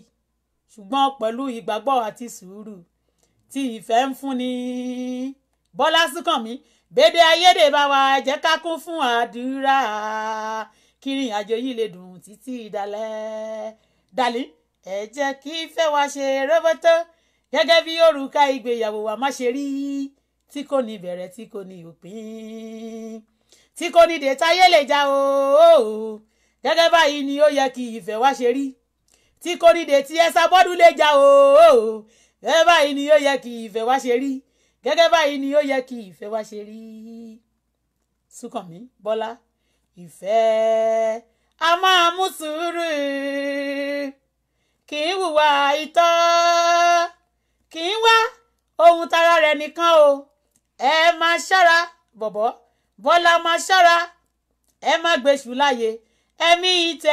ṣùgbọ́n pẹ̀lú ìgbàgbọ́ àti sùúrù tí ìfẹ́ ń fúnni bọ́lá síkànmí bèbè ayédè bá wa jẹ́ ká kún fún àdúrà kí ìrìn àjò yìí lè dùn títí ìdálẹ́ dàlí ẹ jẹ́ kí ìfẹ́ wa ṣe roboto gẹ́gẹ́ bí òrùka ìgbéyàwó wa má ṣe rí tí kò ní bẹ̀rẹ̀ tí kò ní òpin tí kò ní dètà ayé lè já o. Oh, oh gẹ́gẹ́ báyìí ni ó yẹ kí ìfẹ́ wa ṣe rí tí kórìdè tí ẹ sábọ́dú lè jà ooo gẹ́gẹ́ báyìí ni ó yẹ kí ìfẹ́ wa ṣe rí gẹ́gẹ́ báyìí ni ó yẹ kí ìfẹ́ wa ṣe rí. Súnkànmí Bọ́lá ìfẹ́ a máa mú sùúrù kì í hùwà ìtọ́ kì í wá ohun tara rẹ̀ nìkan o ẹ máa ṣọ́ra bọ̀bọ̀ Bọ́lá máa ṣọ́ra ẹ má gbèsù láàyè ẹ̀mí ite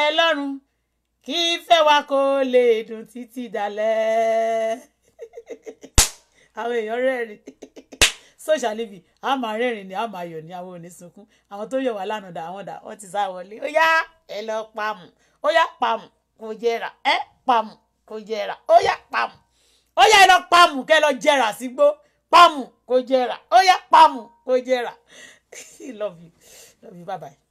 kí ìfẹ́ wa kó lè dùn títí dalẹ́ àwọn èèyàn social sọ́ṣàlìbì a máa rẹrin ni a máa yọ ni àwọn ò awọn àwọn tó yọ̀ wá lánàá dà àwọn dà wọ́n ti sá wọlé ó yá ẹ lọ pamù ó yá pamù lọ pamù kẹ lọ jẹrà